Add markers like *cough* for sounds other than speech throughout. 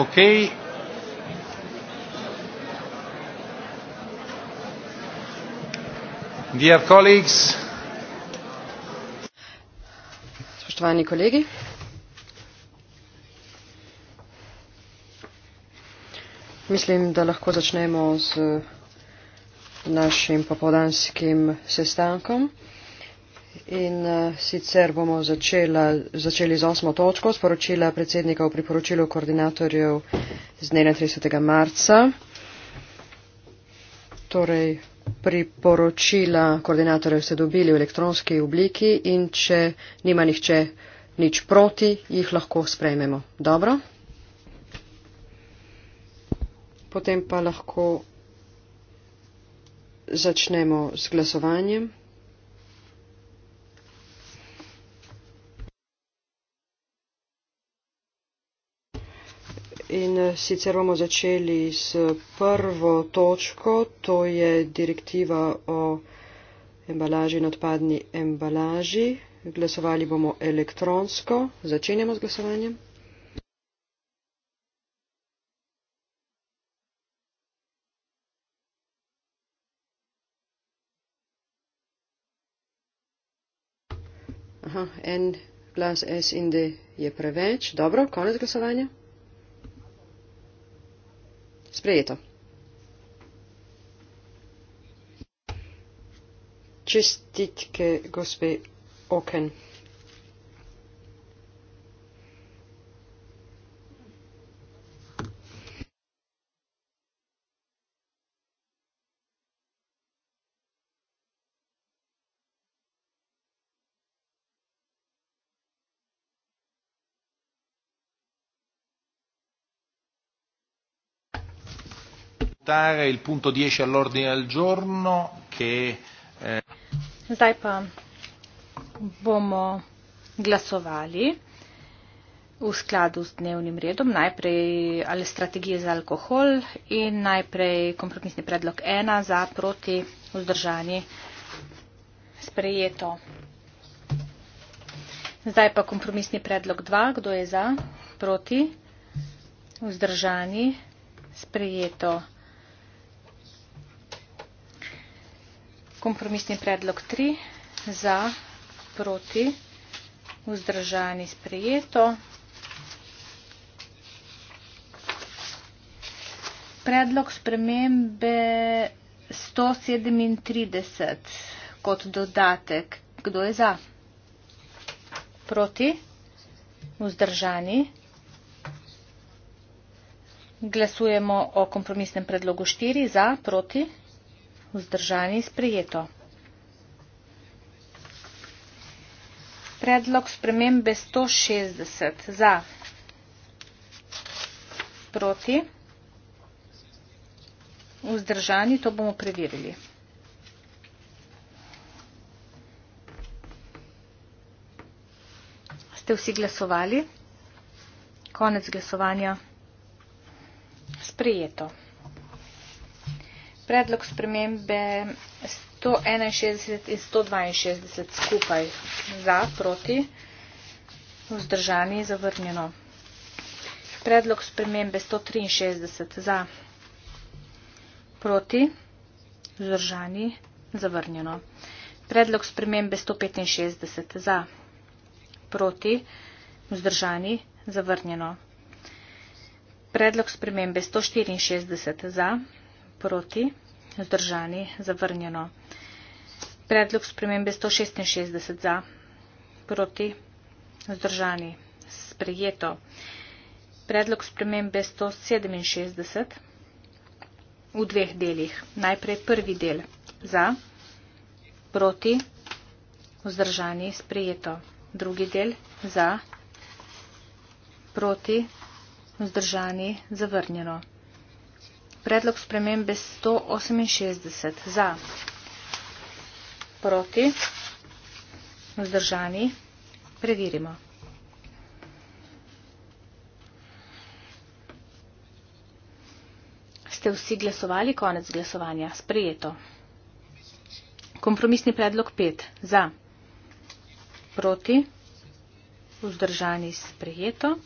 ok. Dear colleagues. Spoštovani kolegi. Mislim, da lahko začnemo z našim popovdanskim sestankom. In eh, sicer bomo začela, začeli z osmo točko sporočila predsednika v priporočilu koordinatorjev z dne 30. marca. Torej, priporočila koordinatorjev ste dobili v elektronski obliki in če nima nihče nič proti, jih lahko sprejmemo. Dobro. Potem pa lahko začnemo z glasovanjem. In eh, sicer bomo začeli s prvo točko, to je direktiva o embalaži in odpadni embalaži. Glasovali bomo elektronsko. Začenjamo z glasovanjem. Aha, en glas S in D je preveč. Dobro, konec glasovanja. Sprejeto. Čestitke gospe Oken. votare il punto 10 all'ordine del giorno che. Eh... Zdaj pa bomo glasovali v skladu s dnevnim redom, najprej ali strategije za alkohol in najprej kompromisni predlog 1 za proti vzdržani sprejeto. Zdaj pa kompromisni predlog 2, kdo je za proti vzdržani sprejeto. kompromisni predlog 3 za proti vzdržani sprejeto. Predlog spremembe 137 kot dodatek. Kdo je za? Proti? Vzdržani? Glasujemo o kompromisnem predlogu 4 za, proti? Vzdržani sprejeto. Predlog spremembe 160 za proti. Vzdržani, to bomo preverili. Ste vsi glasovali? Konec glasovanja. Sprijeto predlog spremembe 161 in 162 skupaj za, proti, vzdržani, zavrnjeno. Predlog spremembe 163 za, proti, vzdržani, zavrnjeno. Predlog spremembe 165 za, proti, vzdržani, zavrnjeno. Predlog spremembe 164 za, proti, vzdržani, zavrnjeno proti, zdržani, zavrnjeno. Predlog spremembe 166 za, proti, zdržani, sprejeto. Predlog spremembe 167 v dveh delih. Najprej prvi del za, proti, vzdržani, sprejeto. Drugi del za, proti, vzdržani, zavrnjeno. Predlog spremembe 168. Za. Proti. Vzdržani. Preverimo. Ste vsi glasovali? Konec glasovanja. Sprejeto. Kompromisni predlog 5. Za. Proti. Vzdržani. Sprejeto.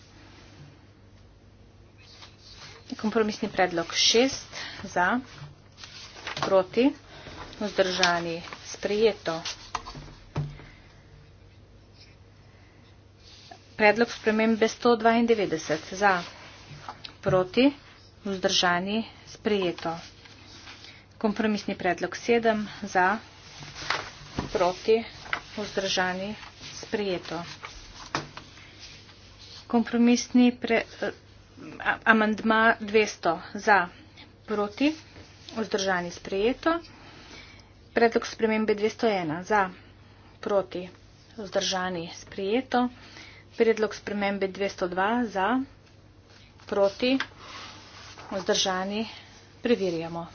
Kompromisni predlog šest za, proti, vzdržani, sprejeto. Predlog spremembe 192 za, proti, vzdržani, sprejeto. Kompromisni predlog 7 za, proti, vzdržani, sprejeto. Kompromisni predlog amandma 200 za proti, vzdržani sprejeto. Predlog spremembe 201 za proti, vzdržani sprejeto. Predlog spremembe 202 za proti, vzdržani preverjamo.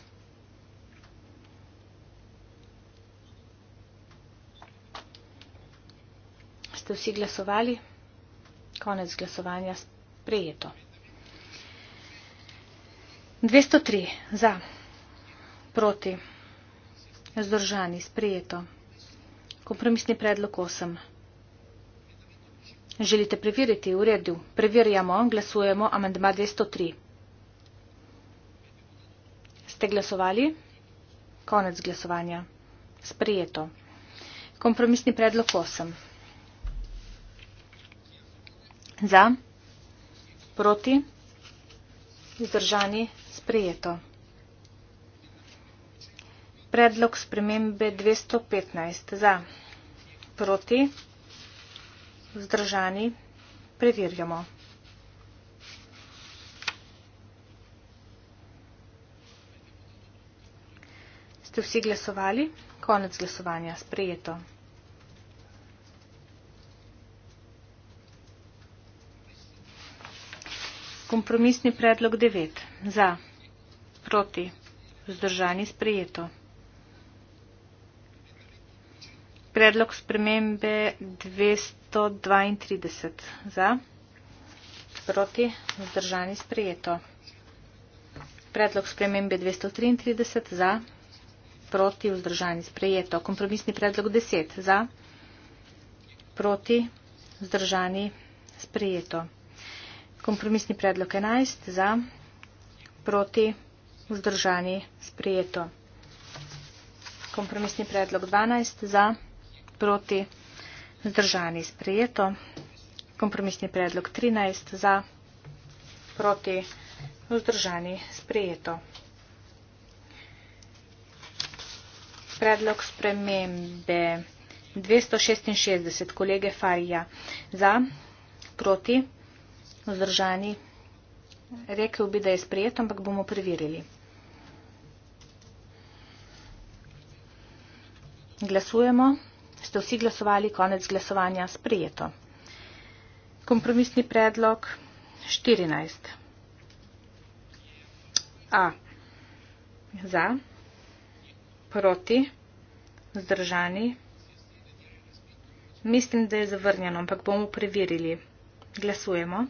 Ste vsi glasovali? Konec glasovanja sprejeto. 203 za, proti, zdržani, sprejeto. Kompromisni predlog 8. Želite preveriti? V redu. Preverjamo, glasujemo, amendma 203. Ste glasovali? Konec glasovanja. Sprejeto. Kompromisni predlog 8. Za, proti, zdržani, sprejeto. Predlog spremembe 215 za proti vzdržani preverjamo. Ste vsi glasovali? Konec glasovanja sprejeto. Kompromisni predlog 9. Za. Proti. Vzdržani sprejeto. Predlog spremembe 232. Za. Proti. Vzdržani sprejeto. Predlog spremembe 233. Za. Proti. Vzdržani sprejeto. Kompromisni predlog 10. Za. Proti. Vzdržani sprejeto. Kompromisni predlog 11 za, proti, vzdržani, sprejeto. Kompromisni predlog 12 za, proti, vzdržani, sprejeto. Kompromisni predlog 13 za, proti, vzdržani, sprejeto. Predlog spremembe 266 kolege Farija za, proti, vzdržani, sprejeto smo zdržani. Rekel bi, da je sprejet, ampak bomo preverili. Glasujemo. Ste vsi glasovali konec glasovanja sprejeto. Kompromisni predlog 14. A. Za. Proti. Zdržani. Mislim, da je zavrnjeno, ampak bomo preverili. Glasujemo.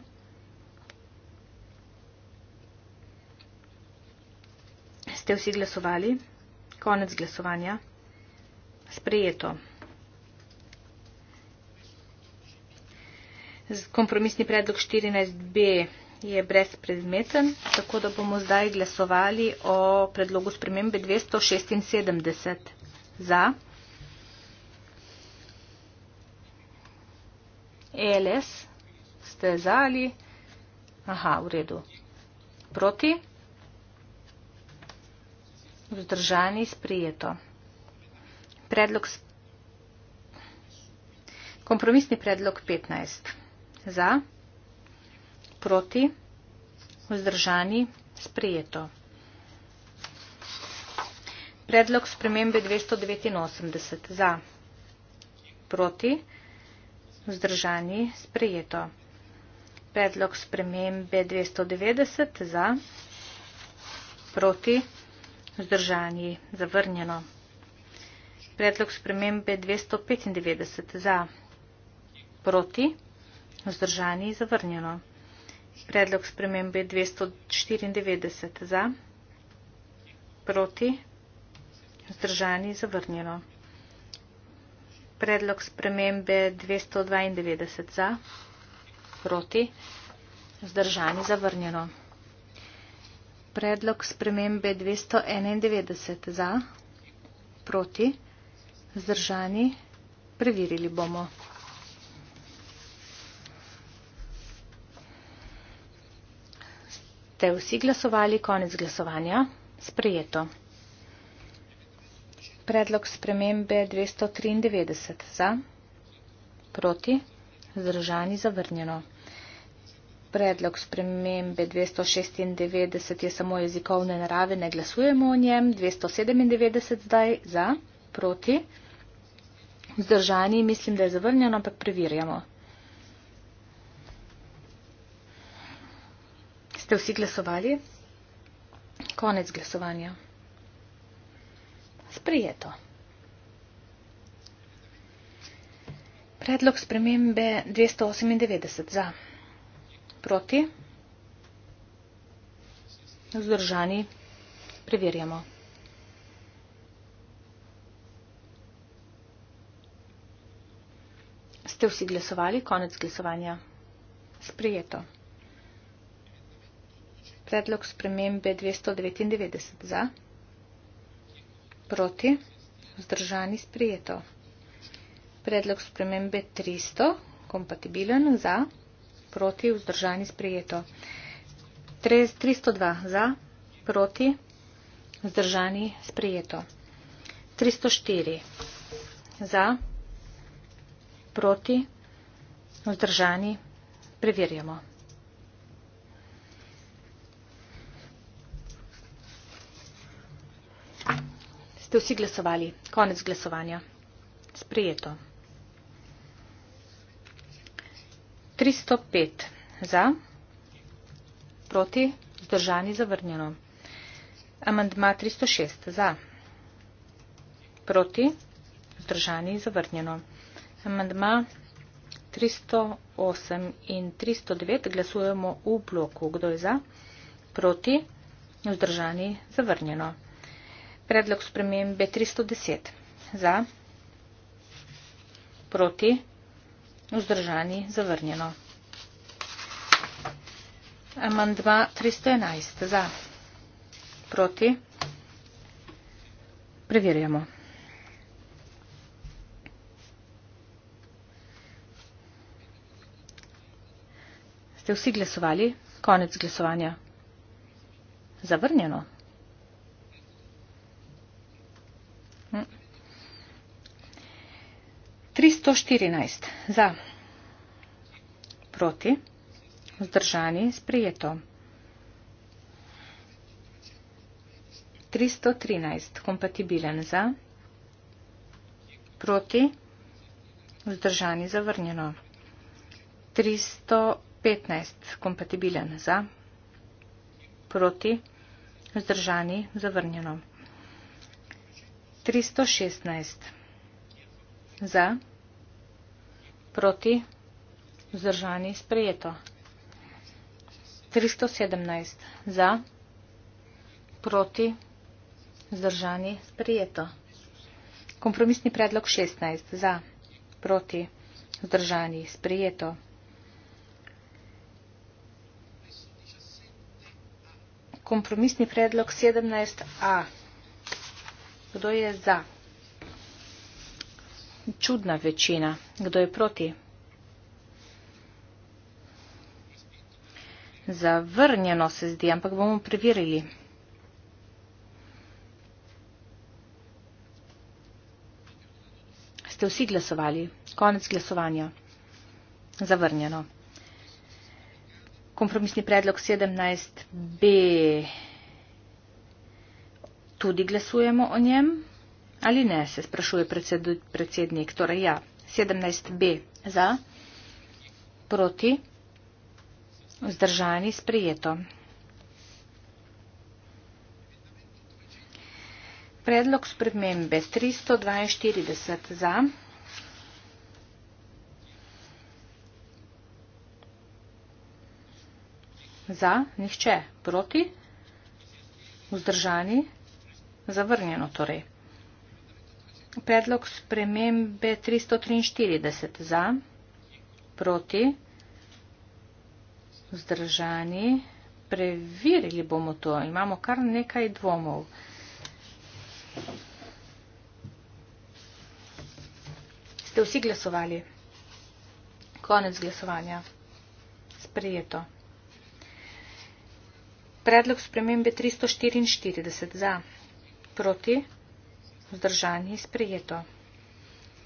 ste vsi glasovali? Konec glasovanja. Sprejeto. Kompromisni predlog 14b je brezpredmeten, tako da bomo zdaj glasovali o predlogu spremembe 276 za. ELS ste za ali? Aha, v redu. Proti? Vzdržani sprijeto. Predlog Kompromisni predlog 15. Za, proti, vzdržani, sprijeto. Predlog spremembe 289. Za, proti, vzdržani, sprijeto. Predlog spremembe 290. Za, proti, vzdržani, sprijeto. Vzdržani, zavrnjeno. Predlog spremembe 295 za. Proti. Vzdržani, zavrnjeno. Predlog spremembe 294 za. Proti. Vzdržani, zavrnjeno. Predlog spremembe 292 za. Proti. Vzdržani, zavrnjeno predlog spremembe 291 za, proti, zdržani, preverili bomo. Ste vsi glasovali, konec glasovanja, sprejeto. Predlog spremembe 293 za, proti, zdržani, zavrnjeno. Predlog spremembe 296 je samo jezikovne narave, ne glasujemo o njem. 297 zdaj za, proti. Vzdržani mislim, da je zavrnjeno, ampak preverjamo. Ste vsi glasovali? Konec glasovanja. Sprijeto. Predlog spremembe 298 za proti, vzdržani, preverjamo. Ste vsi glasovali, konec glasovanja. Sprijeto. Predlog spremembe 299 za, proti, vzdržani, sprijeto. Predlog spremembe 300, kompatibilen za, proti, vzdržani, sprijeto proti, vzdržani sprejeto. 302 za, proti, vzdržani sprejeto. 304 za, proti, vzdržani, preverjamo. Ste vsi glasovali? Konec glasovanja. Sprijeto. 305 za, proti, zdržani, zavrnjeno. Amandma 306 za, proti, zdržani, zavrnjeno. Amandma 308 in 309 glasujemo v bloku. Kdo je za? Proti, vzdržani, zavrnjeno. Predlog spremembe 310. Za, proti, vzdržani, zavrnjeno vzdržani zavrnjeno. Amandma 311 za. Proti. Preverjamo. Ste vsi glasovali? Konec glasovanja. Zavrnjeno. 314 za, proti, vzdržani, sprijeto. 313 kompatibilen za, proti, vzdržani, zavrnjeno. 315 kompatibilen za, proti, vzdržani, zavrnjeno. 316 za, proti, vzdržani, zavrnjeno. Proti. Vzdržani. Sprejeto. 317. Za. Proti. Vzdržani. Sprejeto. Kompromisni predlog 16. Za. Proti. Vzdržani. Sprejeto. Kompromisni predlog 17a. Kdo je za? Kdo je za? čudna večina. Kdo je proti? Zavrnjeno se zdi, ampak bomo preverili. Ste vsi glasovali? Konec glasovanja. Zavrnjeno. Kompromisni predlog 17b. Tudi glasujemo o njem. Ali ne, se sprašuje predsednik. Torej ja, 17b za, proti, vzdržani, sprijeto. Predlog spremembe 342 za, za, nihče, proti, vzdržani, zavrnjeno torej predlog spremembe 343 za, proti, vzdržani, preverili bomo to, imamo kar nekaj dvomov. Ste vsi glasovali? Konec glasovanja. Sprejeto. Predlog spremembe 344 za, proti, vzdržani vzdržanje sprejeto.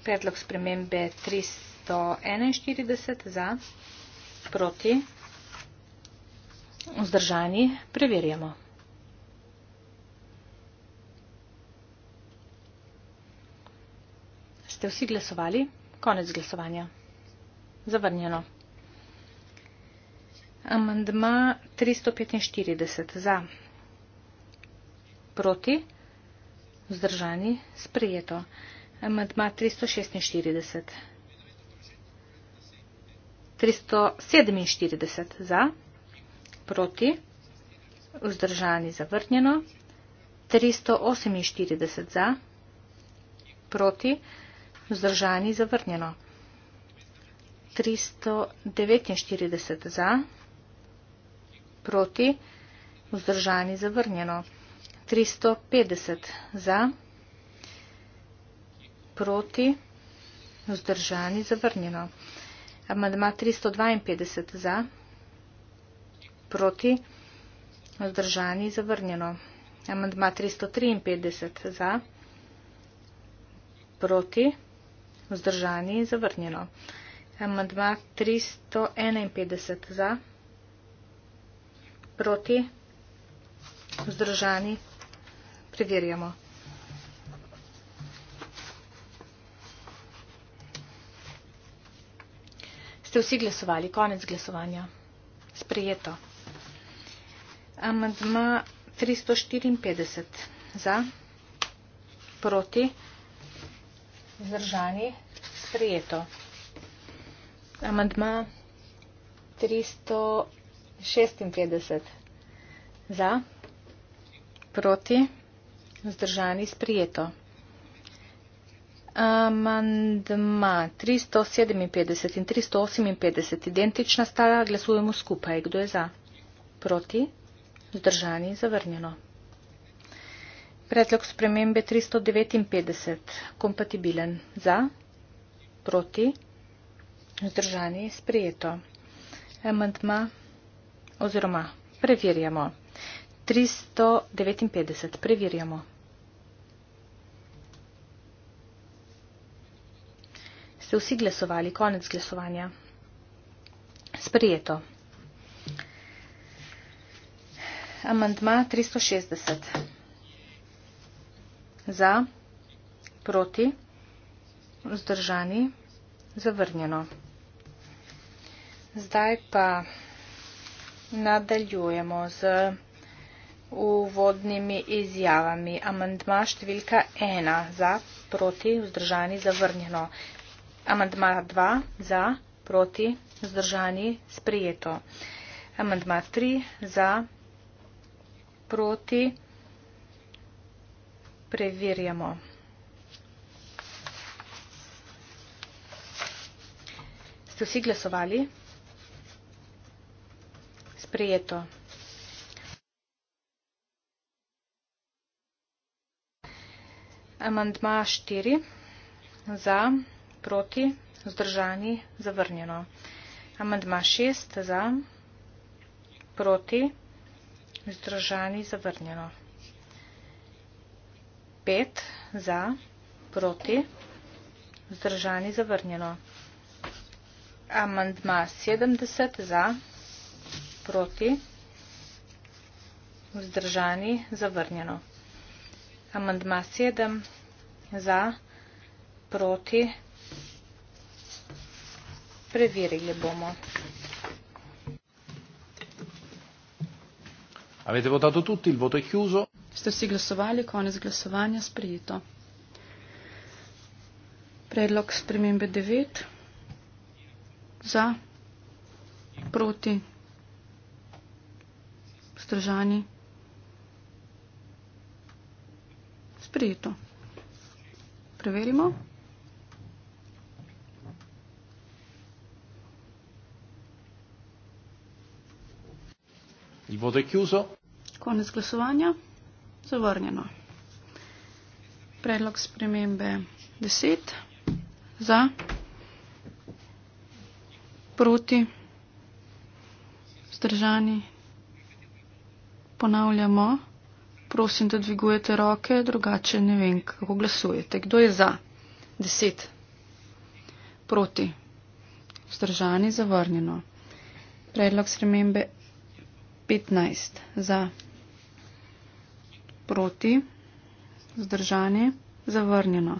Predlog spremembe 341 za proti vzdržanje preverjamo. Ste vsi glasovali? Konec glasovanja. Zavrnjeno. Amandma 345 za proti vzdržanje preverjamo. Vzdržani. Sprejeto. Amandma 346. 347 za. Proti. Vzdržani. Zavrnjeno. 348 za. Proti. Vzdržani. Zavrnjeno. 349 za. Proti. Vzdržani. Zavrnjeno. 350 za, proti, vzdržani, zavrnjeno. Amandma 352 za, proti, vzdržani, zavrnjeno. Amandma 353 za, proti, vzdržani, zavrnjeno. Amandma 351 za, proti, vzdržani, zavrnjeno preverjamo. Ste vsi glasovali, konec glasovanja. Sprejeto. Amadma 354 za, proti, zdržani, sprejeto. Amadma 356 za, proti, zdržani vzdržani sprijeto. Amandma 357 in 358 identična stala, glasujemo skupaj. Kdo je za? Proti? Vzdržani? Zavrnjeno. Predlog spremembe 359. Kompatibilen. Za? Proti? Vzdržani? Sprijeto. Amandma oziroma preverjamo. 359. Preverjamo. ste vsi glasovali, konec glasovanja. Sprijeto. Amandma 360. Za, proti, vzdržani, zavrnjeno. Zdaj pa nadaljujemo z uvodnimi izjavami. Amandma številka 1. Za, proti, vzdržani, zavrnjeno. Amandma 2 za, proti, vzdržani, sprejeto. Amandma 3 za, proti, preverjamo. Ste vsi glasovali? Sprejeto. Amandma 4 za, proti, vzdržani, sprejeto proti, vzdržani, zavrnjeno. Amandma 6 za, proti, vzdržani, zavrnjeno. 5 za, proti, vzdržani, zavrnjeno. Amandma 70 za, proti, vzdržani, zavrnjeno. Amandma 7 za, proti, Preverili bomo. Avete votato tutti, il voto è chiuso. Ste vsi glasovali, konec glasovanja, sprejeto. Predlog spremembe 9. Za, proti, stržani. Sprejeto. Preverimo. Il voto è chiuso. Con esclusovania. Zavrnjeno. Predlog spremembe 10. Za. Proti. Zdržani. Ponavljamo. Prosim, da dvigujete roke, drugače ne vem, kako glasujete. Kdo je za? 10. Proti. Zdržani. Zavrnjeno. Predlog spremembe 11. 15 za, proti, zdržanje, zavrnjeno.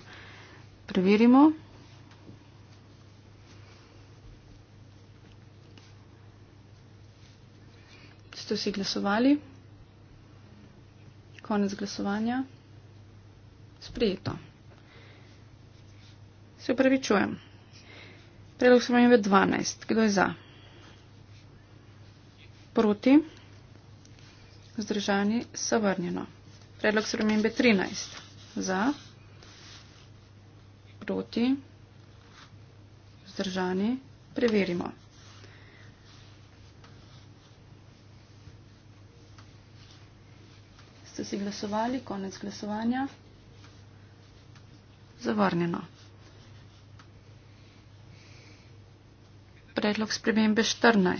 Preverimo. Ste vsi glasovali? Konec glasovanja. Sprejeto. Se upravičujem. Predlog se 12. Kdo je za? Proti? vzdržani, sovrnjeno. Predlog spremembe 13. Za, proti, vzdržani, preverimo. Ste si glasovali, konec glasovanja, zavrnjeno. Predlog spremembe 14. Za, proti, vzdržani,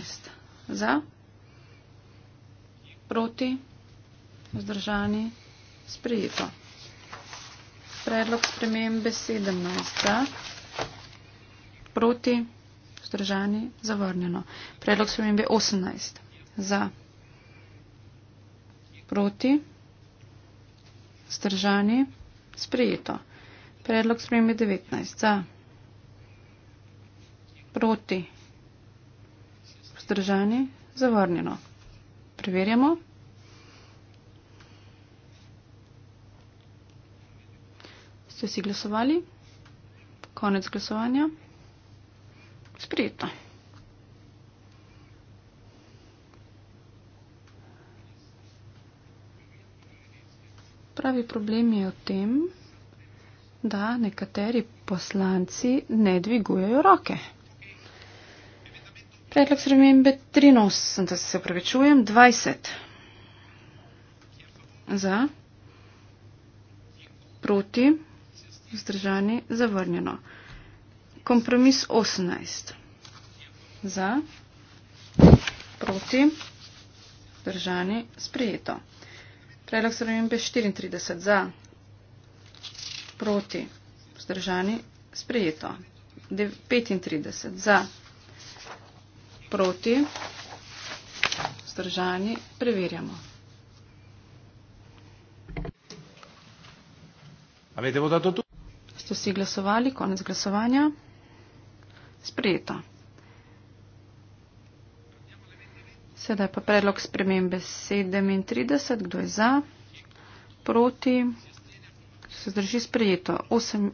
preverimo. Proti? Vzdržani? Sprejeto. Predlog spremembe 17. Proti? Vzdržani? Zavrnjeno. Predlog spremembe 18. Za? Proti? Vzdržani? Sprejeto. Predlog spremembe 19. Za? Proti? Vzdržani? Zavrnjeno preverjamo. Ste si glasovali? Konec glasovanja. Sprijeta. Pravi problem je v tem, da nekateri poslanci ne dvigujejo roke. Predlog spremembe 83, se upravičujem, 20. Za, proti, vzdržani, zavrnjeno. Kompromis 18. Za, proti, vzdržani, sprejeto. Predlog spremembe 34. Za, proti, vzdržani, sprejeto. 35. Za, proti, vzdržani, sprejeto proti, zdržani, preverjamo. A vedemo, da to tu? Ste vsi glasovali, konec glasovanja? Sprejeta. Sedaj pa predlog spremembe 37, kdo je za, proti, se zdrži sprejeto. 8,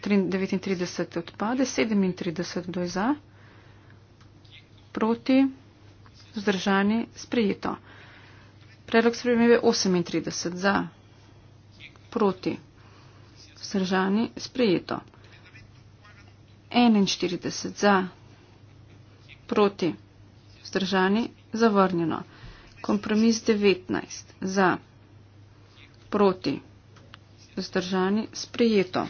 39 odpade, 37 kdo je za, proti, vzdržani, sprejeto. Predlog spremembe 38 za, proti, vzdržani, sprejeto. 41 za, proti, vzdržani, zavrnjeno. Kompromis 19 za, proti, vzdržani, sprejeto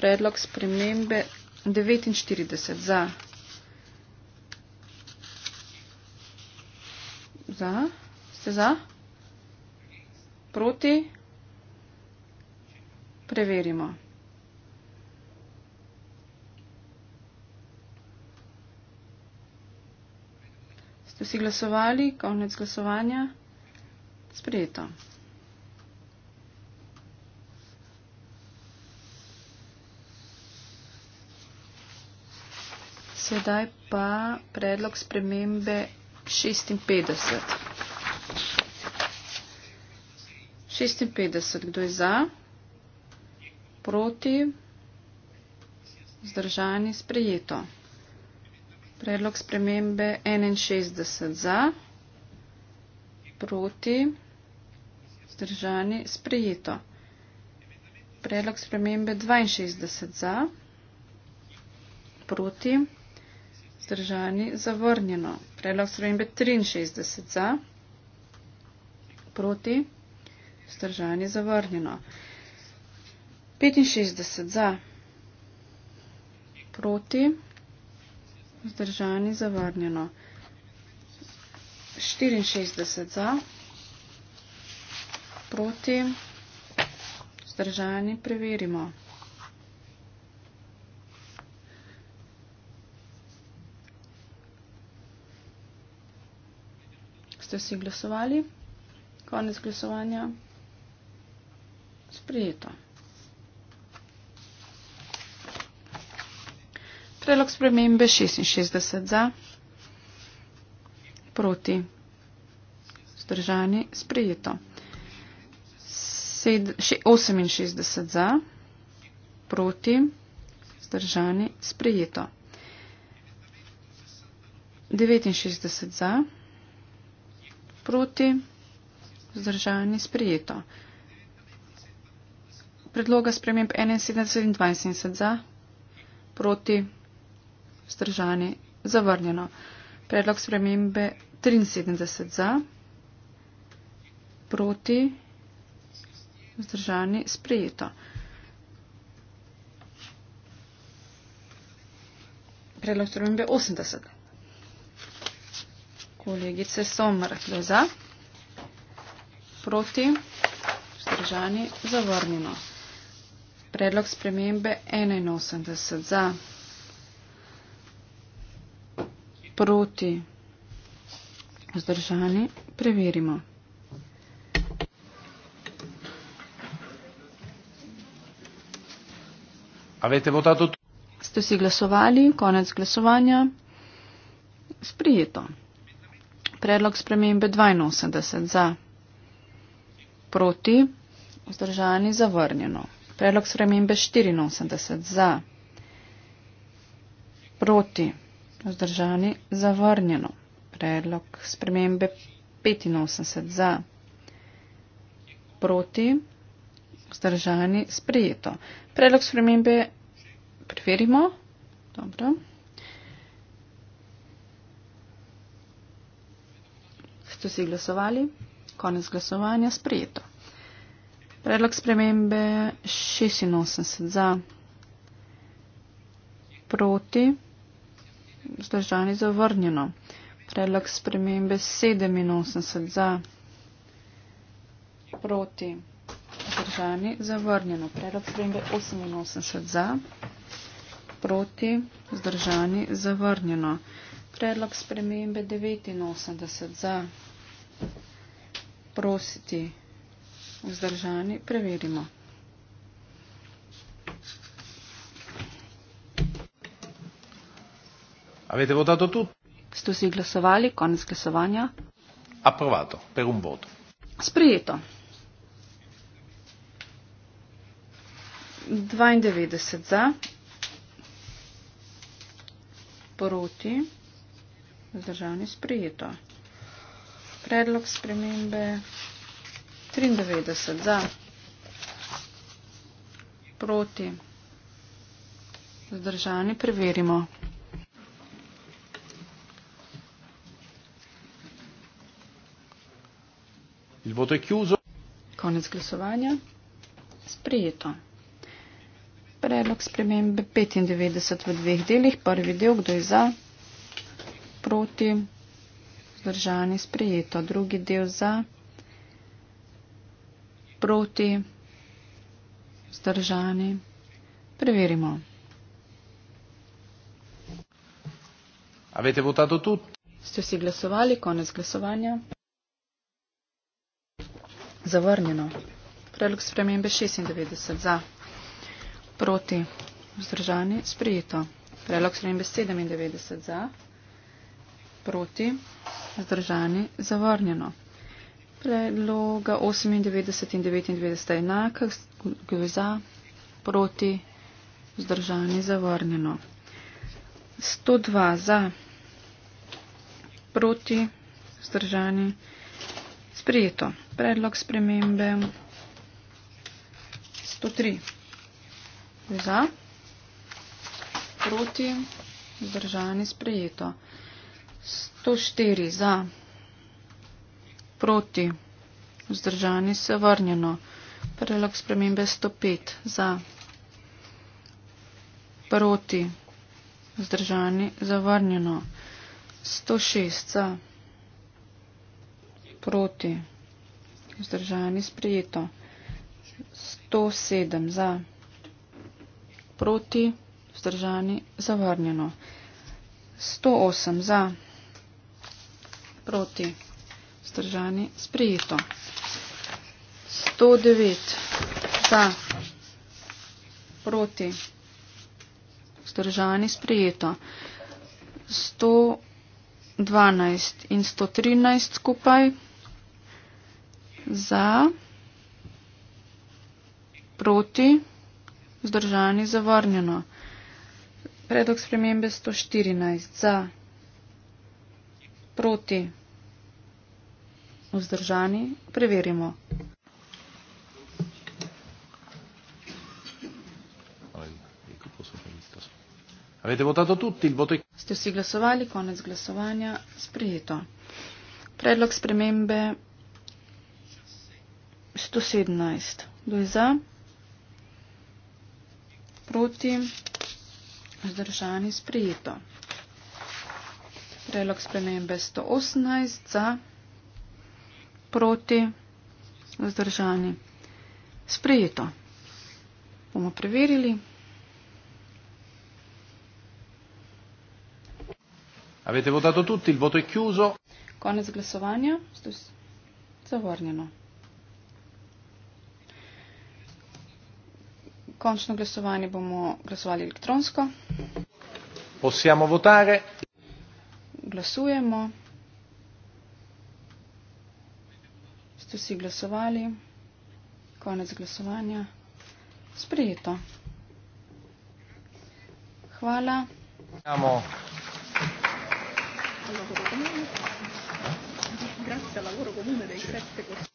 predlog spremembe 49 za. Za? Ste za? Proti? Preverimo. Ste si glasovali? Konec glasovanja? Sprejeto. Sedaj pa predlog spremembe 56. 56. Kdo je za? Proti? Zdržani sprejeto. Predlog spremembe 61. Za? Proti? Zdržani sprejeto. Predlog spremembe 62. Za? Proti? vzdržani, zavrnjeno. Predlog spremembe 63 za, proti, vzdržani, zavrnjeno. 65 za, proti, vzdržani, zavrnjeno. 64 za, proti, vzdržani, preverimo. ste si glasovali. Konec glasovanja. Sprijeto. Predlog spremembe 66 za, proti, zdržani, sprejeto. 68 za, proti, zdržani, sprejeto. 69 za, proti proti, vzdržani sprijeto. Predloga sprememb 71 in 72 za, proti, vzdržani, zavrnjeno. Predlog spremembe 73 za, proti, vzdržani, sprijeto. Predlog spremembe 80 za kolegice Somrkleza. Proti, vzdržani, zavrnjeno. Predlog spremembe 81 za. Proti, vzdržani, preverimo. Avete votato? Ste si glasovali, konec glasovanja. Sprijeto. Predlog spremembe 82 za. Proti. Vzdržani zavrnjeno. Predlog spremembe 84 za. Proti. Vzdržani zavrnjeno. Predlog spremembe 85 za. Proti. Vzdržani sprejeto. Predlog spremembe preverimo. Dobro. ste vsi glasovali. Konec glasovanja sprejeto. Predlog spremembe 86 za, proti, vzdržani zavrnjeno. Predlog spremembe 87 za, proti, vzdržani zavrnjeno. Predlog spremembe 88 za, proti, vzdržani zavrnjeno. Predlog spremembe 89 za, proti, vzdržani zavrnjeno prositi, vzdržani, preverimo. Avete votato tutti? Ste vsi glasovali, konec glasovanja? Approvato, per un voto. Sprijeto. 92 za, proti, vzdržani, sprijeto predlog spremembe 93 za, proti, zdržani, preverimo. Konec glasovanja. Sprijeto. Predlog spremembe 95 v dveh delih. Prvi del, kdo je za, proti, zdržani vzdržani, sprejeto. Drugi del za, proti, vzdržani. Preverimo. Avete votato tutti? Ste si glasovali, konec glasovanja? Zavrnjeno. Predlog spremembe 96 za, proti, vzdržani, sprejeto. Predlog spremembe 97 za, proti, vzdržani vzdržani, zavrnjeno. Predloga 98 in 99 sta enaka, gre za, proti, vzdržani, zavrnjeno. 102 za, proti, vzdržani, sprijeto. Predlog spremembe 103, gre za, proti, vzdržani, sprijeto. 104 za, proti, vzdržani se vrnjeno. Prelog spremembe 105 za, proti, vzdržani zavrnjeno. 106 za, proti, vzdržani sprejeto. 107 za, proti, vzdržani zavrnjeno. 108 za, proti, vzdržani zavrnjeno proti, vzdržani, sprijeto. 109 za, proti, vzdržani, sprijeto. 112 in 113 skupaj za, proti, vzdržani, zavrnjeno. Predlog spremembe 114 za, proti, vzdržani, sprijeto proti, vzdržani, preverimo. Avete votato tutti il voto? Ste vsi glasovali, konec glasovanja, sprejeto. Predlog spremembe 117. Kdo je za? Proti? Vzdržani, sprejeto. Predlog spremembe 118 za, proti, vzdržani. Sprejeto. Bomo preverili. Avete votato tutti, il voto è chiuso. Konec glasovanja, zavrnjeno. Končno glasovanje bomo glasovali elektronsko. Possiamo votare glasujemo. Ste si glasovali? Konec glasovanja. Sprejeto. Hvala. Hvala. Grazie al lavoro comune dei tre secondi.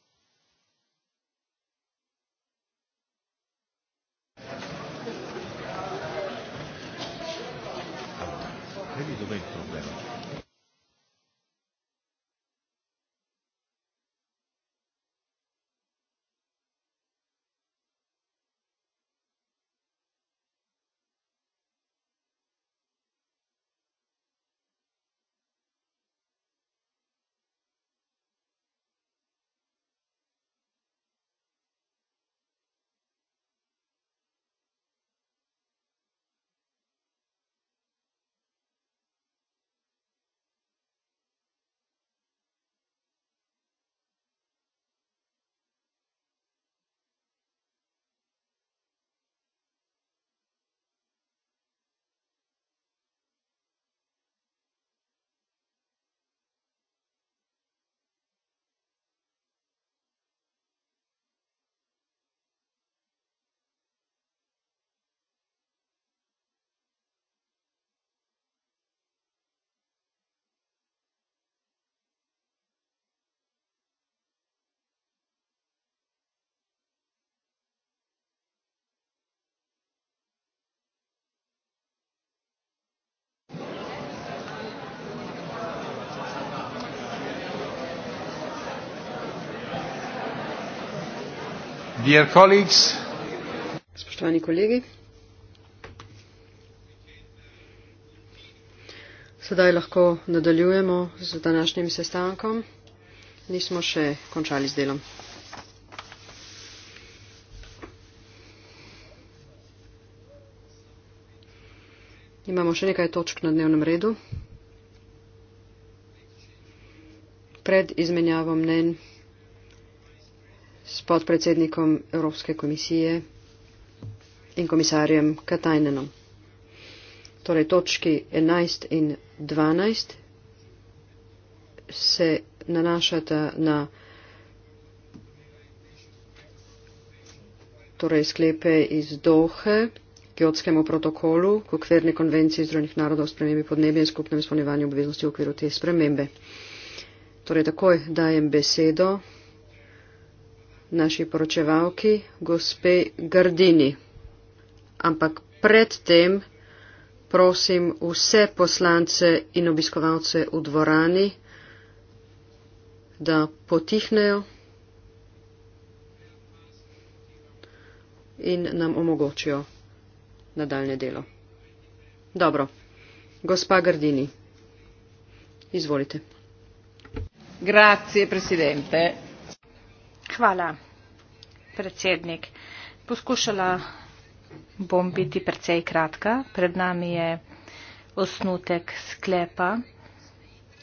Spoštovani kolegi, sedaj lahko nadaljujemo z današnjim sestankom. Nismo še končali z delom. Imamo še nekaj točk na dnevnem redu. Pred izmenjavo mnen s podpredsednikom Evropske komisije in komisarjem Katajnenom. Torej, točki 11 in 12 se nanašata na torej, sklepe iz Dohe, Kjotskemu protokolu, Kukverni konvenciji Združenih narodov o spremembi podnebja in skupnem izpolnjevanju obveznosti v okviru te spremembe. Torej, takoj dajem besedo naši poročevalki, gospe Gardini. Ampak predtem prosim vse poslance in obiskovalce v dvorani, da potihnejo in nam omogočijo nadaljne delo. Dobro. Gospa Gardini, izvolite. Grazie, Presidente. Hvala, predsednik. Poskušala bom biti precej kratka. Pred nami je osnutek sklepa,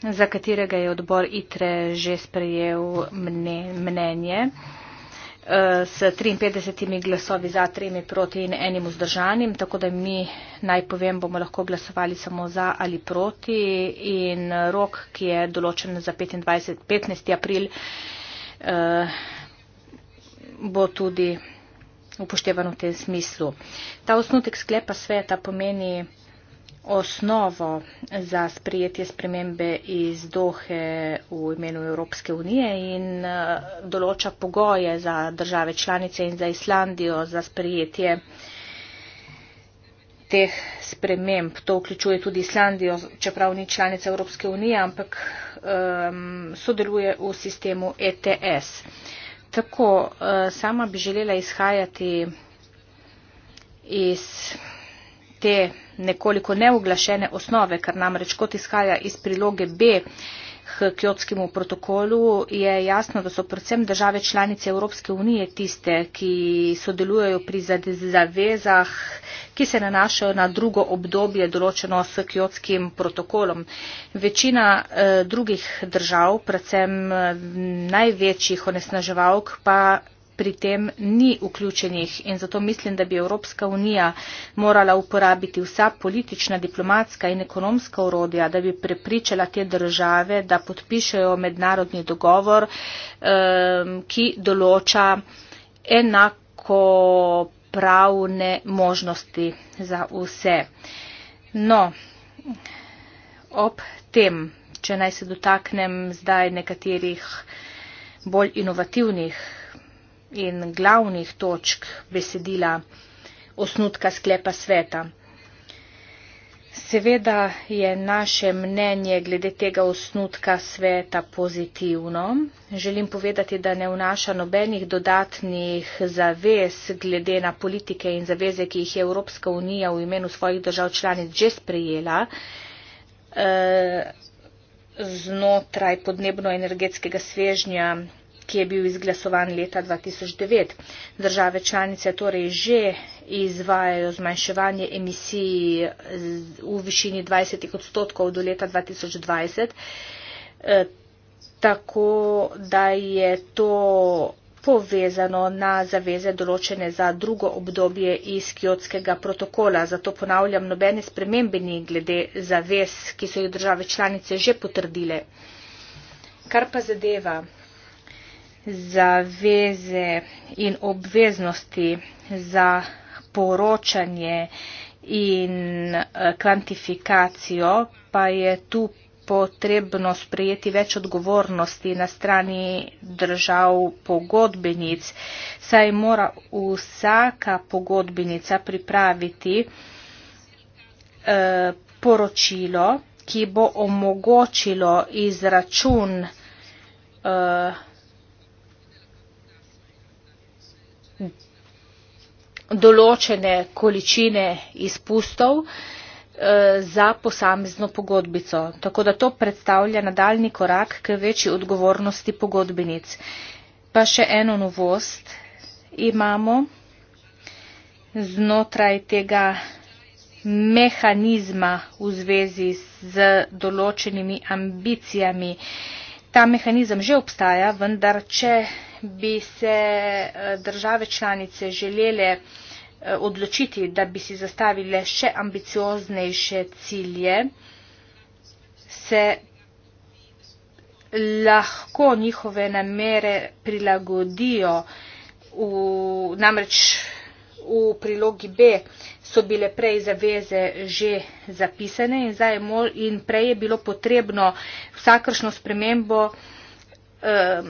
za katerega je odbor ITRE že sprejel mnenje eh, s 53 glasovi za, 3 proti in enim vzdržanim, tako da mi naj povem, bomo lahko glasovali samo za ali proti in rok, ki je določen za 25, 15. april. Uh, bo tudi upoštevan v tem smislu. Ta osnutek sklepa sveta pomeni osnovo za sprijetje spremembe iz Dohe v imenu Evropske unije in eh, določa pogoje za države članice in za Islandijo za sprijetje teh sprememb. To vključuje tudi Islandijo, čeprav ni članica Evropske unije, ampak um, sodeluje v sistemu ETS. Uh, Tako, eh, sama bi želela izhajati iz te nekoliko neuglašene osnove, ker namreč kot izhaja iz priloge B, k kjotskemu protokolu, je jasno, da so predvsem države članice Evropske unije tiste, ki sodelujejo pri zavezah, ki se nanašajo na drugo obdobje določeno s kjotskim protokolom. Večina eh, drugih držav, predvsem eh, največjih onesnaževalk, pa pri tem ni vključenih in zato mislim, da bi Evropska unija morala uporabiti vsa politična, diplomatska in ekonomska urodja, da bi prepričala te države, da podpišejo mednarodni dogovor, ki določa enako pravne možnosti za vse. No, ob tem, če naj se dotaknem zdaj nekaterih bolj inovativnih in glavnih točk besedila osnutka sklepa sveta. Seveda je naše mnenje glede tega osnutka sveta pozitivno. Želim povedati, da ne vnaša nobenih dodatnih zavez glede na politike in zaveze, ki jih je Evropska unija v imenu svojih držav članic že sprejela eh, znotraj podnebno-energetskega svežnja ki je bil izglasovan leta 2009. Države članice torej že izvajajo zmanjševanje emisij v višini 20 odstotkov do leta 2020, eh, tako da je to povezano na zaveze določene za drugo obdobje iz kiotskega protokola. Zato ponavljam, nobene spremembe ni glede zavez, ki so jih države članice že potrdile. Kar pa zadeva zaveze in obveznosti za poročanje in eh, kvantifikacijo, pa je tu potrebno sprejeti več odgovornosti na strani držav pogodbenic, saj mora vsaka pogodbenica pripraviti eh, poročilo, ki bo omogočilo izračun eh, določene količine izpustov eh, za posamezno pogodbico. Tako da to predstavlja nadaljni korak k večji odgovornosti pogodbenic. Pa še eno novost imamo znotraj tega mehanizma v zvezi z določenimi ambicijami. Ta mehanizem že obstaja, vendar če bi se eh, države članice želele odločiti, da bi si zastavile še ambicioznejše cilje, se lahko njihove namere prilagodijo. V, namreč v prilogi B so bile prej zaveze že zapisane in, mol, in prej je bilo potrebno vsakršno spremembo uh, Ehm,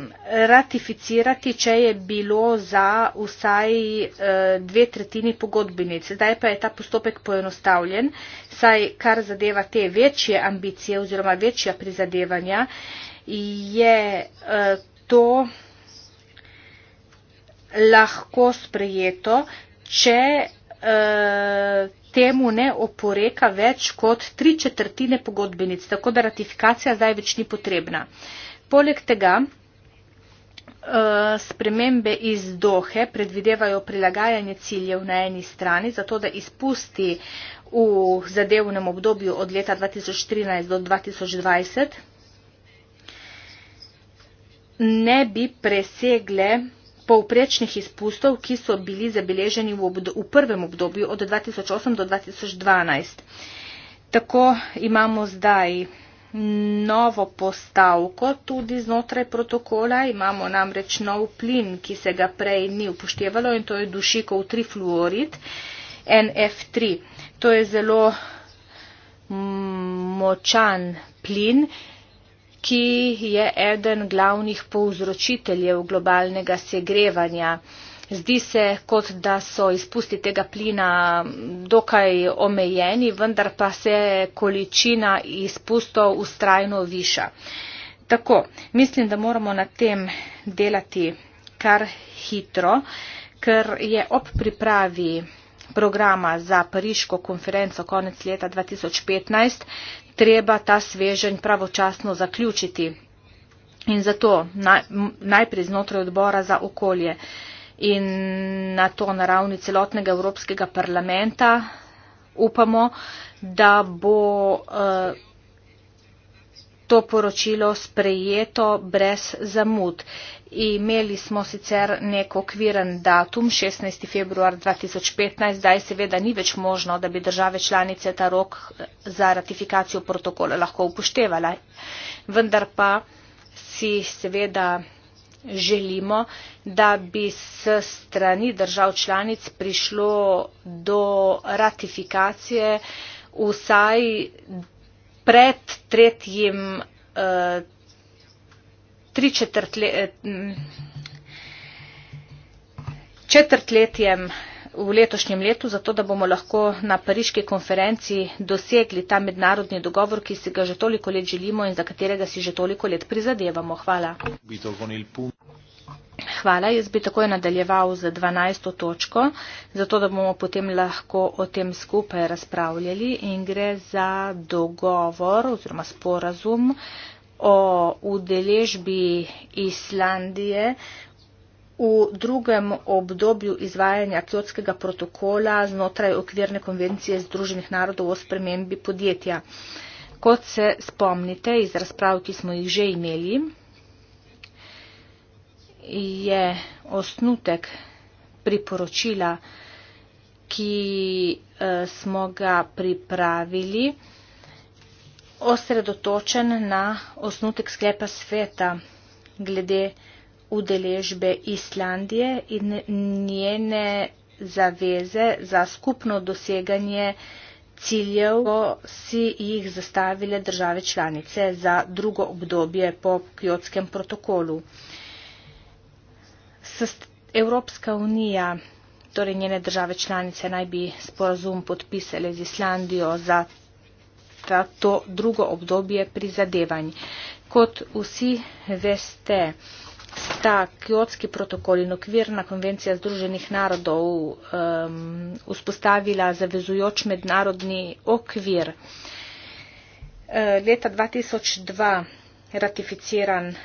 ratificirati, če je bilo za vsaj eh, dve tretjini pogodbenic. Zdaj pa je ta postopek poenostavljen, saj kar zadeva te večje ambicije oziroma večja prizadevanja, je eh, to lahko sprejeto, če Eh, temu ne oporeka več kot tri četrtine pogodbenic, tako da ratifikacija zdaj več ni potrebna. Poleg tega eh, spremembe iz Dohe predvidevajo prilagajanje ciljev na eni strani, zato da izpusti v zadevnem obdobju od leta 2013 do 2020 ne bi presegle povprečnih izpustov, ki so bili zabeleženi v, obdo, v prvem obdobju od 2008 do 2012. Tako imamo zdaj novo postavko tudi znotraj protokola, imamo namreč nov plin, ki se ga prej ni upoštevalo in to je dušikov trifluorid NF3. To je zelo mm, močan plin, ki je eden glavnih povzročiteljev globalnega segrevanja. Zdi se, kot da so izpusti tega plina dokaj omejeni, vendar pa se količina izpustov ustrajno viša. Tako, mislim, da moramo na tem delati kar hitro, ker je ob pripravi programa za Pariško konferenco konec leta 2015 treba ta sveženj pravočasno zaključiti. In zato najprej znotraj odbora za okolje in na to na ravni celotnega Evropskega parlamenta upamo, da bo. Uh, to poročilo sprejeto brez zamud. Imeli smo sicer nek okviren datum, 16. februar 2015, zdaj seveda ni več možno, da bi države članice ta rok eh, za ratifikacijo protokola lahko upoštevala. Vendar pa si seveda želimo, da bi s strani držav članic prišlo do ratifikacije vsaj pred tretjim uh, eh, tri četrtle, eh, četrtletjem v letošnjem letu, zato da bomo lahko na pariški konferenci dosegli ta mednarodni dogovor, ki si ga že toliko let želimo in za katerega si že toliko let prizadevamo. Hvala. Hvala, jaz bi takoj nadaljeval z 12. točko, zato da bomo potem lahko o tem skupaj razpravljali in gre za dogovor oziroma sporazum o udeležbi Islandije v drugem obdobju izvajanja kjotskega protokola znotraj okvirne konvencije Združenih narodov o spremembi podjetja. Kot se spomnite iz razprav, ki smo jih že imeli, je osnutek priporočila, ki eh, smo ga pripravili, osredotočen na osnutek sklepa sveta glede udeležbe Islandije in njene zaveze za skupno doseganje ciljev, ko si jih zastavile države članice za drugo obdobje po kjotskem protokolu. Evropska unija, torej njene države članice, naj bi sporazum podpisali z Islandijo za ta, to drugo obdobje prizadevanj. Kot vsi veste, sta Kjotski protokol in okvirna konvencija Združenih narodov um, vzpostavila zavezujoč mednarodni okvir uh, leta 2002 ratificiran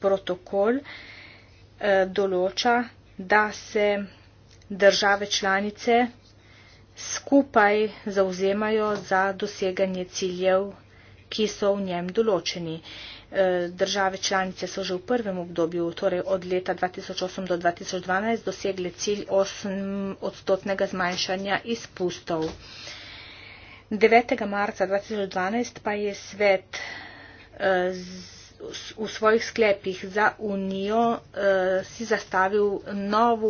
protokol, Eh, določa, da se države članice skupaj zauzemajo za doseganje ciljev, ki so v njem določeni. Eh, države članice so že v prvem obdobju, torej od leta 2008 do 2012, dosegle cilj 8 odstotnega zmanjšanja izpustov. 9. marca 2012 pa je svet eh, z v svojih sklepih za unijo uh, si zastavil nov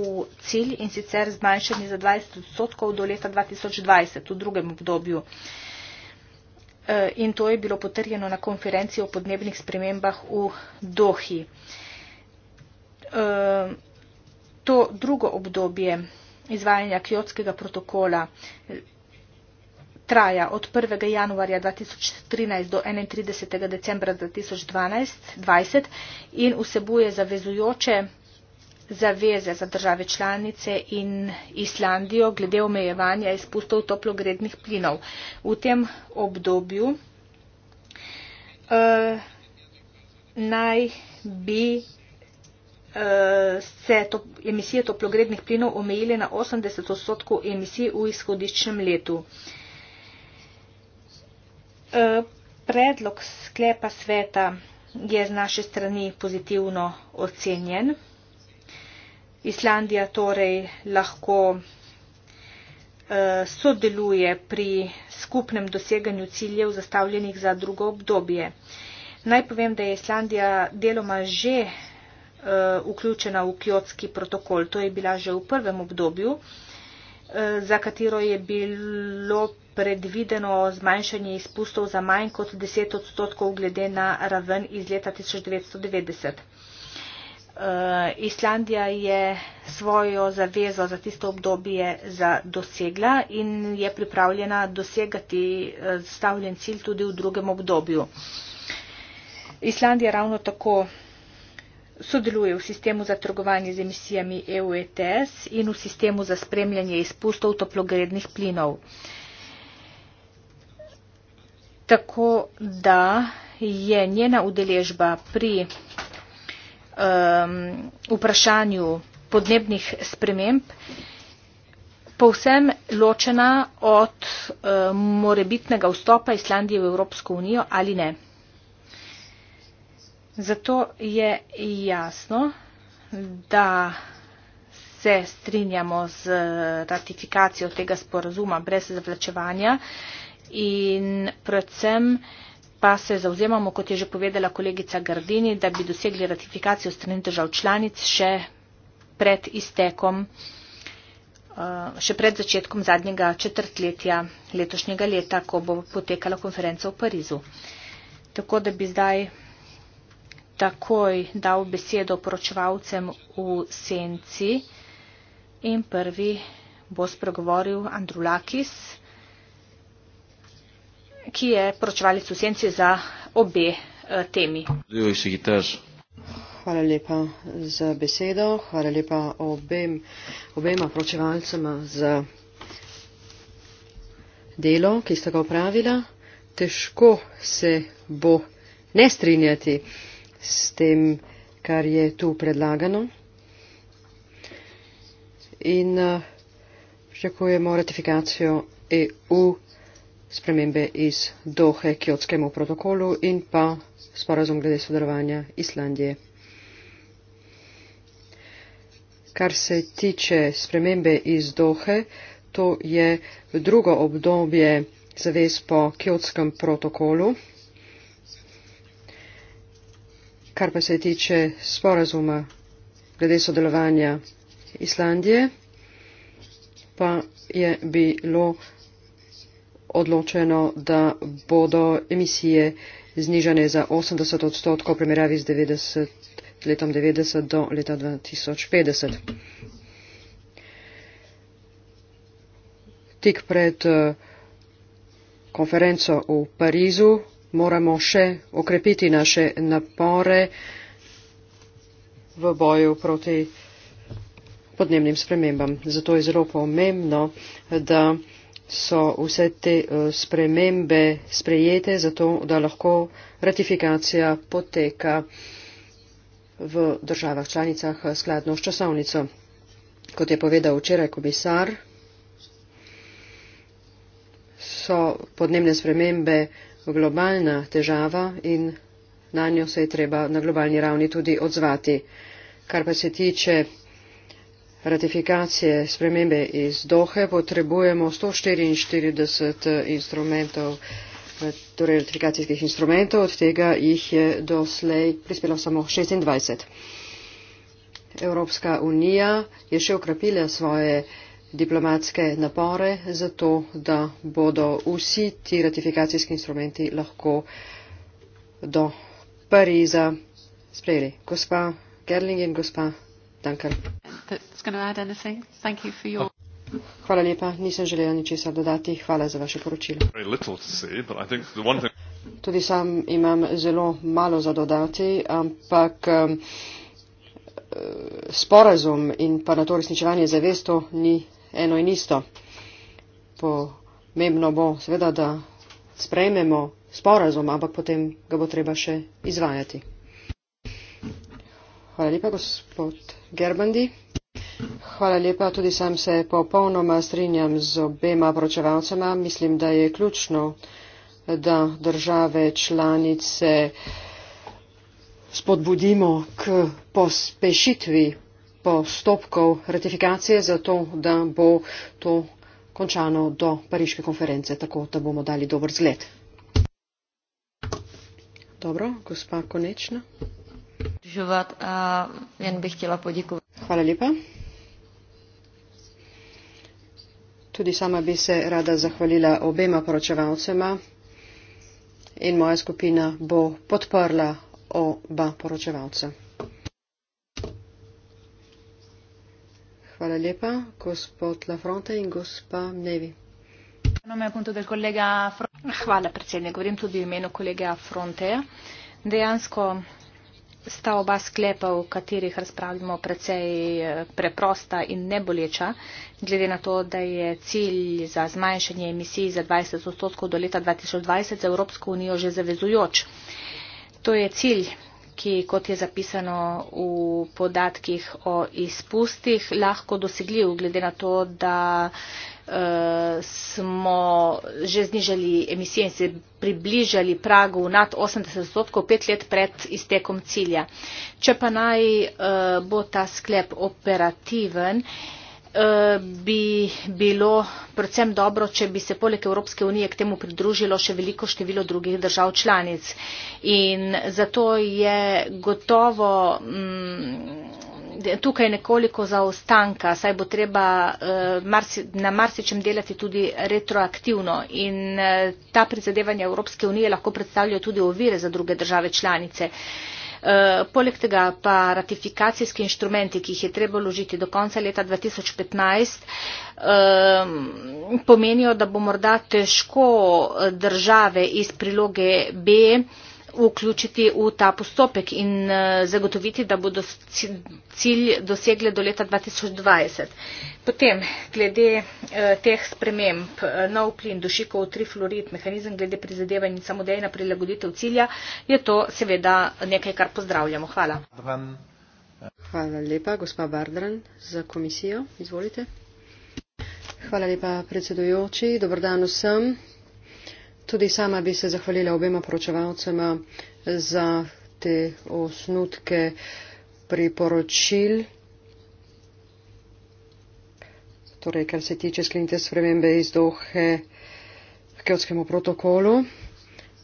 cilj in sicer zmanjšanje za 20 odstotkov do leta 2020 v drugem obdobju. Eh, in to je bilo potrjeno na konferenci o podnebnih spremembah v Dohi. Eh, to drugo obdobje izvajanja kjotskega protokola traja od 1. januarja 2013 do 31. decembra 2020 in vsebuje zavezujoče zaveze za države članice in Islandijo glede omejevanja izpustov toplogrednih plinov. V tem obdobju uh, naj bi uh, se to, emisije toplogrednih plinov omejile na 80 odstotkov emisij v izhodiščnem letu. Uh, E, predlog sklepa sveta je z naše strani pozitivno ocenjen. Islandija torej lahko e, sodeluje pri skupnem doseganju ciljev zastavljenih za drugo obdobje. Naj povem, da je Islandija deloma že e, vključena v kjotski protokol. To je bila že v prvem obdobju, za katero je bilo predvideno zmanjšanje izpustov za manj kot 10 odstotkov glede na raven iz leta 1990. Eh, Islandija je svojo zavezo za tisto obdobje za dosegla in je pripravljena dosegati eh, stavljen cilj tudi v drugem obdobju. Islandija ravno tako sodeluje v sistemu za trgovanje z emisijami EU ETS in v sistemu za spremljanje izpustov toplogrednih plinov. Uh, tako da je njena udeležba pri um, vprašanju podnebnih sprememb povsem ločena od um, morebitnega vstopa Islandije v Evropsko unijo ali ne. Zato je jasno, da se strinjamo z ratifikacijo tega sporazuma brez zavlačevanja, in predvsem pa se zauzemamo, kot je že povedala kolegica Gardini, da bi dosegli ratifikacijo strani držav članic še pred iztekom, eh, še pred začetkom zadnjega četrtletja letošnjega leta, ko bo potekala konferenca v Parizu. Tako da bi zdaj takoj dal besedo poročevalcem v senci in prvi bo spregovoril Andrulakis. Lakis ki je poročevalec v senci za obe eh, temi. Hvala lepa za besedo, hvala lepa obem, obema poročevalcema za delo, ki sta ga upravila. Težko se bo ne strinjati s tem, kar je tu predlagano. In eh, pričakujemo ratifikacijo EU spremembe iz Dohe kjotskemu protokolu in pa sporazum glede sodelovanja Islandije. Kar se tiče spremembe iz Dohe, to je drugo obdobje zavez po kjotskem protokolu. Kar pa se tiče sporazuma glede sodelovanja Islandije, pa je bilo odločeno, da bodo emisije znižene za 80 odstotkov primerjavi z 90, letom 90 do leta 2050. Tik pred konferenco v Parizu moramo še okrepiti naše napore v boju proti podnebnim spremembam. Zato je zelo pomembno, da so vse te eh, spremembe sprejete, zato da lahko ratifikacija poteka v državah članicah eh, skladno s časovnico. Kot je povedal včeraj komisar, so podnebne spremembe globalna težava in na njo se je treba na globalni ravni tudi odzvati. Kar pa se tiče ratifikacije spremembe iz Dohe potrebujemo 144 instrumentov, eh, torej ratifikacijskih instrumentov, od tega jih je doslej prispelo samo 26. Evropska unija je še ukrepila svoje diplomatske napore za to, da bodo vsi ti ratifikacijski instrumenti lahko do Pariza sprejeli. Gospa Gerling in gospa Dankar that's going to add anything. Thank you for your. Hvala lepa, nisem želela ničesar dodati. Hvala za vaše poročilo. Tudi sam imam zelo malo za dodati, ampak um, sporazum in pa na to resničevanje zavesto ni eno in isto. Pomembno bo seveda, da sprejmemo sporazum, ampak potem ga bo treba še izvajati. Hvala lepa, gospod Gerbandi. Hvala lepa. Tudi sam se popolnoma strinjam z obema poročevalcema. Mislim, da je ključno, da države članice spodbudimo k pospešitvi postopkov ratifikacije, zato da bo to končano do pariške konference, tako da bomo dali dober zgled. Dobro, gospa Konečna. Živat, uh, jen bi htjela podjekovati. Hvala lepa. Tudi sama bi se rada zahvalila obema poročevalcema in moja skupina bo podprla oba poročevalca. Hvala lepa, gospod Lafronte in gospa Nevi. Hvala predsednik, govorim tudi v imenu kolega Fronteja. Dejansko sta oba sklepa, o katerih razpravljamo, precej eh, preprosta in neboleča, glede na to, da je cilj za zmanjšanje emisij za 20 odstotkov do leta 2020 za Evropsko unijo že zavezujoč. To je cilj, ki, kot je zapisano v podatkih o izpustih, lahko dosegljiv, glede na to, da Eh, smo že znižali emisije in se približali pragu nad 80 odstotkov pet let pred iztekom cilja. Če pa naj eh, bo ta sklep operativen, eh, bi bilo predvsem dobro, če bi se poleg Evropske unije k temu pridružilo še veliko število drugih držav članic. In zato je gotovo. Mm, tukaj nekoliko zaostanka, saj bo treba eh, na marsičem delati tudi retroaktivno in eh, ta prizadevanja Evropske unije lahko predstavljajo tudi ovire za druge države članice. Eh, poleg tega pa ratifikacijski inštrumenti, ki jih je treba ložiti do konca leta 2015, pomenijo, da bo morda težko države iz priloge B vključiti v ta postopek in eh, zagotoviti, da bodo cilj dosegli do leta 2020. Potem, glede eh, teh sprememb, eh, nov plin, dušikov, trifluorid, mehanizem glede prizadevanja in samodejna prilagoditev cilja, je to seveda nekaj, kar pozdravljamo. Hvala. Hvala lepa, gospa Bardran, za komisijo. Izvolite. Hvala lepa, predsedujoči. Dobrodan vsem. Tudi sama bi se zahvalila obema poročevalcema za te osnutke priporočil. Torej, kar se tiče sklenite spremembe iz Dohe k Kjotskemu protokolu.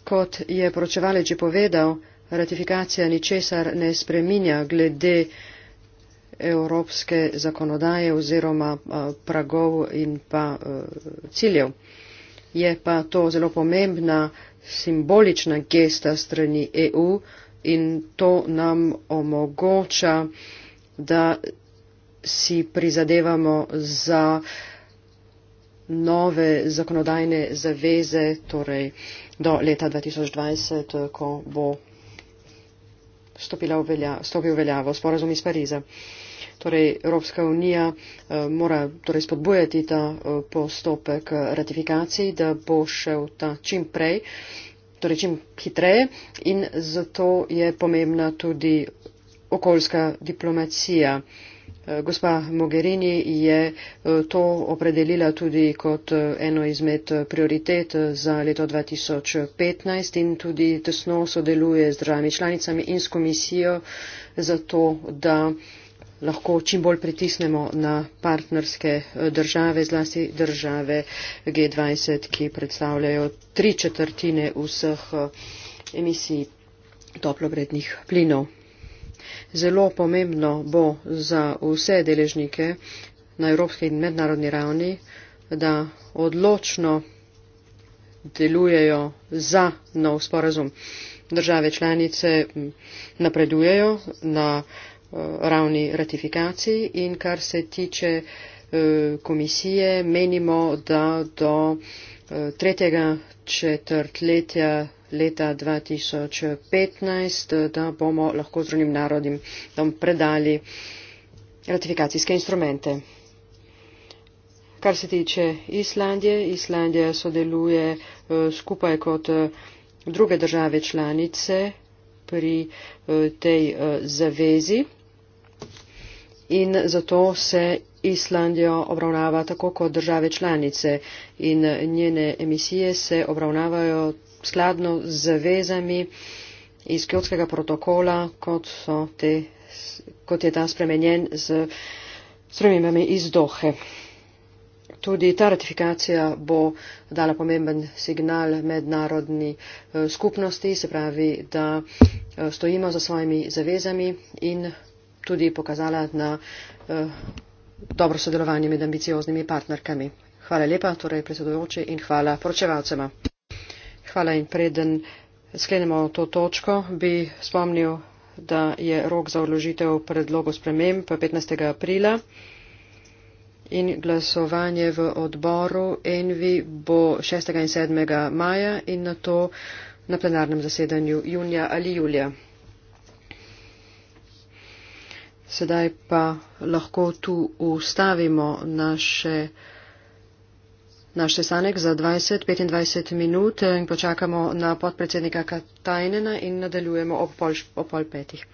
Kot je poročevalec že povedal, ratifikacija ničesar ne spreminja glede evropske zakonodaje oziroma eh, pragov in pa eh, ciljev je pa to zelo pomembna simbolična gesta strani EU in to nam omogoča, da si prizadevamo za nove zakonodajne zaveze, torej do leta 2020, ko bo vstopil v veljavo sporazum iz Pariza. Torej, Evropska unija uh, mora torej, spodbujati ta uh, postopek eh, ratifikacij, da bo šel ta čim prej, torej čim hitreje in zato je pomembna tudi okoljska diplomacija. Gospa Mogherini je to opredelila tudi kot eno izmed prioritet za leto 2015 in tudi tesno sodeluje z državami članicami in s komisijo za to, da lahko čim bolj pritisnemo na partnerske eh, države, zlasti države G20, ki predstavljajo tri četrtine vseh eh, emisij toplobrednih plinov. Zelo pomembno bo za vse deležnike na evropski in mednarodni ravni, da odločno delujejo za nov sporazum. Države članice mm, napredujejo na Eh, ravni ratifikacij in kar se tiče eh, komisije, menimo, da do eh, tretjega četrtletja leta 2015, da bomo lahko zrunim narodim tam predali ratifikacijske instrumente. Kar se tiče Islandije, Islandija sodeluje skupaj kot druge države članice pri eh, tej eh, zavezi. In zato se Islandijo obravnava tako kot države članice in eh, njene emisije se obravnavajo skladno z zavezami iz Kjotskega protokola, kot, te, kot je ta spremenjen z spremembami iz Dohe tudi ta ratifikacija bo dala pomemben signal mednarodni eh, skupnosti, se pravi, da eh, stojimo za svojimi zavezami in tudi pokazala na eh, dobro sodelovanje med ambicioznimi partnerkami. Hvala lepa, torej predsedujoči, in hvala poročevalcema. Hvala in preden sklenemo to točko, bi spomnil, da je rok za odložitev predlogov sprememb 15. aprila in glasovanje v odboru Envi bo 6. in 7. maja in na to na plenarnem zasedanju junija ali julija. Sedaj pa lahko tu ustavimo naše, naš sestanek za 20-25 minut in počakamo na podpredsednika Katajnena in nadaljujemo ob pol, ob pol petih.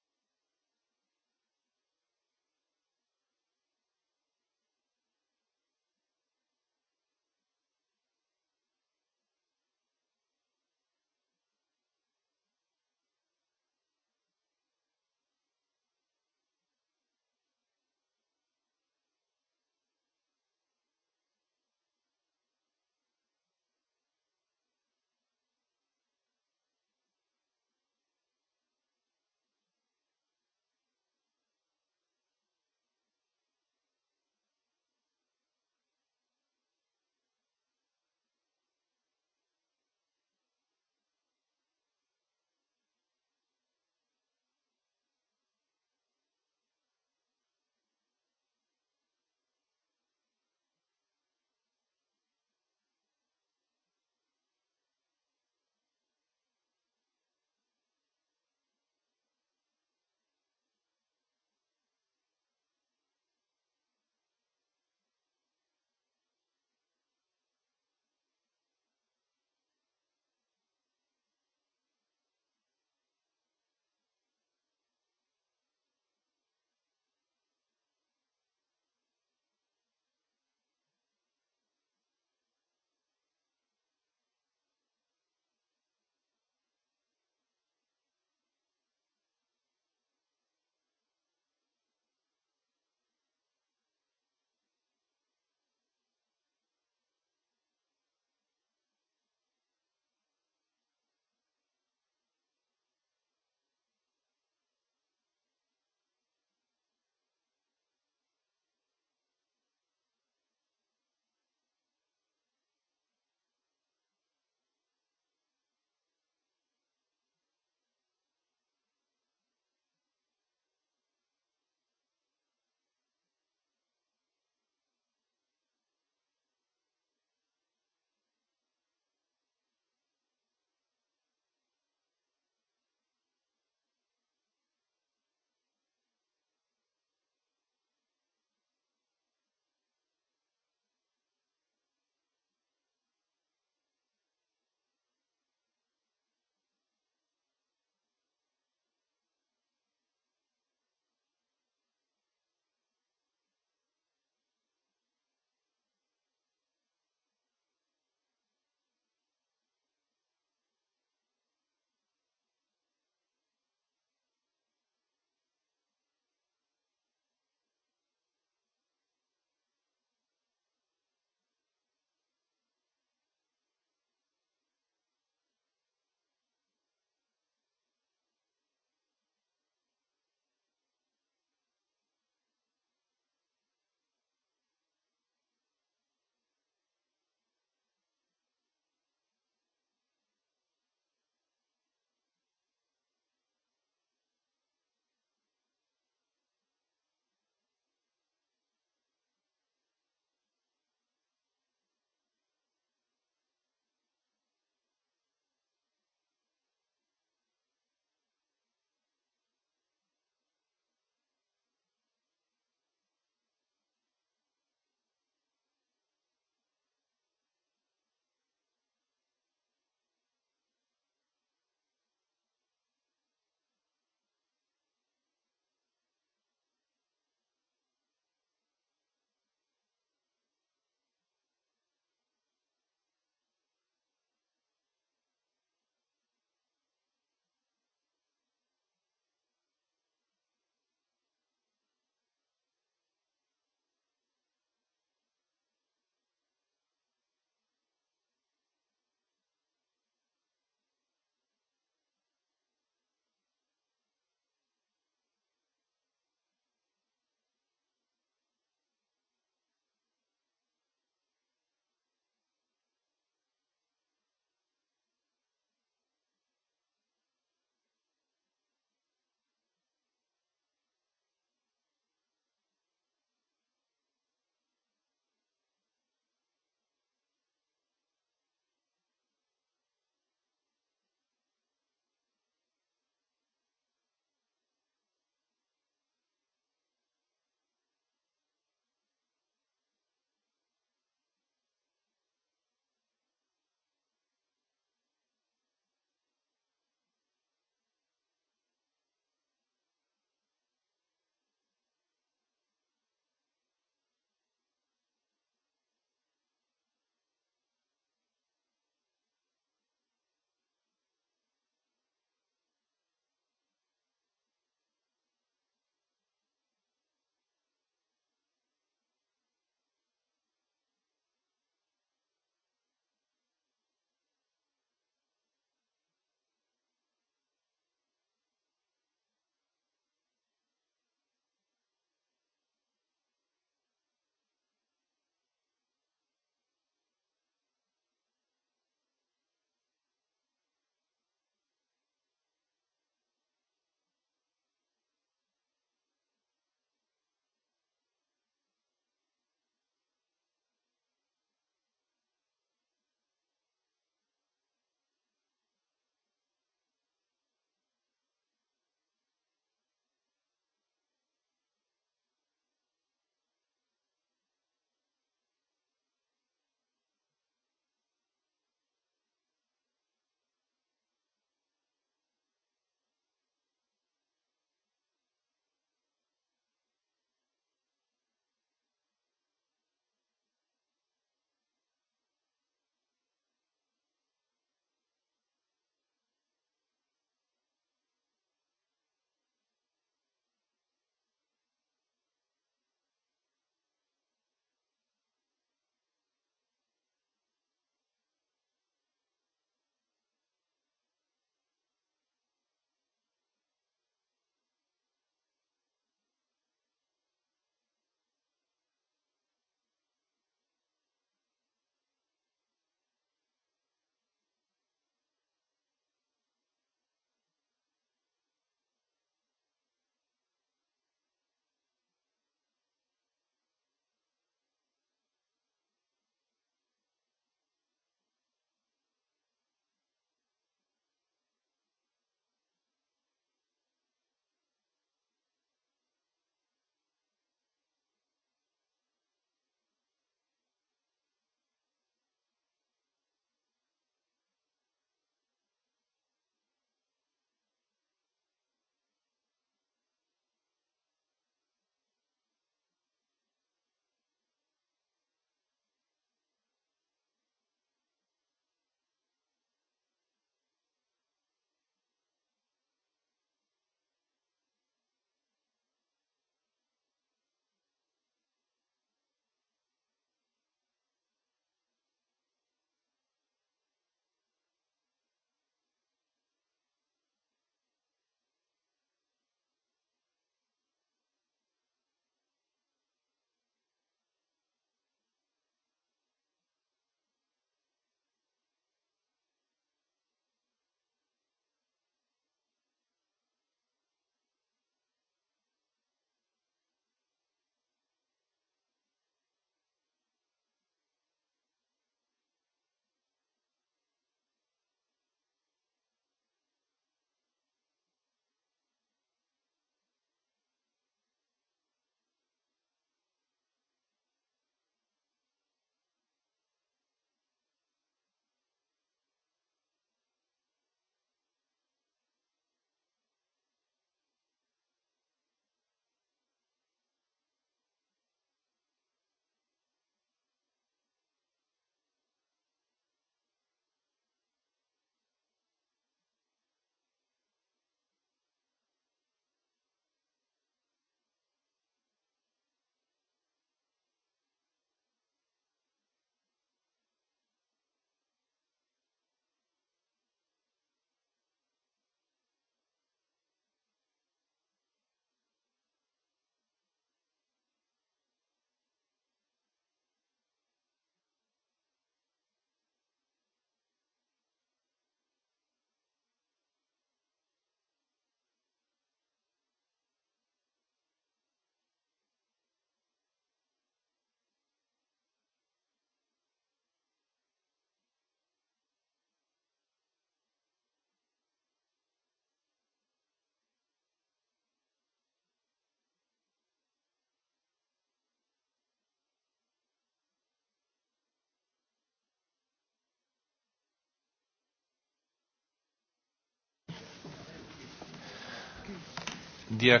Eh,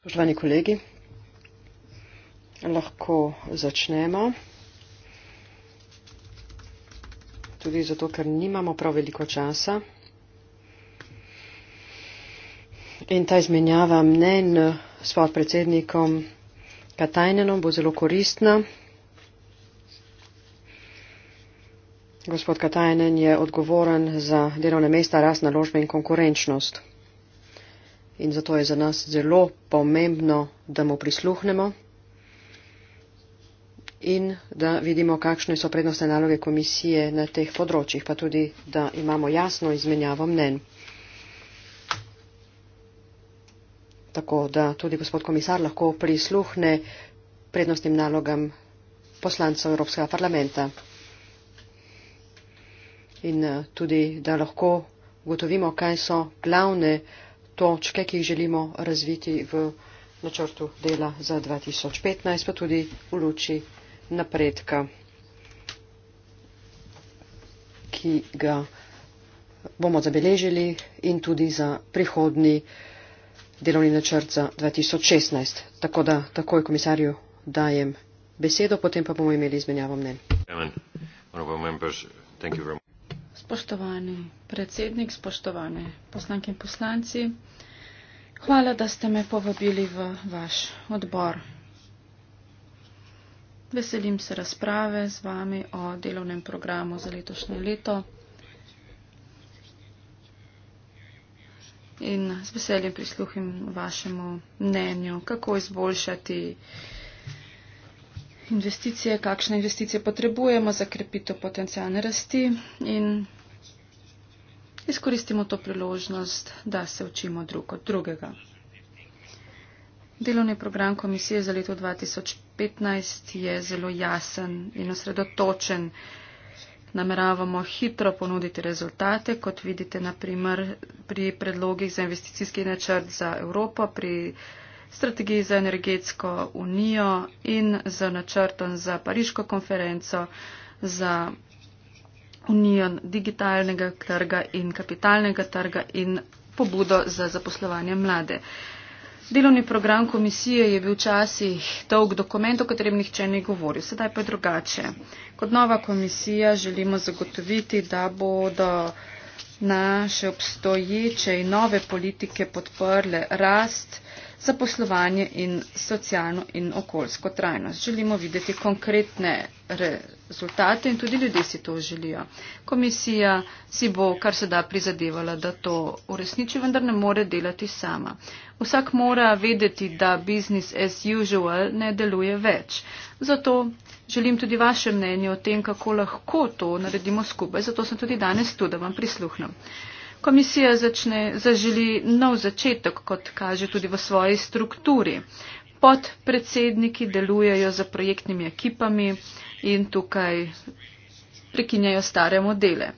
Spoštovani kolegi, lahko začnemo. Tudi zato, ker nimamo prav veliko časa. In ta izmenjava mnen s podpredsednikom Katajnenom bo zelo koristna. Gospod Katajnen je odgovoren za delovne mesta, rast naložbe in konkurenčnost. In zato je za nas zelo pomembno, da mu prisluhnemo in da vidimo, kakšne so prednostne naloge komisije na teh področjih, pa tudi, da imamo jasno izmenjavo mnen. Tako da tudi gospod komisar lahko prisluhne prednostnim nalogam poslancev Evropskega parlamenta in eh, tudi, da lahko ugotovimo, kaj so glavne točke, ki jih želimo razviti v načrtu dela za 2015, pa tudi v luči napredka, ki ga bomo zabeležili in tudi za prihodni delovni načrt za 2016. Tako da takoj komisarju dajem besedo, potem pa bomo imeli izmenjavo mnen. Amen. Spoštovani predsednik, spoštovane poslanke in poslanci, hvala, da ste me povabili v vaš odbor. Veselim se razprave z vami o delovnem programu za letošnje leto in z veseljem prisluhim vašemu mnenju, kako izboljšati investicije, kakšne investicije potrebujemo za krepitev potencijalne rasti in Izkoristimo to priložnost, da se učimo drug od drugega. Delovni program komisije za leto 2015 je zelo jasen in osredotočen. Nameravamo hitro ponuditi rezultate, kot vidite naprimer pri predlogih za investicijski načrt za Evropo, pri strategiji za energetsko unijo in za načrtom za Pariško konferenco za Unijo digitalnega trga in kapitalnega trga in pobudo za zaposlovanje mlade. Delovni program komisije je bil včasih dolg dokument, o katerem nihče ne govori, sedaj pa je drugače. Kot nova komisija želimo zagotoviti, da bodo naše obstoječe in nove politike podprle rast, za poslovanje in socialno in okoljsko trajnost. Želimo videti konkretne rezultate in tudi ljudje si to želijo. Komisija si bo kar se da prizadevala, da to uresniči, vendar ne more delati sama. Vsak mora vedeti, da business as usual ne deluje več. Zato želim tudi vaše mnenje o tem, kako lahko to naredimo skupaj. Zato sem tudi danes tu, da vam prisluhnem. Komisija začne, zaželi nov začetek, kot kaže tudi v svoji strukturi. Podpredsedniki delujejo za projektnimi ekipami in tukaj prekinjajo stare modele.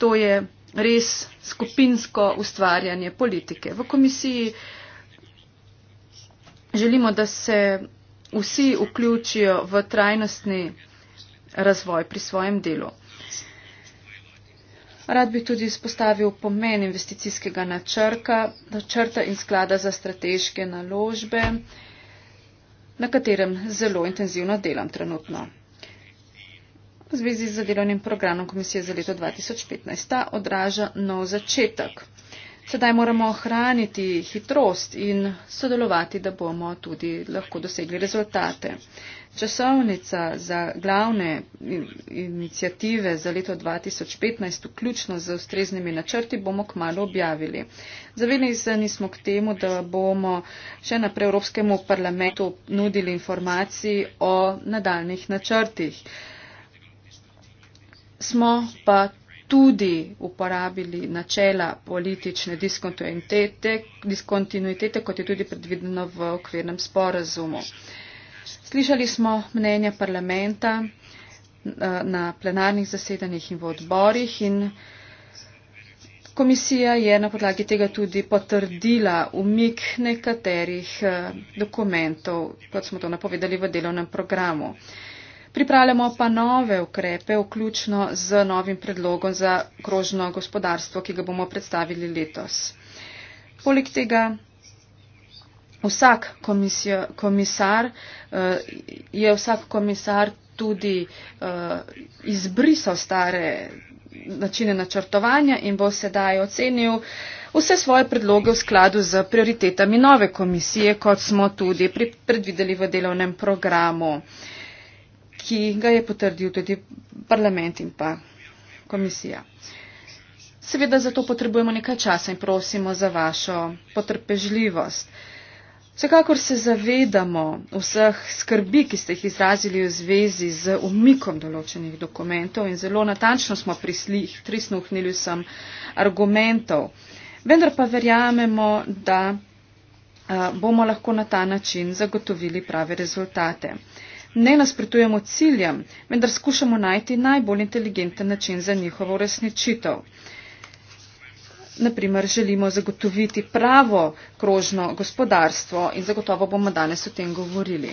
To je res skupinsko ustvarjanje politike. V komisiji želimo, da se vsi vključijo v trajnostni razvoj pri svojem delu. Rad bi tudi izpostavil pomen investicijskega načrta, načrta in sklada za strateške naložbe, na katerem zelo intenzivno delam trenutno. V zvezi z delovnim programom komisije za leto 2015 odraža nov začetek. Sedaj moramo ohraniti hitrost in sodelovati, da bomo tudi lahko dosegli rezultate. Časovnica za glavne inicijative za leto 2015, vključno z ustreznimi načrti, bomo kmalo objavili. Zavedeni smo k temu, da bomo še naprej Evropskemu parlamentu nudili informacije o nadaljnih načrtih. Smo pa tudi uporabili načela politične diskontinuitete, diskontinuitete kot je tudi predvideno v okvirnem sporazumu. Slišali smo mnenja parlamenta na plenarnih zasedanjih in v odborih in komisija je na podlagi tega tudi potrdila umik nekaterih eh, dokumentov, kot smo to napovedali v delovnem programu. Pripravljamo pa nove ukrepe, vključno z novim predlogom za krožno gospodarstvo, ki ga bomo predstavili letos. Poleg tega vsak komisijo, komisar eh, je vsak komisar tudi eh, izbrisal stare načine načrtovanja in bo sedaj ocenil vse svoje predloge v skladu z prioritetami nove komisije, kot smo tudi predvideli v delovnem programu. Uh, ki ga je potrdil tudi parlament in pa komisija. Seveda zato potrebujemo nekaj časa in prosimo za vašo potrpežljivost. Vsekakor se zavedamo vseh skrbi, ki ste jih izrazili v zvezi z umikom določenih dokumentov in zelo natančno smo prisluhnili vsem argumentov. Vendar pa verjamemo, da eh, bomo lahko na ta način zagotovili prave rezultate ne nasprotujemo ciljem, vendar skušamo najti najbolj inteligenten način za njihovo uresničitev. Naprimer, želimo zagotoviti pravo krožno gospodarstvo in zagotovo bomo danes o tem govorili.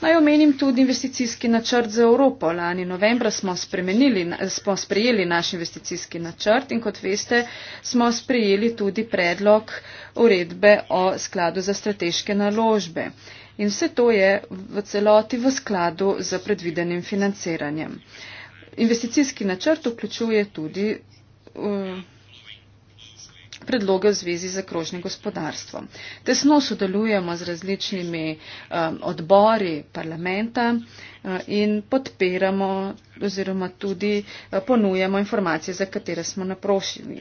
Naj omenim tudi investicijski načrt za Evropo. Lani novembra smo, smo sprejeli naš investicijski načrt in kot veste, smo sprejeli tudi predlog uredbe o skladu za strateške naložbe. Uh, in vse to je v celoti v skladu z predvidenim financiranjem. Investicijski načrt vključuje tudi um, predloge v zvezi z okrožnim gospodarstvom. Tesno sodelujemo z različnimi um, odbori parlamenta uh, in podpiramo oziroma tudi uh, ponujemo informacije, za katere smo naprošeni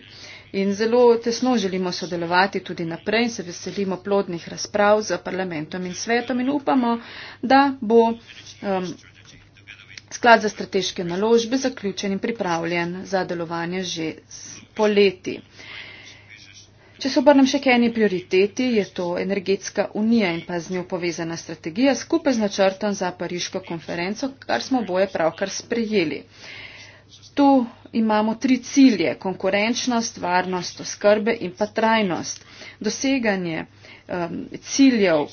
in zelo tesno želimo sodelovati tudi naprej in se veselimo plodnih razprav z parlamentom in svetom in upamo, da bo um, sklad za strateške naložbe zaključen in pripravljen za delovanje že poleti. Če se obrnem še k eni prioriteti, je to energetska unija in pa z njo povezana strategija skupaj z načrtom za pariško konferenco, kar smo boje pravkar sprejeli. Uh, to imamo tri cilje - konkurenčnost, varnost oskrbe in pa trajnost. Doseganje um, ciljev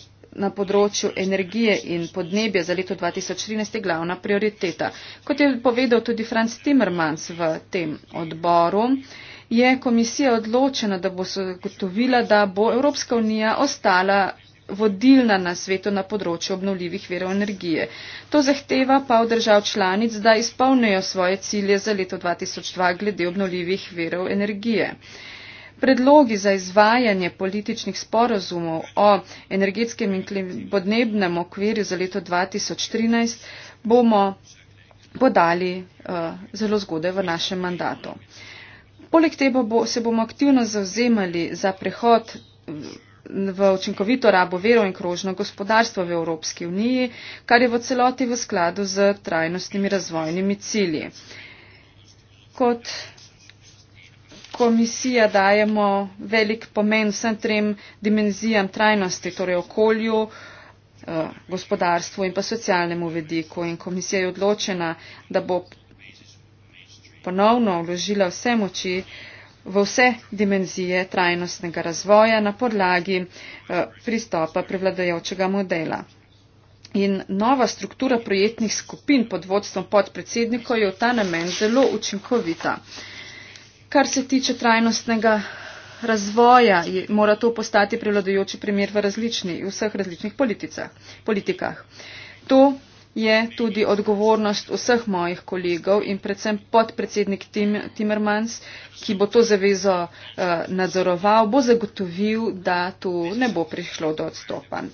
na področju energije in podnebja za leto 2013 je glavna prioriteta. Kot je povedal tudi Franz Timmermans v tem odboru, je komisija odločena, da bo zagotovila, da bo Evropska unija ostala vodilna na svetu na področju obnovljivih verov energije. To zahteva pa od držav članic, da izpolnijo svoje cilje za leto 2002 glede obnovljivih verov energije. Predlogi za izvajanje političnih sporozumov o energetskem in podnebnem okvirju za leto 2013 bomo podali uh, zelo zgodaj v našem mandatu. Poleg tega bo, se bomo aktivno zauzemali za prehod v učinkovito rabo verov in krožno gospodarstvo v Evropski uniji, kar je v celoti v skladu z trajnostnimi razvojnimi cilji. Kot komisija dajemo velik pomen vsem trem dimenzijam trajnosti, torej okolju, eh, gospodarstvu in pa socialnemu vediku. In komisija je odločena, da bo ponovno vložila vse moči, v vse dimenzije trajnostnega razvoja na podlagi eh, pristopa prevladajočega modela. In nova struktura projektnih skupin pod vodstvom podpredsednikov je v ta namen zelo učinkovita. Kar se tiče trajnostnega razvoja, je, mora to postati prevladojoči primer v, v vseh različnih politicah. To je tudi odgovornost vseh mojih kolegov in predvsem podpredsednik Tim, Timmermans, ki bo to zavezo uh, nadzoroval, bo zagotovil, da tu ne bo prišlo do odstopanj.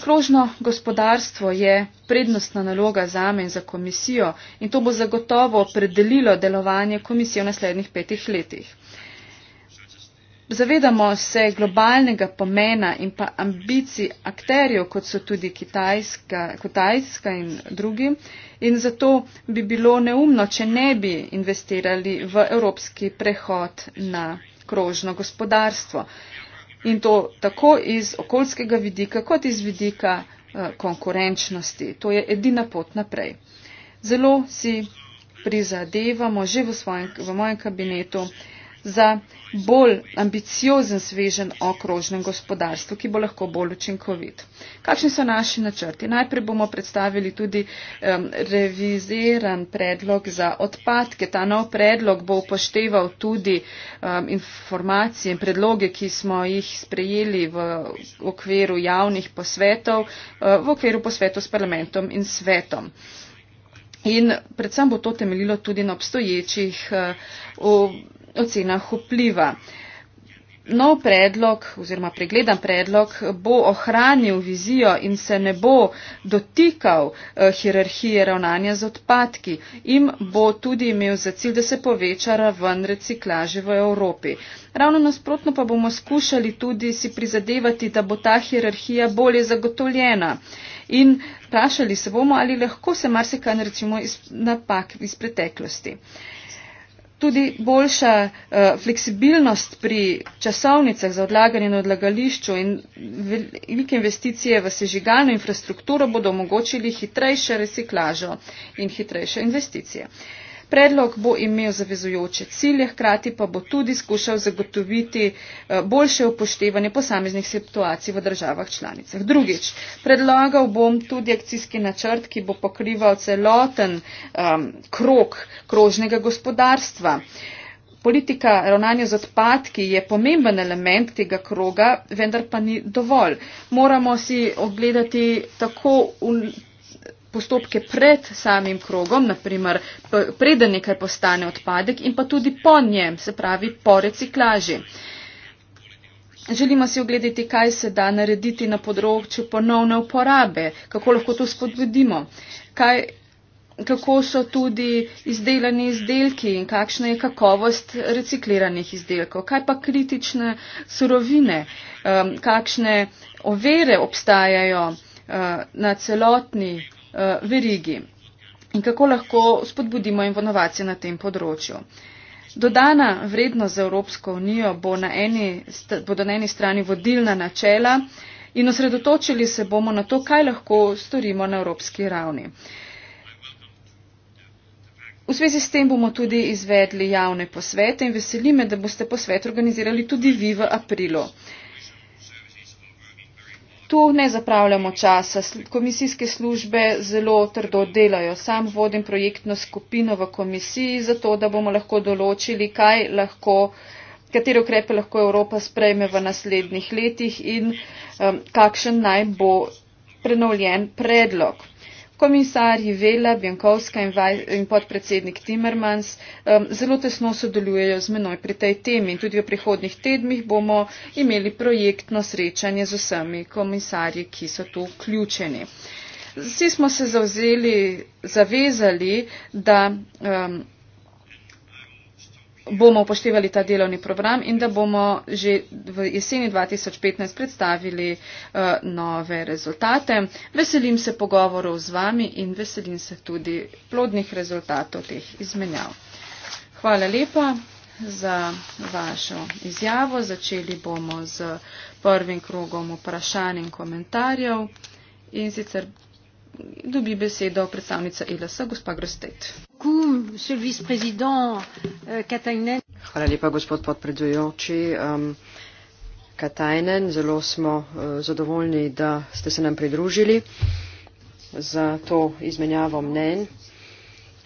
Krožno gospodarstvo je prednostna naloga za me in za komisijo in to bo zagotovo predelilo delovanje komisije v naslednjih petih letih. Zavedamo se globalnega pomena in pa ambicij akterjev, kot so tudi Kitajska, Kitajska in drugi. In zato bi bilo neumno, če ne bi investirali v evropski prehod na krožno gospodarstvo. In to tako iz okoljskega vidika, kot iz vidika eh, konkurenčnosti. To je edina pot naprej. Zelo si prizadevamo že v, svojem, v mojem kabinetu, za bolj ambiciozen svežen o krožnem gospodarstvu, ki bo lahko bolj učinkovit. Kakšni so naši načrti? Najprej bomo predstavili tudi um, reviziran predlog za odpadke. Ta nov predlog bo upošteval tudi um, informacije in predloge, ki smo jih sprejeli v okviru javnih posvetov, uh, v okviru posvetov s parlamentom in svetom. In predvsem bo to temeljilo tudi na obstoječih uh, ocenah vpliva. Nov predlog oziroma pregledan predlog bo ohranil vizijo in se ne bo dotikal eh, hierarhije ravnanja z odpadki in bo tudi imel za cilj, da se poveča raven reciklaže v Evropi. Ravno nasprotno pa bomo skušali tudi si prizadevati, da bo ta hierarhija bolje zagotovljena. In vprašali se bomo, ali lahko se marsikaj naredimo iz napak iz preteklosti. Eh, tudi boljša uh, fleksibilnost pri časovnicah za odlaganje na odlagališču in velike investicije v sežigalno infrastrukturo bodo omogočili hitrejšo reciklažo in hitrejše investicije. Uh, Predlog bo imel zavezujoče cilje, hkrati pa bo tudi skušal zagotoviti eh, boljše upoštevanje posameznih situacij v državah članicah. Drugič, predlagal bom tudi akcijski načrt, ki bo pokrival celoten um, krok krožnega gospodarstva. Politika ravnanja z odpadki je pomemben element tega kroga, vendar pa ni dovolj. Moramo si ogledati tako postopke pred samim krogom, naprimer preden nekaj postane odpadek in pa tudi po njem, se pravi po reciklaži. Želimo si ogledati, kaj se da narediti na področju ponovne uporabe, kako lahko to spodbudimo, kaj, kako so tudi izdelani izdelki in kakšna je kakovost recikliranih izdelkov, kaj pa kritične surovine, um, kakšne overe obstajajo uh, na celotni Eh, verigi in kako lahko spodbudimo inovacije na tem področju. Dodana vrednost za Evropsko unijo bo na eni, bodo na eni strani vodilna načela in osredotočili se bomo na to, kaj lahko storimo na evropski ravni. V svezi s tem bomo tudi izvedli javne posvete in veselime, da boste posvet organizirali tudi vi v aprilu. Uh, tu ne zapravljamo časa. Komisijske službe zelo trdo delajo. Sam vodim projektno skupino v komisiji, zato da bomo lahko določili, kaj lahko katere ukrepe lahko Evropa sprejme v naslednjih letih in um, kakšen naj bo prenovljen predlog komisarji Vela, Bjankovska in, Vaj, in podpredsednik Timmermans um, zelo tesno sodelujejo z menoj pri tej temi in tudi v prihodnih tednih bomo imeli projektno srečanje z vsemi komisarji, ki so tu vključeni. Vsi smo se zavzeli, zavezali, da um, bomo upoštevali ta delovni program in da bomo že v jeseni 2015 predstavili uh, nove rezultate. Veselim se pogovorov z vami in veselim se tudi plodnih rezultatov teh izmenjav. Hvala lepa za vašo izjavo. Začeli bomo z prvim krogom vprašanj in komentarjev. In sicer dobi besedo predstavnica ELS, gospa Grostet. Euh, Hvala lepa, gospod podpredujoči. Um, Katajnen, zelo smo uh, zadovoljni, da ste se nam pridružili za to izmenjavo mnen,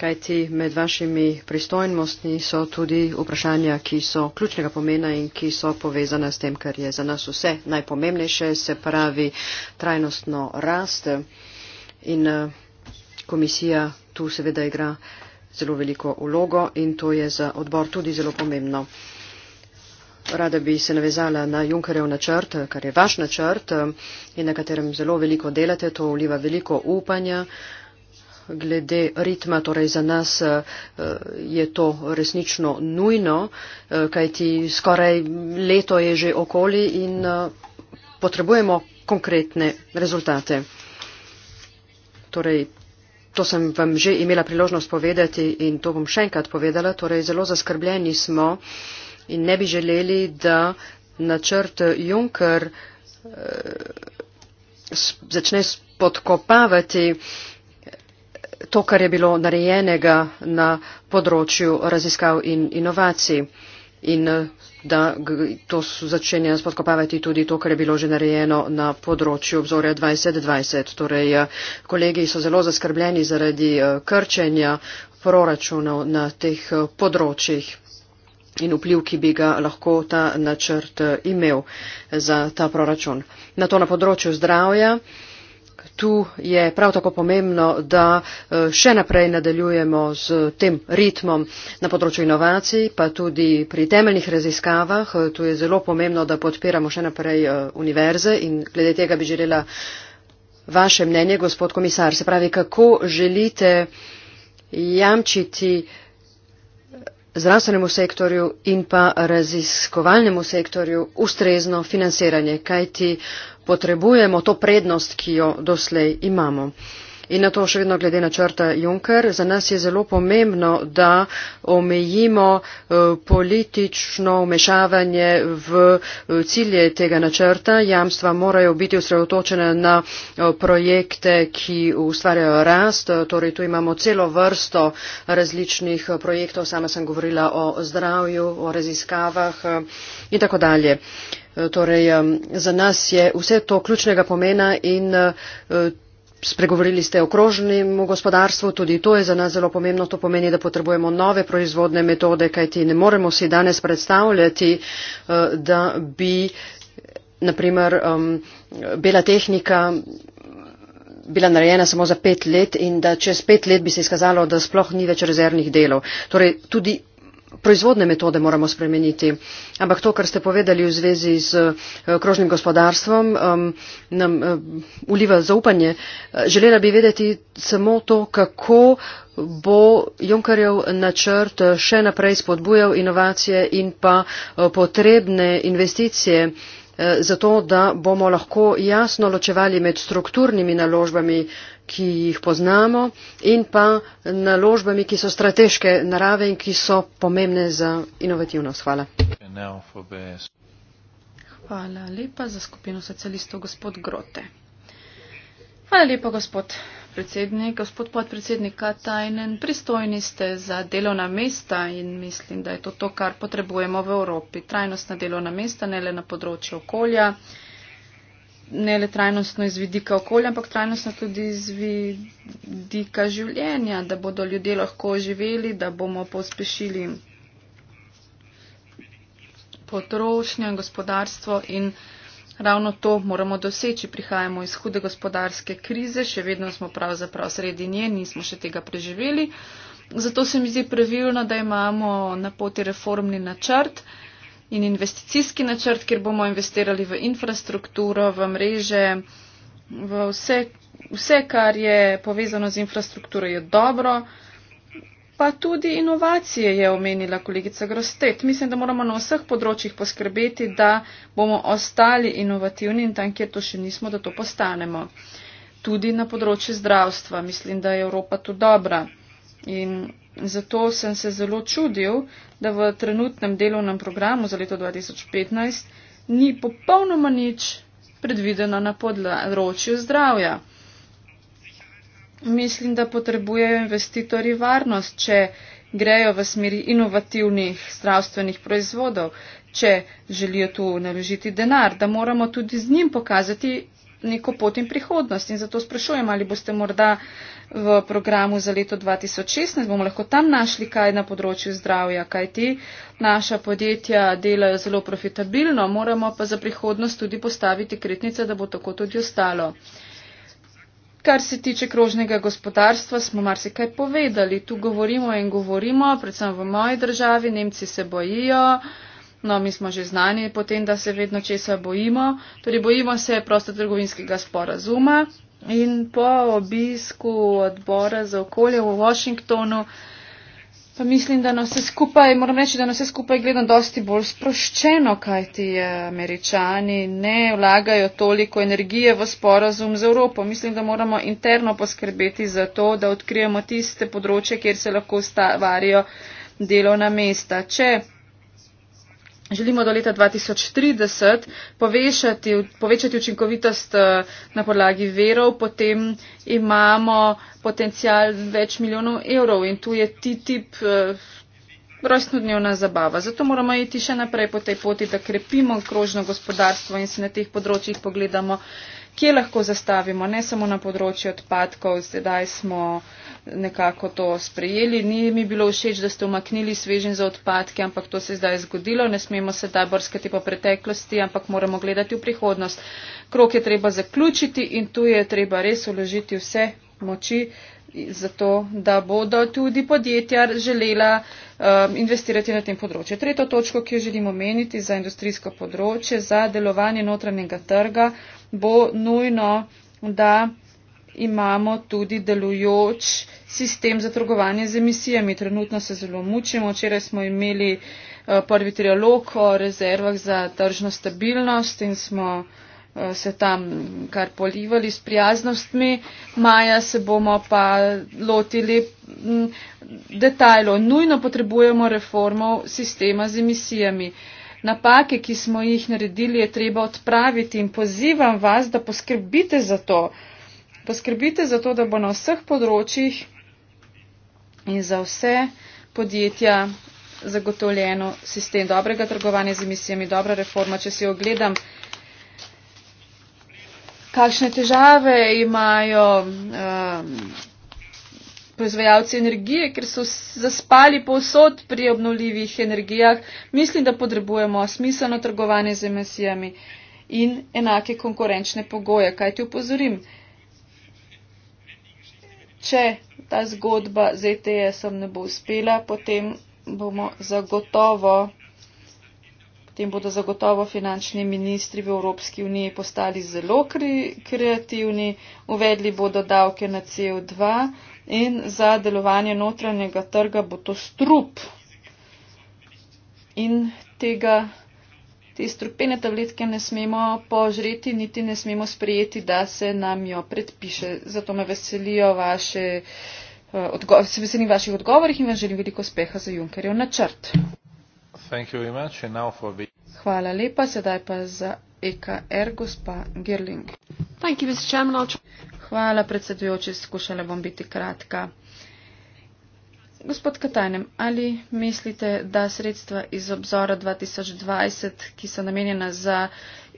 kajti med vašimi pristojnostmi so tudi vprašanja, ki so ključnega pomena in ki so povezana s tem, kar je za nas vse najpomembnejše, se pravi trajnostno rast. Uh, in eh, komisija tu seveda igra zelo veliko vlogo in to je za odbor tudi zelo pomembno. Rada bi se navezala na Junkerjev načrt, eh, kar je vaš načrt eh, in na katerem zelo veliko delate, to vliva veliko upanja. Glede ritma, torej za nas je to resnično nujno, kajti skoraj leto je že okoli in potrebujemo konkretne rezultate torej, to sem vam že imela priložnost povedati in to bom še enkrat povedala, torej zelo zaskrbljeni smo in ne bi želeli, da načrt Juncker eh, začne spodkopavati eh, to, kar je bilo narejenega na področju raziskav in inovacij. In eh, da to začenja spodkopavati tudi to, kar je bilo že narejeno na področju obzorja 2020. Torej, eh, kolegi so zelo zaskrbljeni zaradi eh, krčenja proračunov na teh eh, področjih in vpliv, ki bi ga lahko ta načrt imel za ta proračun. Na to na področju zdravja tu je prav tako pomembno, da eh, še naprej nadaljujemo z tem ritmom na področju inovacij, pa tudi pri temeljnih raziskavah. Eh, tu je zelo pomembno, da podpiramo še naprej eh, univerze in glede tega bi želela vaše mnenje, gospod komisar. Se pravi, kako želite jamčiti zdravstvenemu sektorju in pa raziskovalnemu sektorju ustrezno financiranje, kajti uh, potrebujemo to prednost, ki jo doslej imamo. In na to še vedno glede na črta Juncker, za nas je zelo pomembno, da omejimo eh, politično umešavanje v eh, cilje tega načrta. Jamstva morajo biti usredotočene na eh, projekte, ki ustvarjajo rast. Torej, tu imamo celo vrsto različnih projektov. Sama sem govorila o zdravju, o raziskavah in tako dalje. Torej, za nas je vse to ključnega pomena in eh, spregovorili ste o krožnem gospodarstvu, tudi to je za nas zelo pomembno. To pomeni, da potrebujemo nove proizvodne metode, kajti ne moremo si danes predstavljati, eh, da bi naprimer bela tehnika bila narejena samo za pet let in da čez pet let bi se izkazalo, da sploh ni več rezervnih delov. Torej, tudi proizvodne metode moramo spremeniti. Ampak to, kar ste povedali v zvezi z eh, krožnim gospodarstvom, nam eh, uliva zaupanje. Eh, želela bi vedeti samo to, kako bo Junkerjev načrt še naprej spodbujal inovacije in pa potrebne investicije zato, da bomo lahko jasno ločevali med strukturnimi naložbami, ki jih poznamo, in pa naložbami, ki so strateške narave in ki so pomembne za inovativnost. Hvala. Hvala lepa za skupino socialistov, gospod Grote. Hvala lepa, gospod predsednik, gospod podpredsednik Katajnen. Pristojni ste za delovna mesta in mislim, da je to to, kar potrebujemo v Evropi. Trajnostna delovna mesta, ne le na področju okolja ne le trajnostno iz vidika okolja, ampak trajnostno tudi iz vidika življenja, da bodo ljudje lahko živeli, da bomo pospešili potrošnjo in gospodarstvo in ravno to moramo doseči. Prihajamo iz hude gospodarske krize, še vedno smo pravzaprav sredi nje, nismo še tega preživeli. Zato se mi zdi pravilno, da imamo na poti reformni načrt in investicijski načrt, kjer bomo investirali v infrastrukturo, v mreže, v vse, vse kar je povezano z infrastrukturo, je dobro. Pa tudi inovacije je omenila kolegica Grostet. Mislim, da moramo na vseh področjih poskrbeti, da bomo ostali inovativni in tam, kjer to še nismo, da to postanemo. Tudi na področju zdravstva. Mislim, da je Evropa tu dobra. In Zato sem se zelo čudil, da v trenutnem delovnem programu za leto 2015 ni popolnoma nič predvideno na področju zdravja. Mislim, da potrebujejo investitorji varnost, če grejo v smeri inovativnih zdravstvenih proizvodov, če želijo tu naložiti denar, da moramo tudi z njim pokazati neko pot in prihodnost. In zato sprašujem, ali boste morda. Uh, v programu za leto 2016, bomo lahko tam našli kaj na področju zdravja, kaj ti naša podjetja delajo zelo profitabilno, moramo pa za prihodnost tudi postaviti kritnice, da bo tako tudi ostalo. Kar se tiče krožnega gospodarstva, smo marsikaj povedali, tu govorimo in govorimo, predvsem v moji državi, Nemci se bojijo. No, mi smo že znani potem, da se vedno česa bojimo. Torej, bojimo se prostotrgovinskega sporazuma, In po obisku odbora za okolje v Washingtonu, pa mislim, da nas vse skupaj, moram reči, da nas vse skupaj gledam dosti bolj sproščeno, kaj ti eh, američani ne vlagajo toliko energije v sporazum z Evropo. Mislim, da moramo interno poskrbeti za to, da odkrijemo tiste področje, kjer se lahko stavarijo delovna mesta. Če želimo do leta 2030 povešati, povečati učinkovitost eh, na podlagi verov, potem imamo potencijal več milijonov evrov in tu je TTIP eh, rojstnodnevna zabava. Zato moramo iti še naprej po tej poti, da krepimo krožno gospodarstvo in se na teh področjih pogledamo, kje lahko zastavimo, ne samo na področju odpadkov, zdaj smo nekako to sprejeli. Ni mi bilo všeč, da ste omaknili svežen za odpadke, ampak to se je zdaj zgodilo. Ne smemo se da brskati po preteklosti, ampak moramo gledati v prihodnost. Krok je treba zaključiti in tu je treba res uložiti vse moči, zato da bodo tudi podjetja želela um, investirati na tem področju. Tretjo točko, ki jo želim omeniti za industrijsko področje, za delovanje notranjega trga, bo nujno, da imamo tudi delujoč sistem za trgovanje z emisijami. Trenutno se zelo mučimo. Včeraj smo imeli eh, prvi trialog o rezervah za tržno stabilnost in smo eh, se tam kar polivali s prijaznostmi. Maja se bomo pa lotili mm, detajlo. Nujno potrebujemo reformo sistema z emisijami. Napake, ki smo jih naredili, je treba odpraviti in pozivam vas, da poskrbite za to. Poskrbite za to, da bo na vseh področjih in za vse podjetja zagotovljeno sistem dobrega trgovanja z emisijami, dobra reforma. Če si ogledam, kakšne težave imajo um, proizvajalci energije, ker so zaspali povsod pri obnovljivih energijah, mislim, da potrebujemo smiselno trgovanje z emisijami in enake konkurenčne pogoje. Kaj ti upozorim? če ta zgodba z ETS-om ne bo uspela, potem bomo zagotovo. Potem bodo zagotovo finančni ministri v Evropski uniji postali zelo kri, kreativni, uvedli bodo davke na CO2 in za delovanje notranjega trga bo to strup. In tega Te strupene tabletke ne smemo požreti, niti ne smemo sprejeti, da se nam jo predpiše. Zato me veselijo vaše, eh, odgo se veselim vaših odgovorih in vam želim veliko uspeha za Junkerjev načrt. Hvala lepa, sedaj pa za EKR, gospa Gerling. Hvala predsedujoči, skušala bom biti kratka. Gospod Katajnem, ali mislite, da sredstva iz obzora 2020, ki so namenjena za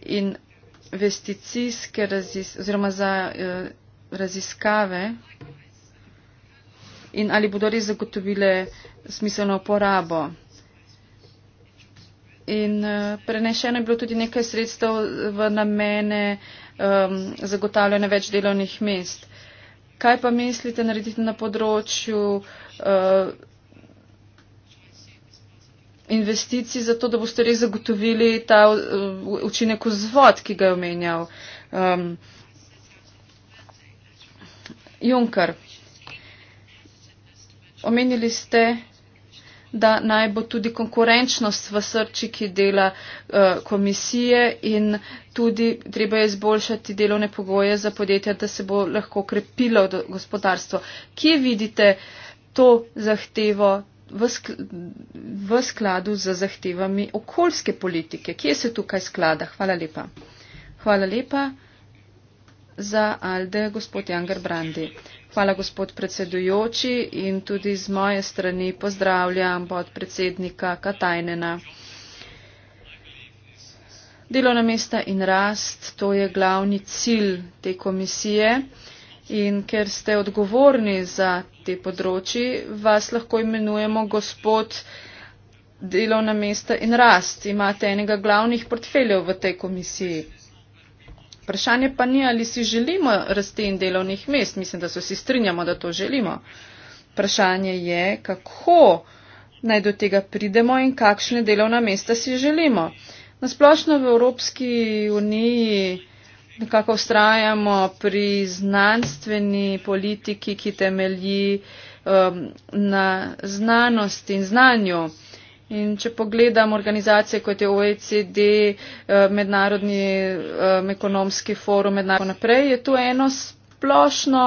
investicijske razis, oziroma za eh, raziskave in ali bodo res zagotovile smiselno uporabo? In eh, prenešeno je bilo tudi nekaj sredstev v namene um, zagotavljanja več delovnih mest kaj pa mislite narediti na področju uh, investicij za to, da boste res zagotovili ta uh, učinek vzvod, ki ga je omenjal um, ehm, Junker. Omenili ste da naj bo tudi konkurenčnost v srči, ki dela uh, komisije in tudi treba je izboljšati delovne pogoje za podjetja, da se bo lahko krepilo gospodarstvo. Kje vidite to zahtevo v, sk v skladu z zahtevami okoljske politike? Kje se tukaj sklada? Hvala lepa. Hvala lepa za Alde, gospod Janger Brandi. Hvala, gospod predsedujoči, in tudi z moje strani pozdravljam podpredsednika Katajnena. Delovna mesta in rast, to je glavni cilj te komisije in ker ste odgovorni za te področji, vas lahko imenujemo gospod delovna mesta in rast. Imate enega glavnih portfeljev v tej komisiji. Vprašanje pa ni, ali si želimo rasti in delovnih mest. Mislim, da se vsi strinjamo, da to želimo. Vprašanje je, kako naj do tega pridemo in kakšne delovna mesta si želimo. Nasplošno v Evropski uniji nekako ustrajamo pri znanstveni politiki, ki temelji um, na znanosti in znanju. In če pogledam organizacije, kot je OECD, eh, Mednarodni eh, ekonomski forum, mednarodno naprej, je to eno splošno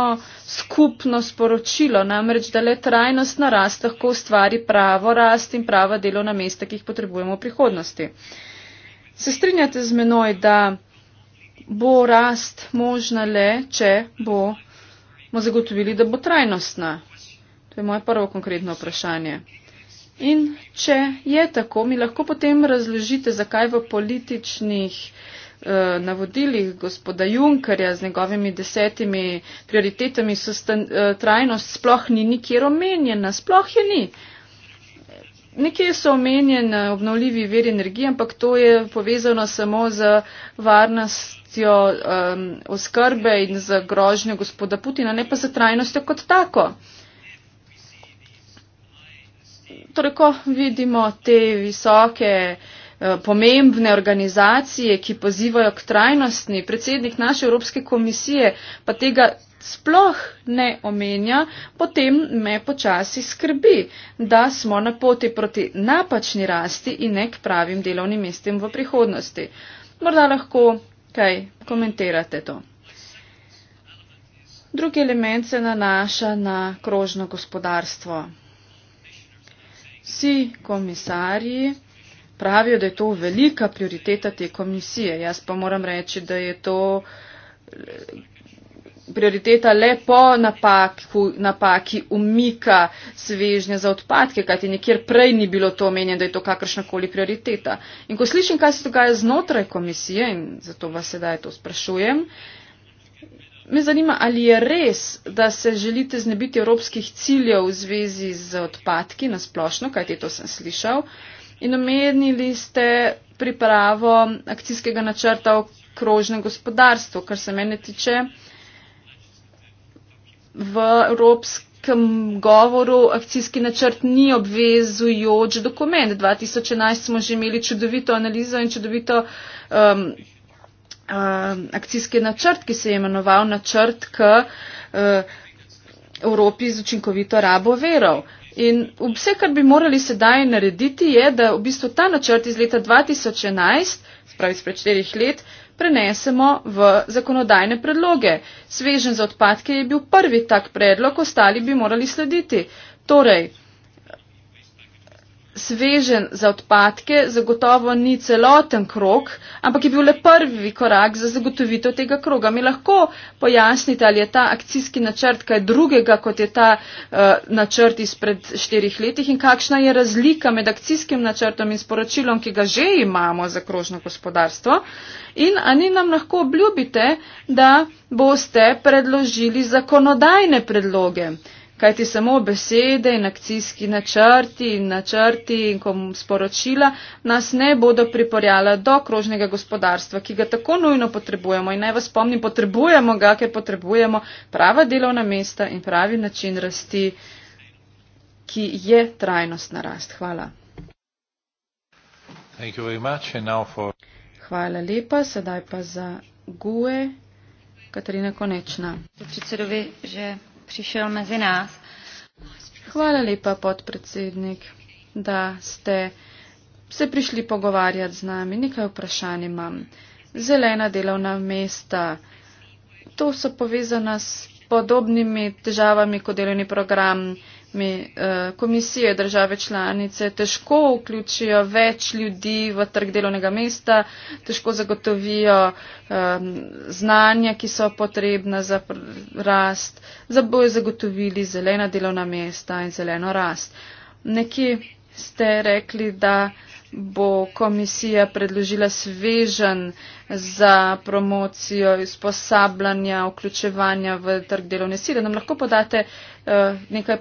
skupno sporočilo, namreč, da le trajnostna rast lahko ustvari pravo rast in prava delovna mesta, ki jih potrebujemo v prihodnosti. Se strinjate z menoj, da bo rast možna le, če bomo zagotovili, da bo trajnostna? To je moje prvo konkretno vprašanje. In če je tako, mi lahko potem razložite, zakaj v političnih eh, navodilih gospoda Junkerja z njegovimi desetimi prioritetami sustan, eh, trajnost sploh ni nikjer omenjena, sploh je ni. Nekje so omenjen obnovljivi veri energije, ampak to je povezano samo z varnostjo um, oskrbe in z grožnjo gospoda Putina, ne pa z trajnostjo kot tako torej, ko vidimo te visoke, eh, pomembne organizacije, ki pozivajo k trajnostni, predsednik naše Evropske komisije pa tega sploh ne omenja, potem me počasi skrbi, da smo na poti proti napačni rasti in nek pravim delovnim mestem v prihodnosti. Morda lahko kaj komentirate to. Drugi element se nanaša na krožno gospodarstvo vsi komisarji pravijo, da je to velika prioriteta te komisije. Jaz pa moram reči, da je to eh, prioriteta le po napaku, napaki umika svežnje za odpadke, kajti nikjer prej ni bilo to omenjeno, da je to kakršnakoli prioriteta. In ko slišim, kaj se dogaja znotraj komisije, in zato vas sedaj to sprašujem, uh, me zanima, ali je res, da se želite znebiti evropskih ciljev v zvezi z odpadki na splošno, kajte to sem slišal. In omenili ste pripravo akcijskega načrta o krožnem gospodarstvu, kar se mene tiče. V evropskem govoru akcijski načrt ni obvezujoč dokument. 2011 smo že imeli čudovito analizo in čudovito. Um, Um, akcijski načrt, ki se je imenoval načrt k uh, Evropi z učinkovito rabo verov. In vse, kar bi morali sedaj narediti, je, da v bistvu ta načrt iz leta 2011, spravi spred štirih let, prenesemo v zakonodajne predloge. Svežen za odpadke je bil prvi tak predlog, ostali bi morali slediti. Torej, svežen za odpadke zagotovo ni celoten krok, ampak je bil le prvi korak za zagotovitev tega kroga. Mi lahko pojasnite, ali je ta akcijski načrt kaj drugega, kot je ta uh, načrt izpred štirih letih in kakšna je razlika med akcijskim načrtom in sporočilom, ki ga že imamo za krožno gospodarstvo. In ali nam lahko obljubite, da boste predložili zakonodajne predloge? kajti samo besede in akcijski načrti in načrti in sporočila nas ne bodo priporjala do krožnega gospodarstva, ki ga tako nujno potrebujemo in naj vas spomnim, potrebujemo ga, ker potrebujemo prava delovna mesta in pravi način rasti, ki je trajnostna rast. Hvala. Hvala lepa, sedaj pa za Gue, Katarina Konečna prišel mezi nas. Hvala lepa, podpredsednik, da ste se prišli pogovarjati z nami. Nekaj vprašanj imam. Zelena delovna mesta, to so povezana s podobnimi težavami kot delovni program mi eh, komisije države članice težko vključijo več ljudi v trg delovnega mesta, težko zagotovijo um, znanja, ki so potrebna za rast, za boj zagotovili zelena delovna mesta in zeleno rast. Neki ste rekli, da uh, bo komisija predložila svežen za promocijo izposabljanja, vključevanja v trg delovne sile. Nam lahko podate eh, nekaj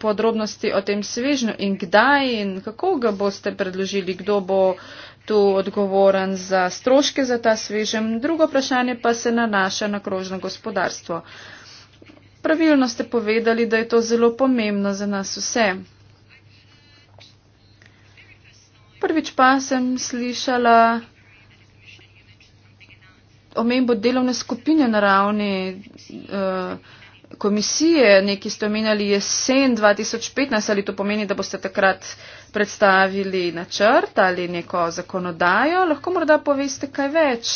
podrobnosti o tem svežnju in kdaj in kako ga boste predložili, kdo bo tu odgovoren za stroške za ta svežem. Drugo vprašanje pa se nanaša na krožno gospodarstvo. Pravilno ste povedali, da je to zelo pomembno za nas vse. Prvič pa sem slišala omenbo delovne skupine na ravni uh, komisije, neki ste omenjali jesen 2015, ali to pomeni, da boste takrat predstavili načrt ali neko zakonodajo. Lahko morda poveste kaj več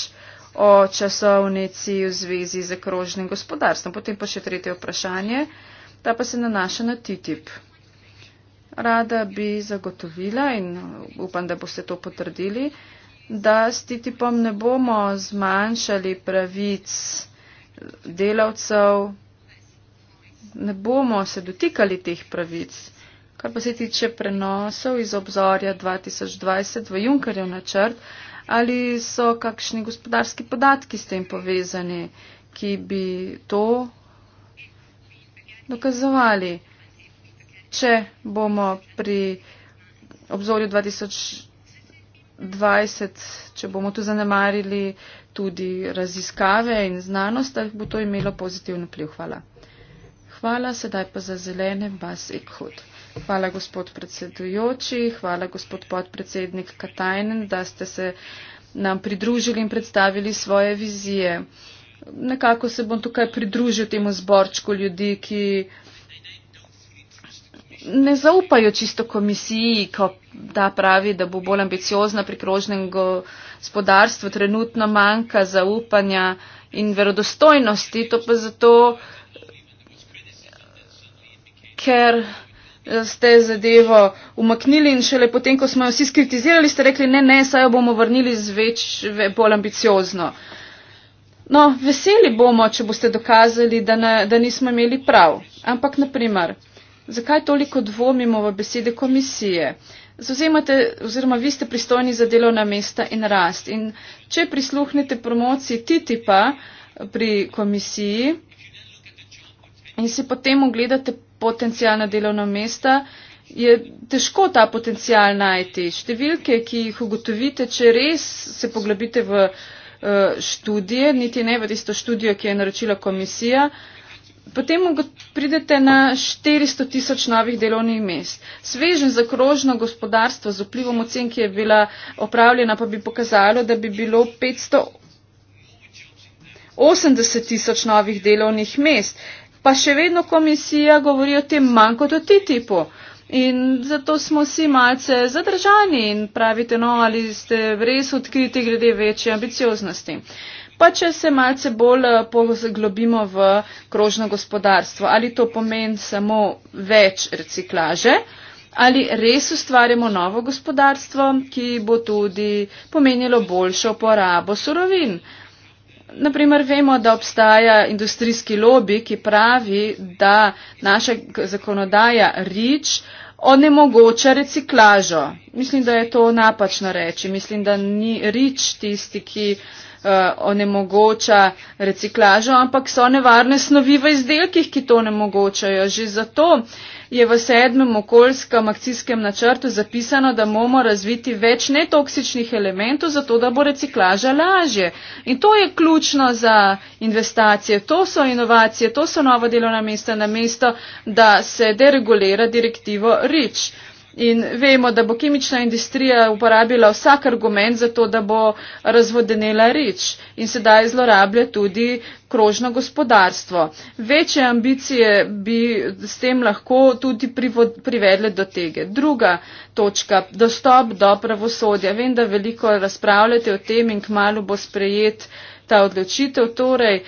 o časovnici v zvezi z okrožnim gospodarstvom. Potem pa še tretje vprašanje, ta pa se nanaša na TTIP rada bi zagotovila in upam, da boste to potrdili, da s TTIP-om ne bomo zmanjšali pravic delavcev, ne bomo se dotikali teh pravic. Kar pa se tiče prenosov iz obzorja 2020 v Junkerjev načrt, ali so kakšni gospodarski podatki s tem povezani, ki bi to dokazovali če bomo pri obzorju 2020, če bomo tu zanemarili tudi raziskave in znanost, da bo to imelo pozitivno pliv. Hvala. Hvala sedaj pa za zelene bas ekhod. Hvala gospod predsedujoči, hvala gospod podpredsednik Katajnen, da ste se nam pridružili in predstavili svoje vizije. Nekako se bom tukaj pridružil temu zborčku ljudi, ki ne zaupajo čisto komisiji, ko ta pravi, da bo bolj ambiciozna pri krožnem gospodarstvu, trenutno manjka zaupanja in verodostojnosti, to pa zato, ker ste zadevo umaknili in šele potem, ko smo jo vsi skritizirali, ste rekli, ne, ne, saj jo bomo vrnili zveč ve, bolj ambiciozno. No, veseli bomo, če boste dokazali, da, ne, da nismo imeli prav. Ampak, naprimer, Zakaj toliko dvomimo v besede komisije? Zauzemate, oziroma vi ste pristojni za delovna mesta in rast. In če prisluhnete promociji TTIP-a pri komisiji in si potem ogledate potencijalna delovna mesta, je težko ta potencijal najti. Številke, ki jih ugotovite, če res se poglobite v eh, študije, niti ne v tisto študijo, ki je naročila komisija, potem pridete na 400 tisoč novih delovnih mest. Svežen za krožno gospodarstvo z vplivom ocen, ki je bila opravljena, pa bi pokazalo, da bi bilo 580 tisoč novih delovnih mest. Pa še vedno komisija govori o tem manj kot o TTIP-u. In zato smo vsi malce zadržani in pravite, no, ali ste res odkriti glede večje ambicioznosti. Uh, Pa če se malce bolj eh, poglobimo v krožno gospodarstvo, ali to pomeni samo več reciklaže, ali res ustvarjamo novo gospodarstvo, ki bo tudi pomenilo boljšo porabo surovin. Naprimer, vemo, da obstaja industrijski lobby, ki pravi, da naša zakonodaja REACH onemogoča reciklažo. Mislim, da je to napačno reči. Mislim, da ni REACH tisti, ki. Uh, Eh, onemogoča reciklažo, ampak so nevarne snovi v izdelkih, ki to onemogočajo. Že zato je v sedmem okoljskem akcijskem načrtu zapisano, da bomo razviti več netoksičnih elementov, zato da bo reciklaža lažje. In to je ključno za investicije, to so inovacije, to so nova delovna mesta na mesto, da se deregulira direktivo REACH. In vemo, da bo kemična industrija uporabila vsak argument za to, da bo razvodenela rič in sedaj zlorablja tudi krožno gospodarstvo. Večje ambicije bi s tem lahko tudi privedle do tega. Druga točka, dostop do pravosodja. Vem, da veliko razpravljate o tem in kmalo bo sprejet ta odločitev. Torej,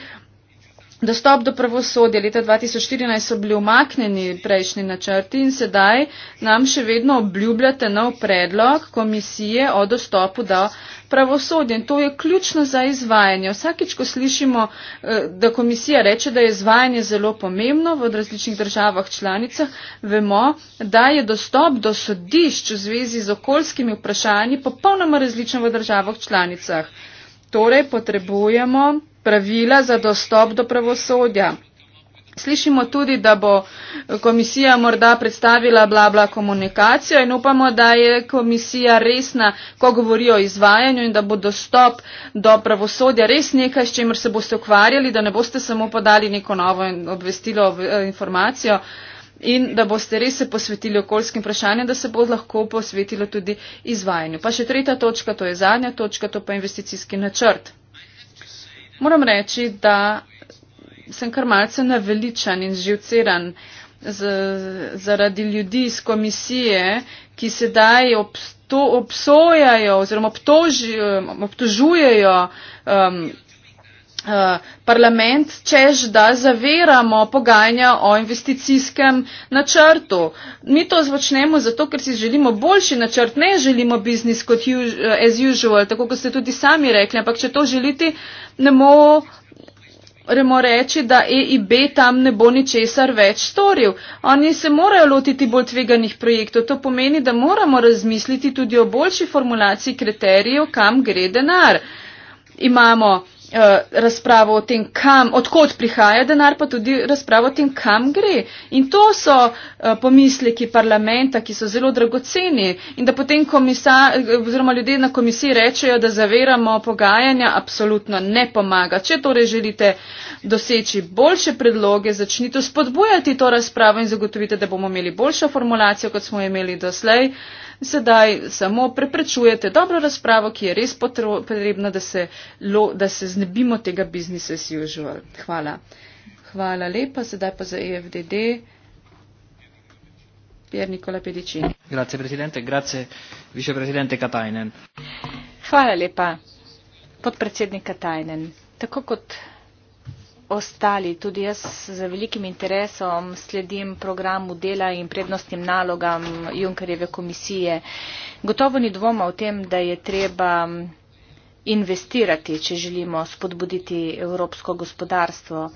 dostop do pravosodja. Leta 2014 so bili umaknjeni prejšnji načrti in sedaj nam še vedno obljubljate nov predlog komisije o dostopu do pravosodja. In to je ključno za izvajanje. Vsakič, ko slišimo, eh, da komisija reče, da je izvajanje zelo pomembno v različnih državah članicah, vemo, da je dostop do sodišč v zvezi z okoljskimi vprašanji popolnoma različen v državah članicah. Torej potrebujemo pravila za dostop do pravosodja. Slišimo tudi, da bo komisija morda predstavila bla bla komunikacijo in upamo, da je komisija resna, ko govori o izvajanju in da bo dostop do pravosodja res nekaj, s čimer se boste ukvarjali, da ne boste samo podali neko novo obvestilo, eh, informacijo in da boste res se posvetili okoljskim vprašanjem, da se bo lahko posvetilo tudi izvajanju. Pa še tretja točka, to je zadnja točka, to pa je investicijski načrt moram reči, da sem kar malce naveličan in živceran z, zaradi ljudi iz komisije, ki sedaj ob, to obsojajo oziroma obtožujejo um, Eh, parlament, čež da zaviramo pogajanja o investicijskem načrtu. Mi to zvočnemo zato, ker si želimo boljši načrt, ne želimo biznis kot eh, as usual, tako kot ste tudi sami rekli, ampak če to želite, ne moremo reči, da EIB tam ne bo ničesar več storil. Oni se morajo lotiti bolj tveganih projektov. To pomeni, da moramo razmisliti tudi o boljši formulaciji kriterijev, kam gre denar. Imamo Eh, razpravo o tem, kam, odkot prihaja denar, pa tudi razpravo o tem, kam gre. In to so eh, pomisleki parlamenta, ki so zelo dragoceni. In da potem komisa, oziroma ljudje na komisiji rečejo, da zaveramo pogajanja, absolutno ne pomaga. Če torej želite doseči boljše predloge, začnite spodbujati to razpravo in zagotovite, da bomo imeli boljšo formulacijo, kot smo imeli doslej. Uh, sedaj samo preprečujete dobro razpravo, ki je res potrebna, da se, lo, da se znebimo tega business as usual. Hvala. Hvala lepa, sedaj pa za EFDD. Pier Nikola Pedicini. Grazie, presidente. Grazie, vicepresidente Katajnen. Hvala lepa, podpredsednik Katajnen. Tako kot ostali. Tudi jaz z velikim interesom sledim programu dela in prednostnim nalogam Junkerjeve komisije. Gotovo ni dvoma o tem, da je treba mm, investirati, če želimo spodbuditi evropsko gospodarstvo.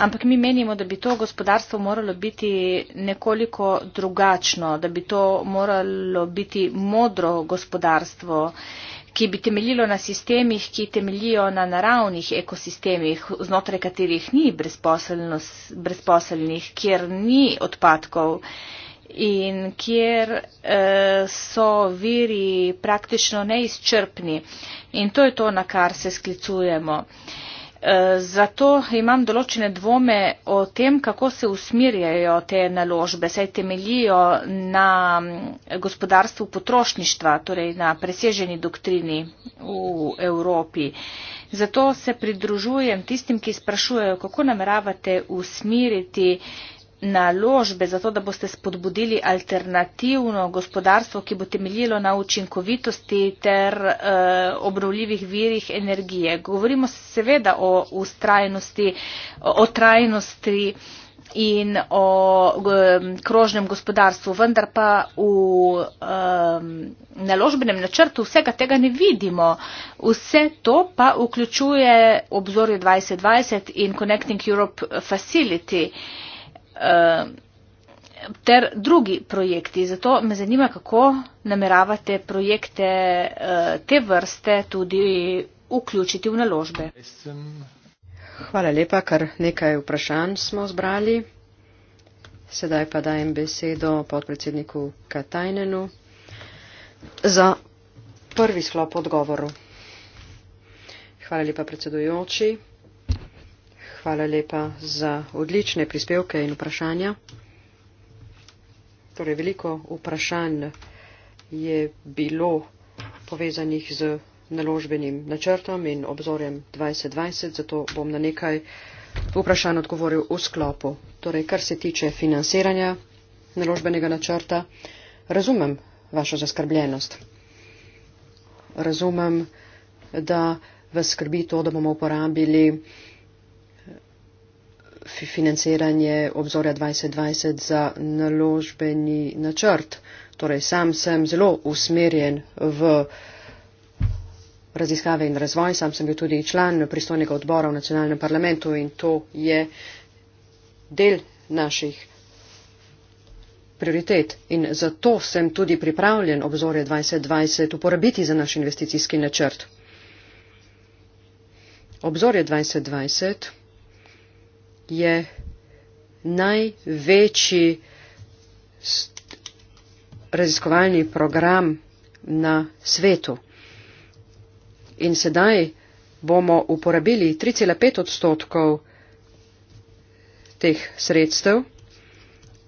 Ampak mi menimo, da bi to gospodarstvo moralo biti nekoliko drugačno, da bi to moralo biti modro gospodarstvo. Uh, ki bi temeljilo na sistemih, ki temeljijo na naravnih ekosistemih, znotraj katerih ni brezposelnih, kjer ni odpadkov in kjer eh, so viri praktično neizčrpni. In to je to, na kar se sklicujemo. Eh, Eh, zato imam določene dvome o tem, kako se usmirjajo te naložbe, saj temelijo na mm, gospodarstvu potrošništva, torej na preseženi doktrini v Evropi. Zato se pridružujem tistim, ki sprašujejo, kako nameravate usmiriti naložbe, zato da boste spodbudili alternativno gospodarstvo, ki bo temeljilo na učinkovitosti ter e, obnovljivih virih energije. Govorimo seveda o ustrajnosti, o trajnosti in o krožnem gospodarstvu, vendar pa v um, naložbenem načrtu vsega tega ne vidimo. Vse to pa vključuje obzorje 2020 in Connecting Europe Facility. Uh, Ehm, ter drugi projekti. Zato me zanima, kako nameravate projekte eh, te vrste tudi vključiti v naložbe. Hvala lepa, kar nekaj vprašanj smo zbrali. Sedaj pa dajem besedo podpredsedniku Katajnenu za prvi sklop odgovoru. Hvala lepa predsedujoči hvala lepa za odlične prispevke in vprašanja. Torej, veliko vprašanj je bilo povezanih z naložbenim načrtom in obzorjem 2020, zato bom na nekaj vprašanj odgovoril v sklopu. Torej, kar se tiče financiranja naložbenega načrta, razumem vašo zaskrbljenost. Razumem, da vas skrbi to, da bomo uporabili financiranje obzorja 2020 za naložbeni načrt. Torej, sam sem zelo usmerjen v raziskave in razvoj, sam sem bil tudi član pristojnega odbora v nacionalnem parlamentu in to je del naših prioritet. In zato sem tudi pripravljen obzorje 2020 uporabiti za naš investicijski načrt. Obzorje 2020 je največji raziskovalni program na svetu. In sedaj bomo uporabili 3,5 odstotkov teh sredstev,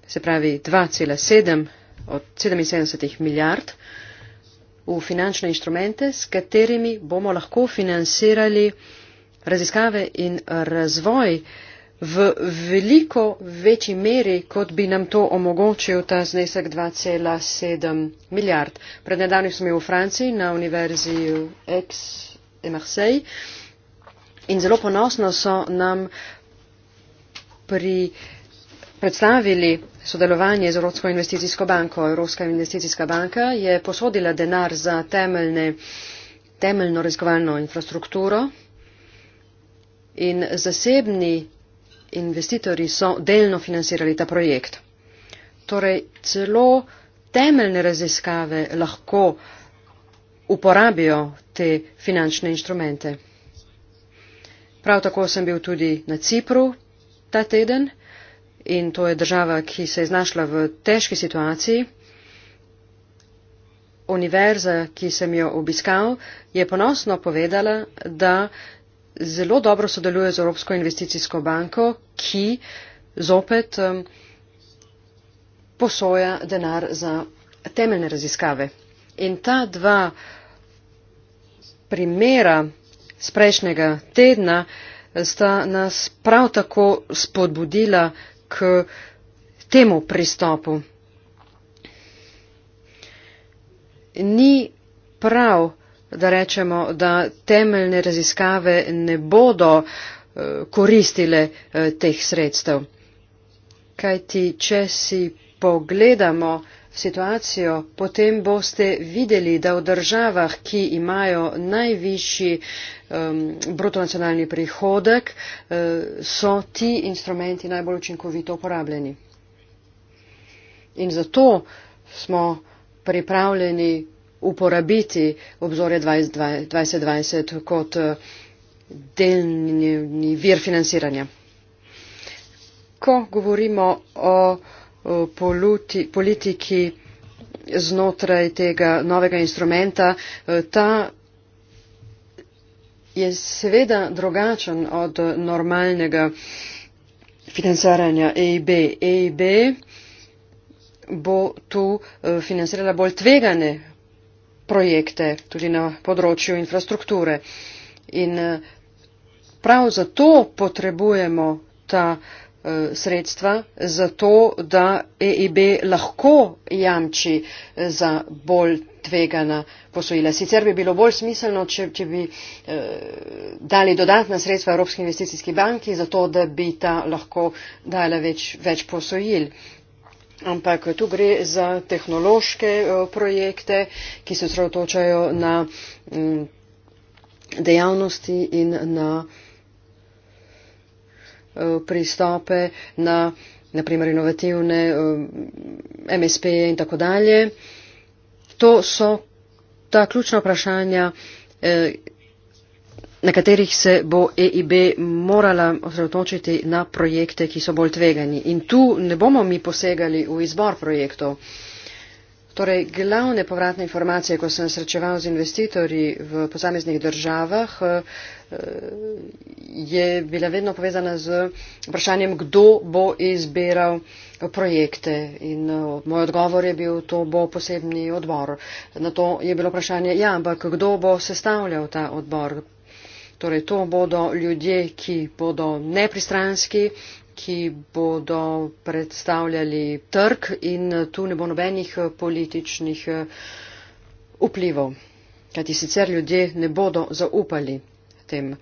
se pravi 2,7 od 77 milijard, v finančne inštrumente, s katerimi bomo lahko financirali raziskave in razvoj uh, v veliko večji meri, kot bi nam to omogočil ta znesek 2,7 milijard. Pred nedavnim smo v Franciji na univerzi Ex in Marseille in zelo ponosno so nam pri predstavili sodelovanje z Evropsko investicijsko banko. Evropska investicijska banka je posodila denar za temeljne, temeljno raziskovalno infrastrukturo in zasebni investitorji so delno financirali ta projekt. Torej, celo temeljne raziskave lahko uporabijo te finančne inštrumente. Prav tako sem bil tudi na Cipru ta teden in to je država, ki se je znašla v težki situaciji. Univerza, ki sem jo obiskal, je ponosno povedala, da zelo dobro sodeluje z Evropsko investicijsko banko, ki zopet um, posoja denar za temeljne raziskave. In ta dva primera z prejšnjega tedna eh, sta nas prav tako spodbudila k temu pristopu. Ni prav, da rečemo, da temeljne raziskave ne bodo eh, koristile eh, teh sredstev. Kajti, če si pogledamo situacijo, potem boste videli, da v državah, ki imajo najvišji um, brutonacionalni prihodek, eh, so ti instrumenti najbolj učinkovito uporabljeni. In zato smo pripravljeni uporabiti obzorje 2020 kot eh, delni vir financiranja. Ko govorimo o politi, politiki znotraj tega novega instrumenta, eh, ta je seveda drugačen od normalnega financiranja EIB. EIB bo tu eh, financirala bolj tvegane projekte tudi na področju infrastrukture. In eh, prav zato potrebujemo ta eh, sredstva, zato da EIB lahko jamči eh, za bolj tvegana posojila. Sicer bi bilo bolj smiselno, če, če bi eh, dali dodatna sredstva Evropski investicijski banki, zato da bi ta lahko dala več, več posojil. Eh, ampak tu gre za tehnološke eh, projekte, ki se sredotočajo na mm, dejavnosti in na eh, pristope, na naprimer inovativne eh, MSP in tako dalje. To so ta ključna vprašanja, na katerih se bo EIB morala osredotočiti na projekte, ki so bolj tvegani. In tu ne bomo mi posegali v izbor projektov. Torej, glavne povratne informacije, ko sem srečeval z investitorji v posameznih državah, eh, je bila vedno povezana z vprašanjem, kdo bo izbiral projekte. In eh, moj odgovor je bil, to bo posebni odbor. Na to je bilo vprašanje, ja, ampak kdo bo sestavljal ta odbor, Torej, to bodo ljudje, ki bodo nepristranski, ki bodo predstavljali trg in tu ne bo nobenih političnih eh, vplivov. Kajti sicer ljudje ne bodo zaupali tem,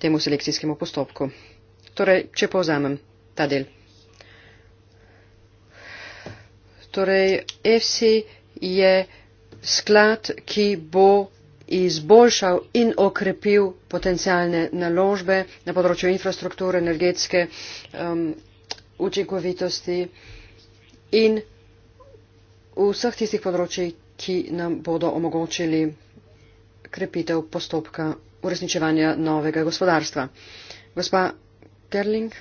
temu selekcijskemu postopku. Torej, če povzamem ta del. Torej, EFSI je sklad, ki bo izboljšal in okrepil potencijalne naložbe na področju infrastrukture, energetske um, učinkovitosti in vseh tistih področji, ki nam bodo omogočili krepitev postopka uresničevanja novega gospodarstva. Gospa Gerling,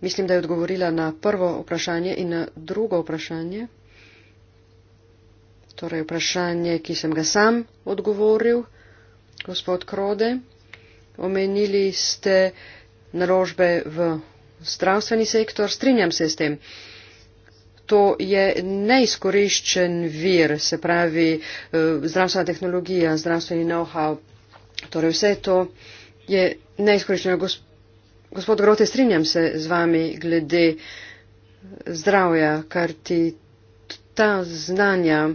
mislim, da je odgovorila na prvo vprašanje in na drugo vprašanje torej vprašanje, ki sem ga sam odgovoril, gospod Krode. Omenili ste naložbe v zdravstveni sektor, strinjam se s tem. To je neizkoriščen vir, se pravi eh, zdravstvena tehnologija, zdravstveni know-how, torej vse to je neizkoriščeno. Gospod Grote, strinjam se z vami glede zdravja, kar ti ta znanja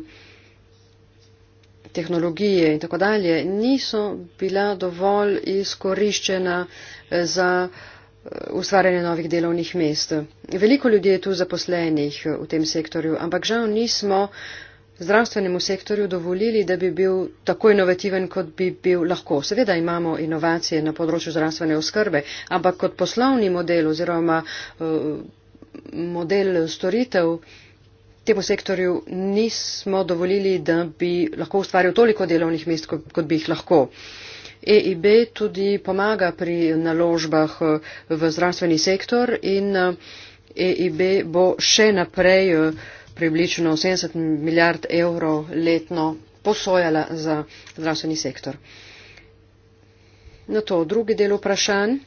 tehnologije in tako dalje, niso bila dovolj izkoriščena eh, za eh, ustvarjanje novih delovnih mest. Veliko ljudi je tu zaposlenih eh, v tem sektorju, ampak žal nismo zdravstvenemu sektorju dovolili, da bi bil tako inovativen, kot bi bil lahko. Seveda imamo inovacije na področju zdravstvene oskrbe, ampak kot poslovni model oziroma model storitev, temu sektorju nismo dovolili, da bi lahko ustvarjal toliko delovnih mest, kot bi jih lahko. EIB tudi pomaga pri naložbah eh, v zdravstveni sektor in EIB eh, e bo še naprej eh, približno 70 milijard evrov letno posojala za zdravstveni sektor. Na to drugi del vprašanj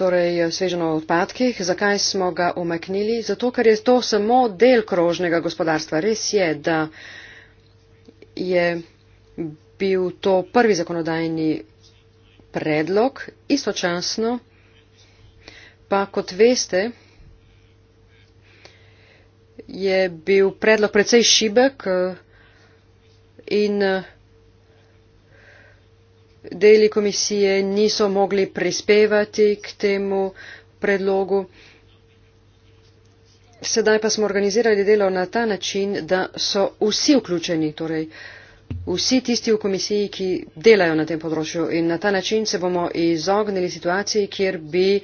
torej eh, sveženo v odpadkih. Zakaj smo ga umaknili? Zato, ker je to samo del krožnega gospodarstva. Res je, da je bil to prvi zakonodajni predlog, istočasno pa, kot veste, je bil predlog precej šibek eh, in eh, deli komisije niso mogli prispevati k temu predlogu. Sedaj pa smo organizirali delo na ta način, da so vsi vključeni, torej vsi tisti v komisiji, ki delajo na tem področju. In na ta način se bomo izognili situaciji, kjer bi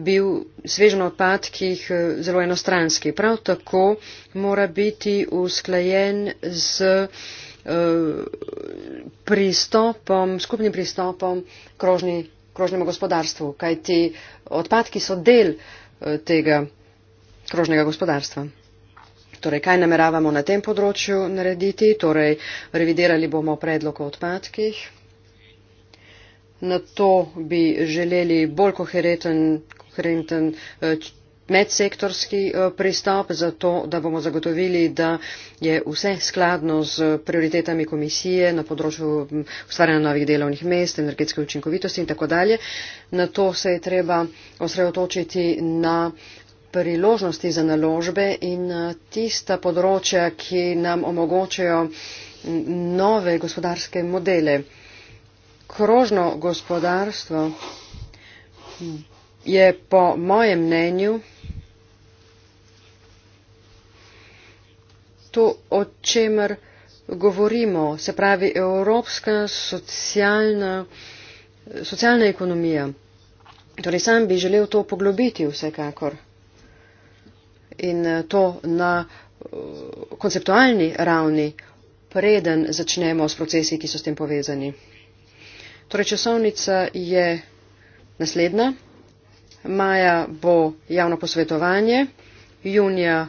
bil svežen odpad, ki jih eh, zelo enostranski. Prav tako mora biti usklajen z pristopom, skupnim pristopom krožni, krožnemu gospodarstvu, kajti odpadki so del eh, tega krožnega gospodarstva. Torej, kaj nameravamo na tem področju narediti? Torej, revidirali bomo predlog o odpadkih. Na to bi želeli bolj koherenten, koherenten eh, medsektorski eh, pristop za to, da bomo zagotovili, da je vse skladno z prioritetami komisije na področju ustvarjanja novih delovnih mest, energetske učinkovitosti in tako dalje. Na to se je treba osredotočiti na priložnosti za naložbe in eh, tista področja, ki nam omogočajo nove gospodarske modele. Krožno gospodarstvo hm, je po mojem mnenju to, o čemer govorimo, se pravi evropska socialna, socialna ekonomija. Torej, sam bi želel to poglobiti vsekakor in eh, to na eh, konceptualni ravni, preden začnemo s procesi, ki so s tem povezani. Torej, časovnica je naslednja. Maja bo javno posvetovanje, junija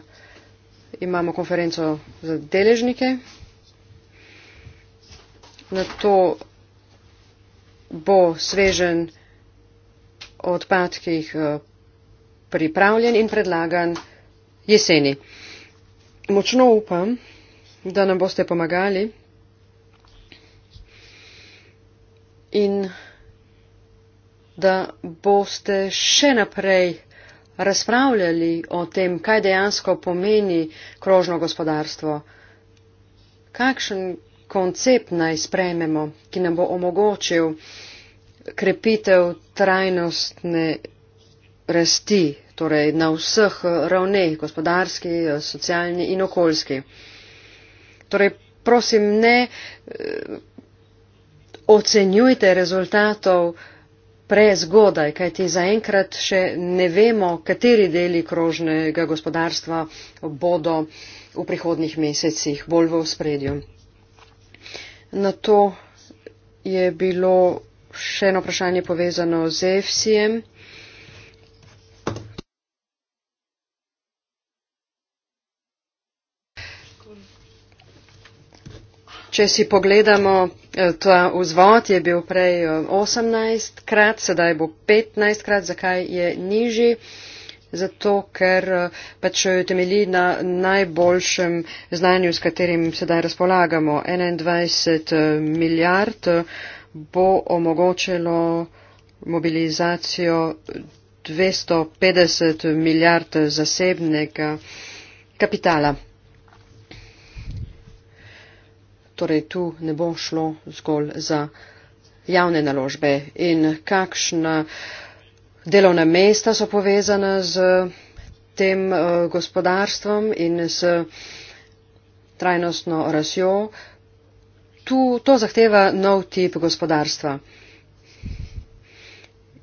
imamo konferenco za deležnike. Na to bo svežen odpadkih eh, pripravljen in predlagan jeseni. Močno upam, da nam boste pomagali in da boste še naprej razpravljali o tem, kaj dejansko pomeni krožno gospodarstvo, kakšen koncept naj sprejmemo, ki nam bo omogočil krepitev trajnostne rasti, torej na vseh ravneh, gospodarski, socialni in okoljski. Torej, prosim, ne eh, ocenjujte rezultatov, prezgodaj, kajti zaenkrat še ne vemo, kateri deli krožnega gospodarstva bodo v prihodnih mesecih bolj v spredju. Na to je bilo še eno vprašanje povezano z EFSI-jem. če si pogledamo, eh, ta vzvod je bil prej 18 eh, krat, sedaj bo 15 krat, zakaj je nižji? Zato, ker eh, pač temelji na najboljšem znanju, s katerim sedaj razpolagamo. 21 milijard bo omogočilo mobilizacijo 250 milijard zasebnega kapitala. torej tu ne bo šlo zgolj za javne naložbe in kakšna delovna mesta so povezana z tem eh, gospodarstvom in s trajnostno rasjo. Tu, to zahteva nov tip gospodarstva.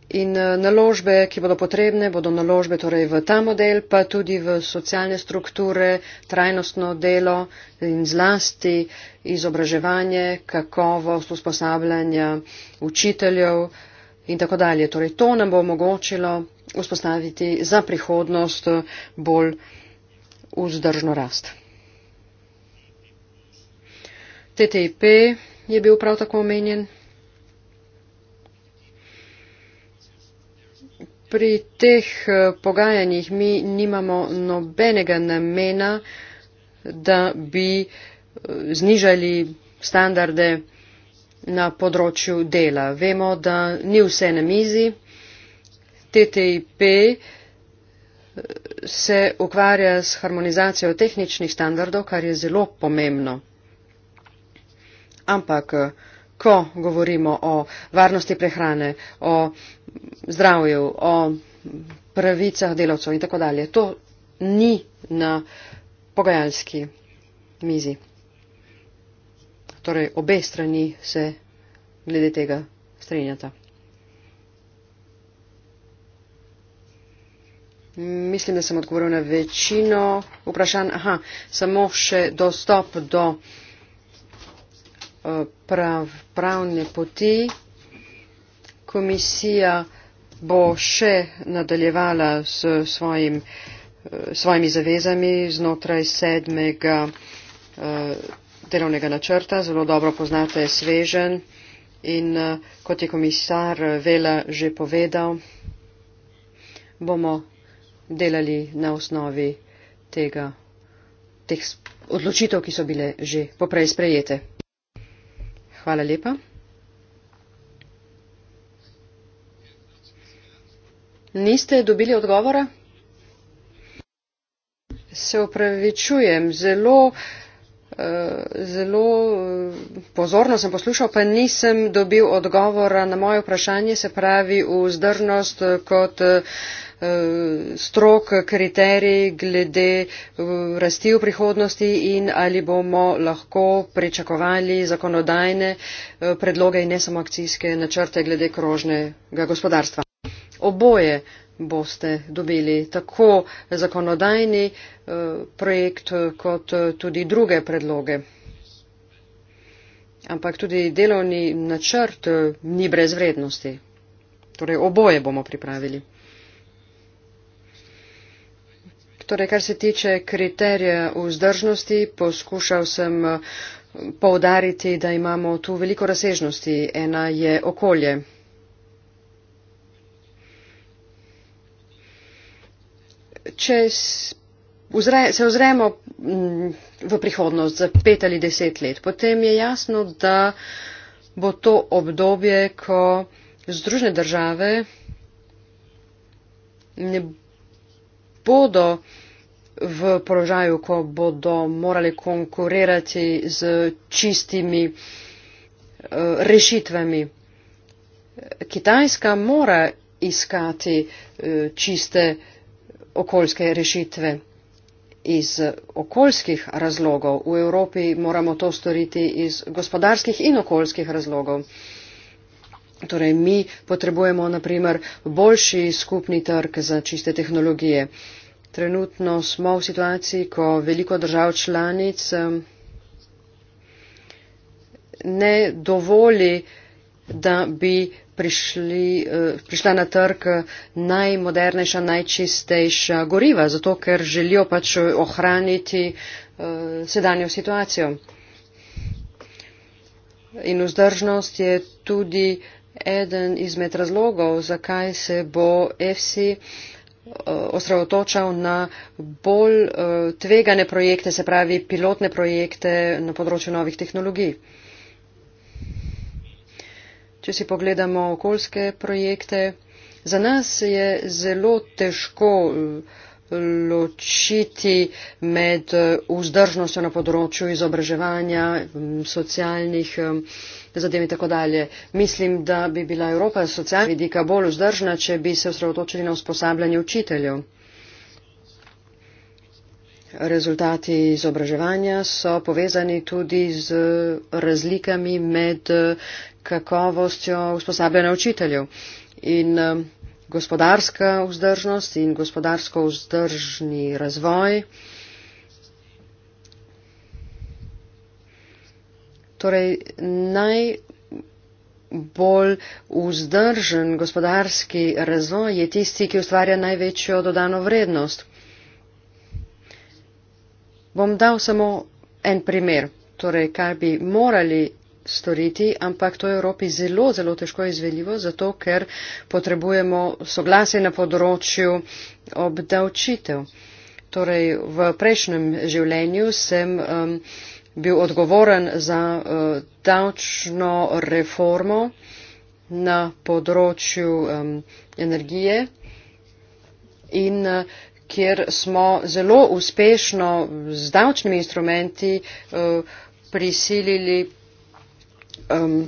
In eh, naložbe, ki bodo potrebne, bodo naložbe torej v ta model, pa tudi v socialne strukture, trajnostno delo in zlasti izobraževanje, kakovost usposabljanja učiteljev in tako dalje. Torej to nam bo omogočilo vzpostaviti za prihodnost eh, bolj vzdržno rast. TTIP je bil prav tako omenjen. pri teh eh, pogajanjih mi nimamo nobenega namena, da bi eh, znižali standarde na področju dela. Vemo, da ni vse na mizi. TTIP eh, se ukvarja s harmonizacijo tehničnih standardov, kar je zelo pomembno. Ampak ko govorimo o varnosti prehrane, o zdravju, o pravicah delavcev in tako dalje. To ni na pogajalski mizi. Torej, obe strani se glede tega strinjata. Mislim, da sem odgovoril na večino vprašanj. Aha, samo še dostop do prav, pravne poti. Komisija bo še nadaljevala s svojim, eh, svojimi zavezami znotraj sedmega eh, delovnega načrta. Zelo dobro poznate svežen in eh, kot je komisar Vela že povedal, bomo delali na osnovi tega, teh odločitev, ki so bile že poprej sprejete. Hvala lepa. Niste dobili odgovora? Se upravičujem, zelo, eh, zelo eh, pozorno sem poslušal, pa nisem dobil odgovora na moje vprašanje, se pravi vzdržnost kot eh, Eh, strok kriterij glede eh, rasti v prihodnosti in ali bomo lahko pričakovali zakonodajne eh, predloge in ne samo akcijske načrte glede krožnega gospodarstva. Oboje boste dobili tako zakonodajni projekt kot tudi druge predloge. Ampak tudi delovni načrt ni brez vrednosti. Torej oboje bomo pripravili. Torej, kar se tiče kriterija vzdržnosti, poskušal sem eh, poudariti, da imamo tu veliko razsežnosti. Ena je okolje. Če se ozremo mm, v prihodnost za pet ali deset let, potem je jasno, da bo to obdobje, ko združne države ne bodo bodo v položaju, ko bodo morali konkurirati z čistimi eh, rešitvami. Kitajska mora iskati eh, čiste okoljske rešitve iz okoljskih razlogov. V Evropi moramo to storiti iz gospodarskih in okoljskih razlogov. Torej, mi potrebujemo naprimer boljši skupni trg za čiste tehnologije. Trenutno smo v situaciji, ko veliko držav članic ne dovoli, da bi prišli, e, prišla na trg najmodernejša, najčistejša goriva, zato ker želijo pač ohraniti e, sedanjo situacijo. In vzdržnost je tudi eden izmed razlogov, zakaj se bo EFSI eh, osredotočal na bolj eh, tvegane projekte, se pravi pilotne projekte na področju novih tehnologij. Če si pogledamo okoljske projekte, za nas je zelo težko eh, ločiti med vzdržnostjo na področju izobraževanja, socialnih zadev in tako dalje. Mislim, da bi bila Evropa socialna vidika bolj vzdržna, če bi se osredotočili na usposabljanje učiteljev. Rezultati izobraževanja so povezani tudi z razlikami med eh, kakovostjo usposabljanja učiteljev. In eh, gospodarska vzdržnost in gospodarsko vzdržni razvoj. torej naj bolj vzdržen gospodarski razvoj je tisti, ki ustvarja največjo dodano vrednost. Bom dal samo en primer, torej kaj bi morali storiti, ampak to je Evropi zelo, zelo težko izveljivo, zato ker potrebujemo soglasje na področju obdavčitev. Torej, v prejšnjem življenju sem um, bil odgovoren za uh, davčno reformo na področju um, energije in uh, kjer smo zelo uspešno z davčnimi instrumenti uh, prisilili um,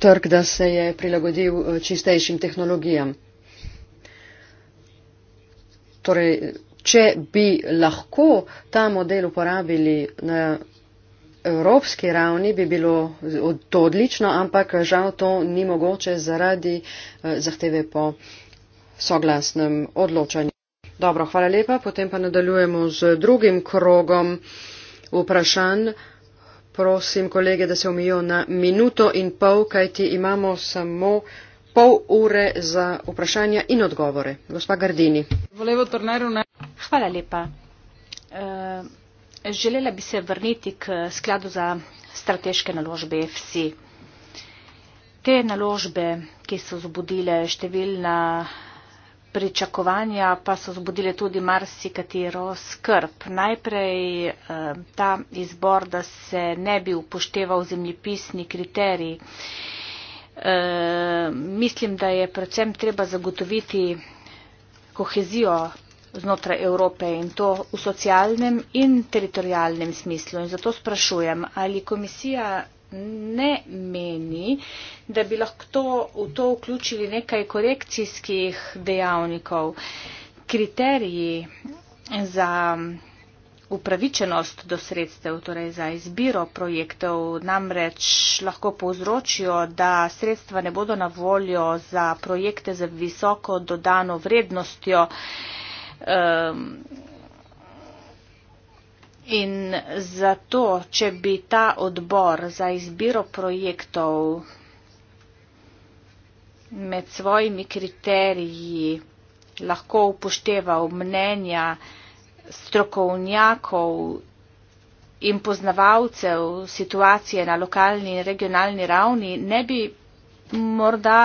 trg, da se je prilagodil uh, čistejšim tehnologijam. Torej, če bi lahko ta model uporabili na evropski ravni bi bilo to odlično, ampak žal to ni mogoče zaradi eh, zahteve po soglasnem odločanju. Dobro, hvala lepa. Potem pa nadaljujemo z drugim krogom vprašanj. Prosim kolege, da se omijo na minuto in pol, kajti imamo samo pol ure za vprašanja in odgovore. Gospa Gardini. Hvala lepa. Uh želela bi se vrniti k skladu za strateške naložbe FSI. Te naložbe, ki so zbudile številna pričakovanja, pa so zbudile tudi marsikatero skrb. Najprej eh, ta izbor, da se ne bi upošteval zemljepisni kriterij. Eh, mislim, da je predvsem treba zagotoviti kohezijo znotraj Evrope in to v socialnem in teritorijalnem smislu. In zato sprašujem, ali komisija ne meni, da bi lahko v to vključili nekaj korekcijskih dejavnikov, kriteriji za upravičenost do sredstev, torej za izbiro projektov, namreč lahko povzročijo, da sredstva ne bodo na voljo za projekte z visoko dodano vrednostjo, Um, in zato, če bi ta odbor za izbiro projektov med svojimi kriteriji lahko upošteval mnenja strokovnjakov in poznavalcev situacije na lokalni in regionalni ravni, ne bi morda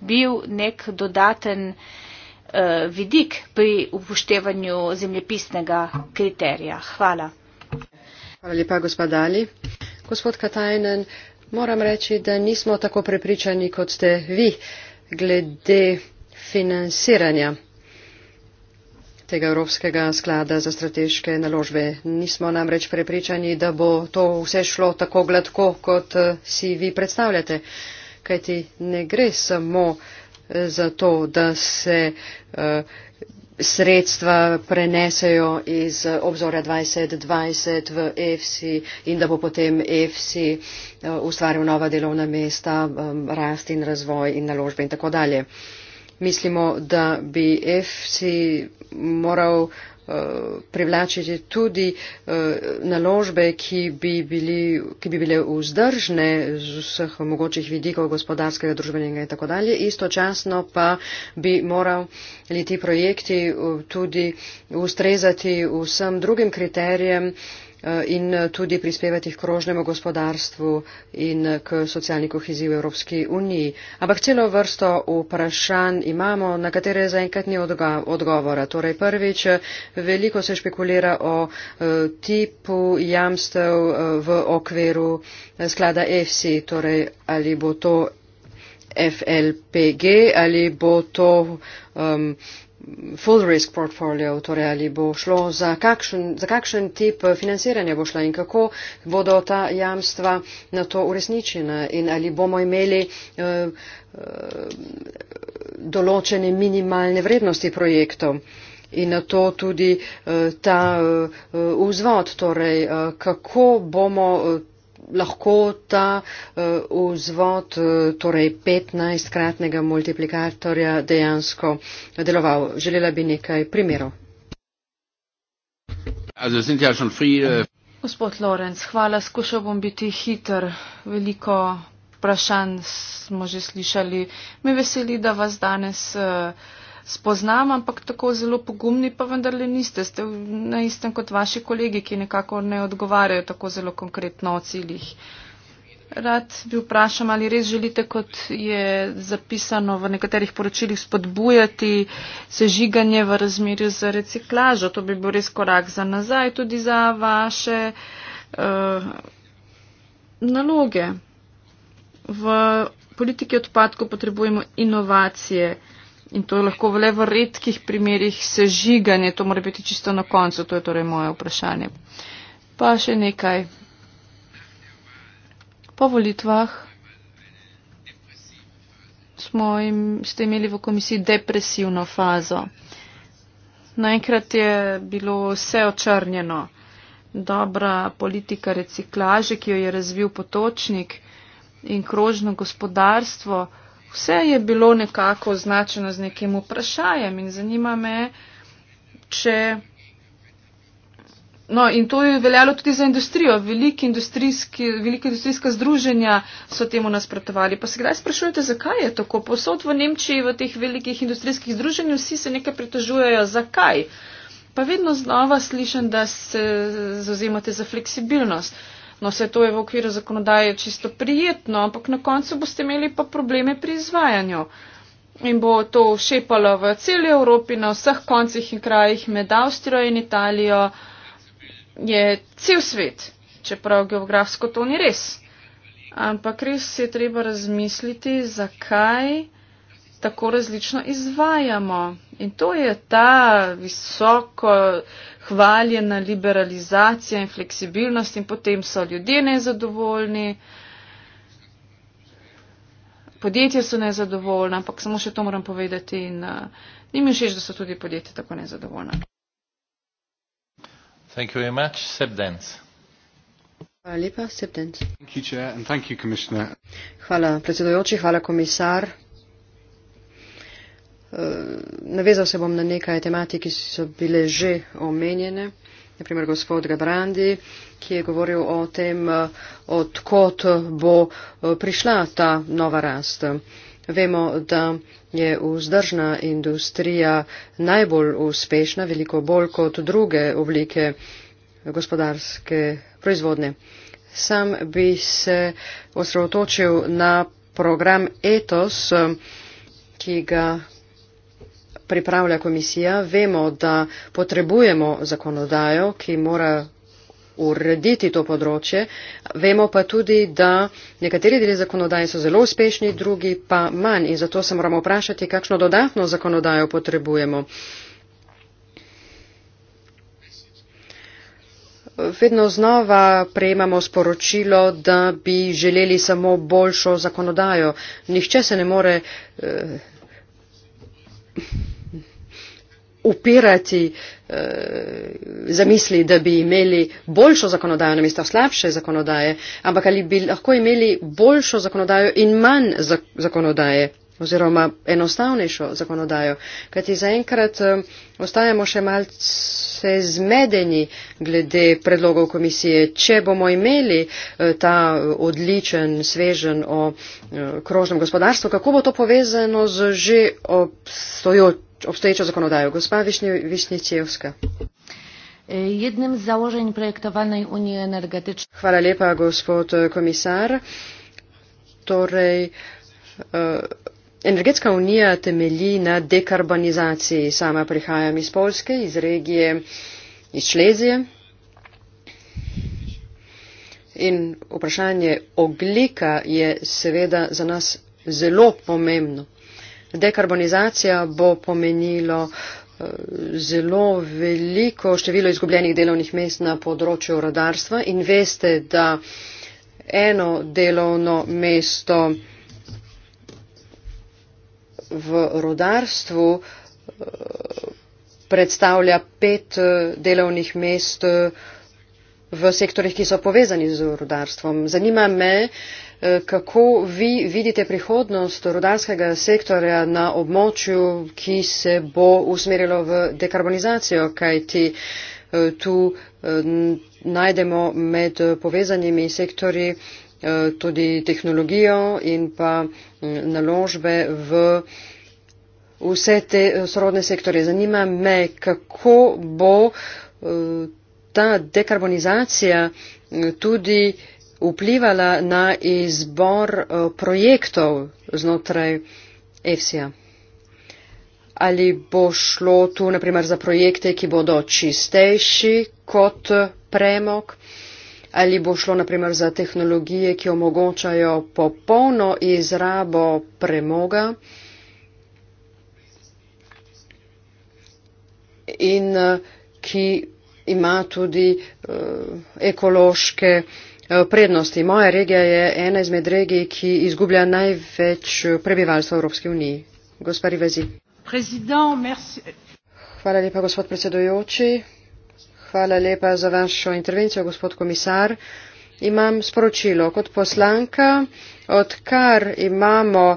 bil nek dodaten Eh, vidik pri upoštevanju zemljepisnega kriterija. Hvala. Hvala lepa, gospod Ali. Gospod Katajnen, moram reči, da nismo tako prepričani, kot ste vi, glede financiranja tega Evropskega sklada za strateške naložbe. Nismo namreč prepričani, da bo to vse šlo tako gladko, kot eh, si vi predstavljate. Kajti ne gre samo uh, za to, da se eh, sredstva prenesejo iz obzora 2020 v EFSI in da bo potem EFSI eh, ustvaril nova delovna mesta, eh, rast in razvoj in naložbe in tako dalje. Mislimo, da bi EFSI moral Eh, privlačiti tudi eh, naložbe, ki bi, bili, ki bi bile vzdržne z vseh mogočih vidikov gospodarskega, družbenega in tako dalje. Istočasno pa bi morali ti projekti eh, tudi ustrezati vsem drugim kriterijem, Eh, in eh, tudi prispevati k krožnemu gospodarstvu in eh, k socialni koheziji v Evropski uniji. Ampak celo vrsto vprašanj imamo, na katere zaenkrat ni odgovora. Torej prvič, veliko se špekulira o tipu jamstev v okviru sklada EFSI, torej ali bo to FLPG ali bo to. Um, full risk portfolio, torej ali bo šlo za kakšen, za kakšen tip financiranja bo šla in kako bodo ta jamstva na to uresničena in ali bomo imeli uh, uh, določene minimalne vrednosti projektov. In na to tudi uh, ta uh, vzvod, torej uh, kako bomo uh, lahko ta eh, vzvod, eh, torej 15-kratnega multiplikatorja, dejansko deloval. Želela bi nekaj primerov. Ja äh, Gospod Lorenz, hvala. Skušal bom biti hiter. Veliko vprašanj smo že slišali. Me veseli, da vas danes. Uh, spoznam, ampak tako zelo pogumni pa vendarle niste. Ste na istem kot vaši kolegi, ki nekako ne odgovarjajo tako zelo konkretno o ciljih. Rad bi vprašal, ali res želite, kot je zapisano v nekaterih poročilih, spodbujati sežiganje v razmerju z reciklažo. To bi bil res korak za nazaj, tudi za vaše uh, naloge. V politiki odpadkov potrebujemo inovacije. In to je lahko le v redkih primerjih sežiganje, to mora biti čisto na koncu, to je torej moje vprašanje. Pa še nekaj. Po volitvah smo im, ste imeli v komisiji depresivno fazo. Naenkrat je bilo vse očrnjeno. Dobra politika reciklaže, ki jo je razvil potočnik in krožno gospodarstvo vse je bilo nekako označeno z nekim vprašanjem in zanima me, če. No, in to je veljalo tudi za industrijo. Veliki industrijski, veliki industrijska združenja so temu nasprotovali. Pa se kdaj sprašujete, zakaj je tako? Posod v Nemčiji, v teh velikih industrijskih združenjih, vsi se nekaj pritožujejo, zakaj? Pa vedno znova slišim, da se zauzemate za fleksibilnost. Uh, No, vse to je v okviru zakonodaje čisto prijetno, ampak na koncu boste imeli pa probleme pri izvajanju. In bo to šepalo v celi Evropi, na vseh koncih in krajih, med Avstrijo in Italijo, je cel svet, čeprav geografsko to ni res. Ampak res je treba razmisliti, zakaj tako različno izvajamo. In to je ta visoko, hvaljena liberalizacija in fleksibilnost in potem so ljudje nezadovoljni, podjetje so nezadovoljna, ampak samo še to moram povedati in uh, ni mi všeč, da so tudi podjetje tako nezadovoljna. Thank you very much. Seb Dance. Hvala lepa, Seb Dance. Thank you, Chair, and thank you, Commissioner. Hvala predsedojoči, hvala komisar. Eh, navezal se bom na nekaj tematik, ki so bile že omenjene. Naprimer, gospod Gabrandi, ki je govoril o tem, eh, odkot bo eh, prišla ta nova rast. Vemo, da je vzdržna industrija najbolj uspešna, veliko bolj kot druge oblike gospodarske proizvodne. Sam bi se osredotočil na program ETOS, ki ga pripravlja komisija. Vemo, da potrebujemo zakonodajo, ki mora urediti to področje. Vemo pa tudi, da nekateri deli zakonodaje so zelo uspešni, drugi pa manj. In zato se moramo vprašati, kakšno dodatno zakonodajo potrebujemo. Vedno znova prejemamo sporočilo, da bi želeli samo boljšo zakonodajo. Nihče se ne more. Eh, upirati e, zamisli, da bi imeli boljšo zakonodajo namesto slabše zakonodaje, ampak ali bi lahko imeli boljšo zakonodajo in manj zakonodaje oziroma enostavnejšo zakonodajo, kajti zaenkrat eh, ostajamo še malce zmedeni glede predlogov komisije. Če bomo imeli eh, ta eh, odličen, svežen o krožnem gospodarstvu, kako bo to povezano z že obstoječo zakonodajo? Gospa Višnjevska. Jednym z założeń projektowanej Unii Energetycznej. Chwała lepa, gospod komisar. Torej, uh... Energetska unija temelji na dekarbonizaciji. Sama prihajam iz Polske, iz regije, iz Šlezije. In vprašanje oglika je seveda za nas zelo pomembno. Dekarbonizacija bo pomenilo eh, zelo veliko število izgubljenih delovnih mest na področju radarstva in veste, da eno delovno mesto v rodarstvu eh, predstavlja pet eh, delovnih mest eh, v sektorjih, ki so povezani z rodarstvom. Zanima me, kako vi vidite prihodnost rodarskega sektorja na območju, ki se bo usmerilo v dekarbonizacijo, kajti tu najdemo med povezanimi sektorji Eh, tudi tehnologijo in pa mm, naložbe v vse te eh, sorodne sektore. Zanima me, kako bo eh, ta dekarbonizacija tudi vplivala na izbor projektov znotraj EFSI-ja. Ali bo šlo tu, na primer, za projekte, ki bodo čistejši kot premog? Uh, ali bo šlo naprimer za tehnologije, ki omogočajo popolno izrabo premoga in eh, ki ima tudi uh, ekološke eh, prednosti. Moja regija je ena izmed regij, ki izgublja največ prebivalstva v Evropski uniji. Gospa Rivezi. Hvala lepa, gospod predsedujoči. Hvala lepa za vašo intervencijo, gospod komisar. Imam sporočilo. Kot poslanka, odkar imamo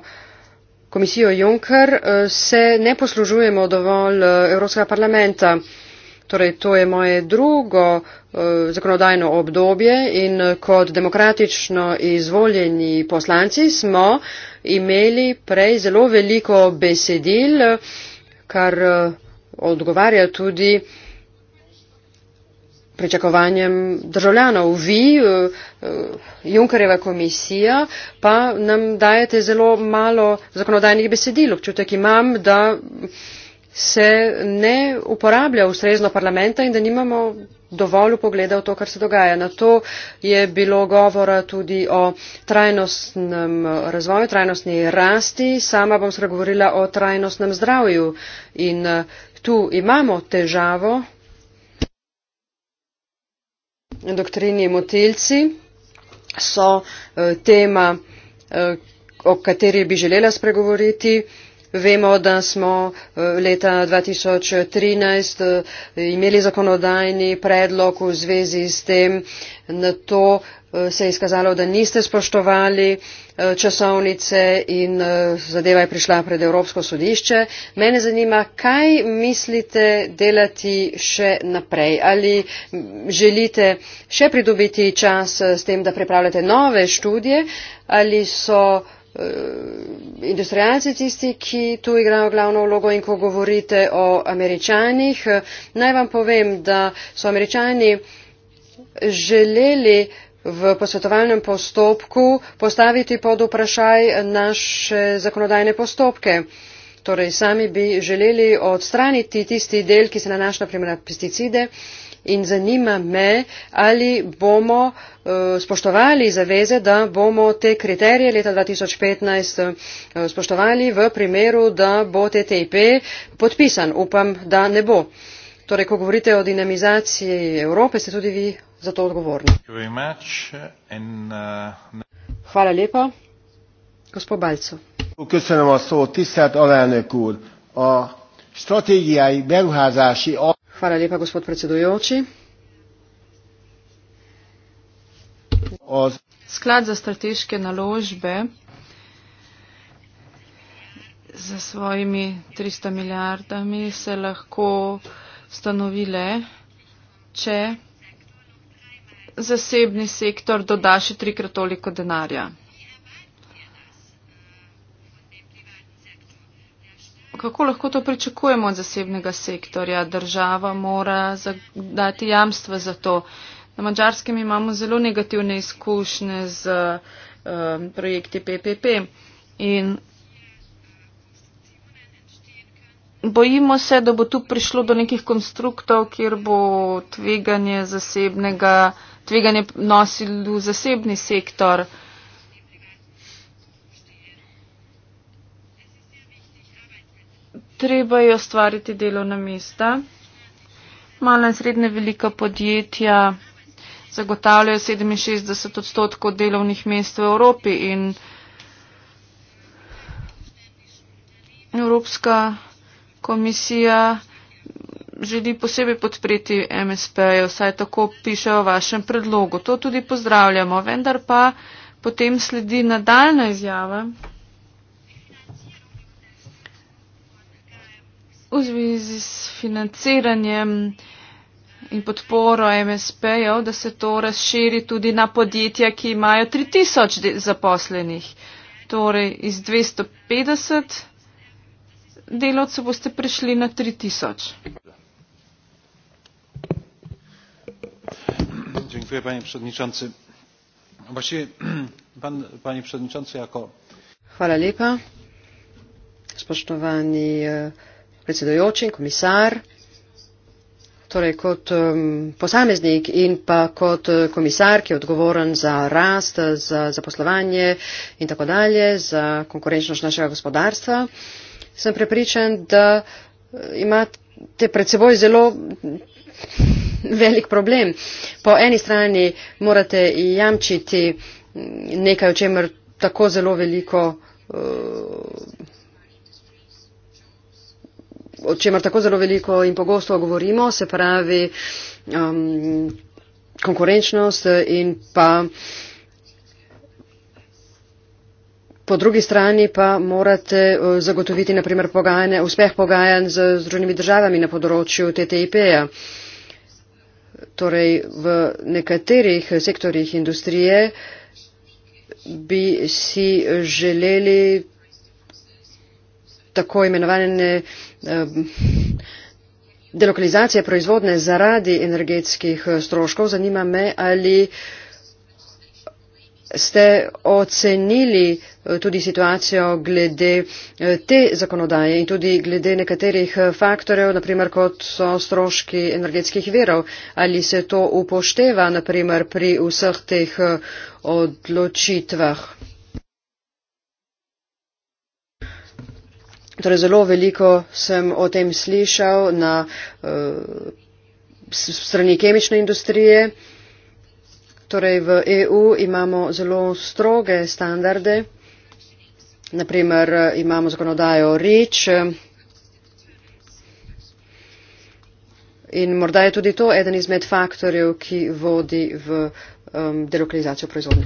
komisijo Juncker, se ne poslužujemo dovolj eh, Evropskega parlamenta. Torej, to je moje drugo eh, zakonodajno obdobje in eh, kot demokratično izvoljeni poslanci smo imeli prej zelo veliko besedil, kar odgovarja tudi pričakovanjem državljanov. Vi, eh, eh, Junkareva komisija, pa nam dajete zelo malo zakonodajnih besedil. Občutek imam, da se ne uporablja ustrezno parlamenta in da nimamo dovolj upogleda v to, kar se dogaja. Na to je bilo govora tudi o trajnostnem razvoju, trajnostni rasti. Sama bom spregovorila o trajnostnem zdravju. In eh, tu imamo težavo, doktrini motelci so eh, tema, eh, o kateri bi želela spregovoriti. Vemo, da smo eh, leta 2013 imeli zakonodajni predlog v zvezi s tem, na to Eh, se je izkazalo, da niste spoštovali eh, časovnice in eh, zadeva je prišla pred Evropsko sodišče. Mene zanima, kaj mislite delati še naprej? Ali želite še pridobiti čas s tem, da pripravljate nove študije? Ali so industrijalci tisti, ki tu igrajo glavno vlogo in ko govorite o američanih? Naj vam povem, da so američani želeli v posvetovalnem postopku postaviti pod vprašaj naše zakonodajne postopke. Torej, sami bi želeli odstraniti tisti del, ki se nanaša na primer na pesticide in zanima me, ali bomo eh, spoštovali zaveze, da bomo te kriterije leta 2015 eh, spoštovali v primeru, da bo TTIP podpisan. Upam, da ne bo. Torej, ko govorite o dinamizaciji Evrope, ste tudi vi za to odgovorni. Uh, Hvala lepa. Gospod Balco. Köszönöm a szót, tisztelt alelnök úr. A stratégiai beruházási... Hvala lepa, gospod predsedujoči. Az... Sklad za strateške naložbe za svojimi 300 milijardami se lahko stanovile, če zasebni sektor doda še trikrat toliko denarja. Kako lahko to pričakujemo od zasebnega sektorja? Država mora dati jamstva za to. Na mačarskem imamo zelo negativne izkušnje z um, projekti PPP in bojimo se, da bo tu prišlo do nekih konstruktov, kjer bo tveganje zasebnega sektorja tveganje nosili v zasebni sektor. Treba je ustvariti delovna mesta. Mala in srednje velika podjetja zagotavljajo 67 odstotkov delovnih mest v Evropi in Evropska komisija želi posebej podpreti MSP-jo, saj tako piše o vašem predlogu. To tudi pozdravljamo, vendar pa potem sledi nadaljna izjava v zvezi s financiranjem in podporo MSP-jev, da se to razširi tudi na podjetja, ki imajo 3000 zaposlenih. Torej, iz 250 delavcev boste prišli na 3000. panie przewodniczący! właściwie *clears throat* pan panie przewodniczący jako e, torej kot posameznik in pa kot e, komisar, ki je odgovoren za rast, za zaposlovanje in tako dalje, za konkurenčnost našega gospodarstva, sem prepričan, da e, imate pred seboj zelo velik problem. Po eni strani morate jamčiti nekaj, o čemer tako zelo veliko. Uh, o čemer tako zelo veliko in pogosto govorimo, se pravi um, konkurenčnost in pa po drugi strani pa morate uh, zagotoviti naprimer uspeh pogajanj z, z drugimi državami na področju TTIP-ja. Uh, torej v nekaterih sektorjih industrije bi si želeli tako imenovane delokalizacije proizvodne zaradi energetskih stroškov. Zanima me, ali ste ocenili eh, tudi situacijo glede eh, te zakonodaje in tudi glede nekaterih eh, faktorjev, naprimer kot so stroški energetskih verov? Ali se to upošteva, naprimer, pri vseh teh odločitvah? Torej, zelo veliko sem o tem slišal na uh, strani kemične industrije. Uh, Torej v EU imamo zelo stroge standarde, naprimer imamo zakonodajo REACH in morda je tudi to eden izmed faktorjev, ki vodi v um, delokalizacijo proizvodnje.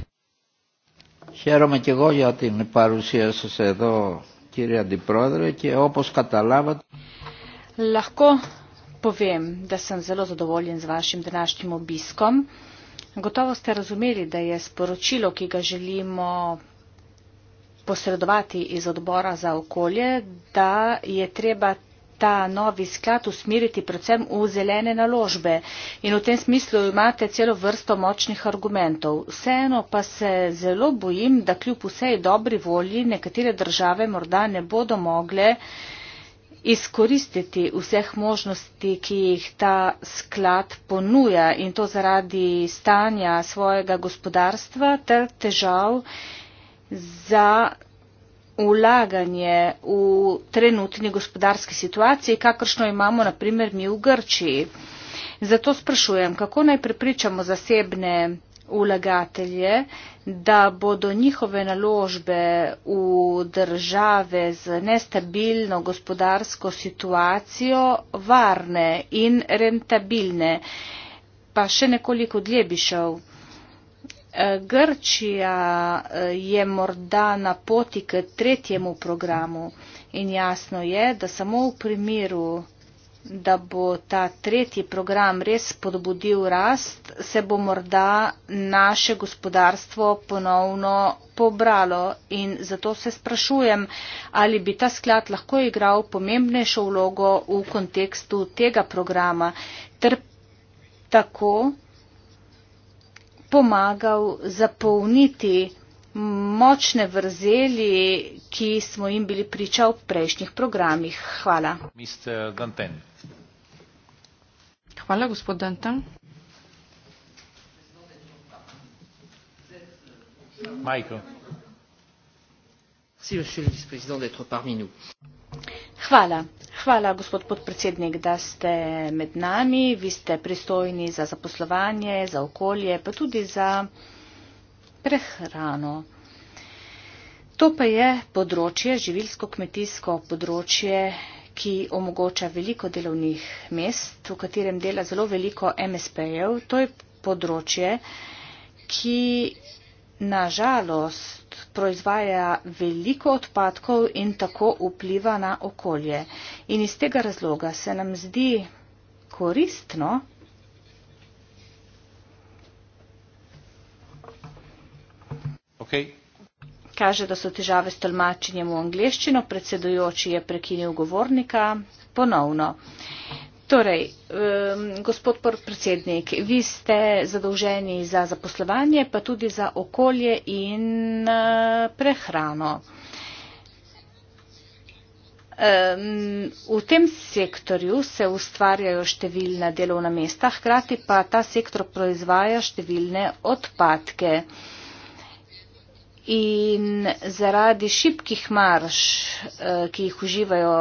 Χαίρομαι και εγώ για την παρουσία σας εδώ, κύριε Αντιπρόεδρε, και όπως καταλάβατε... Λαχκό povem, da sem zelo zadovoljen z vašim današnjim obiskom. Gotovo ste razumeli, da je sporočilo, ki ga želimo posredovati iz odbora za okolje, da je treba ta novi sklad usmeriti predvsem v zelene naložbe. In v tem smislu imate celo vrsto močnih argumentov. Vseeno pa se zelo bojim, da kljub vsej dobri volji nekatere države morda ne bodo mogle uh, izkoristiti vseh možnosti ki jih ta sklad ponuja in to zaradi stanja svojega gospodarstva ter težav za vlaganje v trenutni gospodarski situaciji, kakršno imamo naprimer mi v Grčiji. Zato sprašujem, kako naj prepričamo zasebne vlagatelje, da bodo njihove naložbe v države z nestabilno gospodarsko situacijo varne in rentabilne. Pa še nekoliko dlje bi šel. E, Grčija e, je morda na poti k tretjemu programu in jasno je, da samo v primeru da bo ta tretji program res podbudil rast, se bo morda naše gospodarstvo ponovno pobralo. In zato se sprašujem, ali bi ta sklad lahko igral pomembnejšo vlogo v kontekstu tega programa ter tako pomagal zapolniti močne vrzeli, ki smo jim bili priča v prejšnjih programih. Hvala. Hvala, gospod Dantan. Michael. Hvala. Hvala, gospod podpredsednik, da ste med nami. Vi ste pristojni za zaposlovanje, za okolje, pa tudi za prehrano. To pa je področje, živilsko-kmetijsko področje, ki omogoča veliko delovnih mest, v katerem dela zelo veliko MSP-jev. To je področje, ki na žalost proizvaja veliko odpadkov in tako vpliva na okolje. In iz tega razloga se nam zdi koristno, Okay kaže, da so težave s tolmačenjem v angleščino. Predsedujoči je prekinil govornika ponovno. Torej, um, gospod predsednik, vi ste zadolženi za zaposlovanje, pa tudi za okolje in uh, prehrano. V tem sektorju se ustvarjajo številna delovna mesta, hkrati pa ta sektor proizvaja številne odpadke in zaradi šibkih marš, eh, ki jih uživajo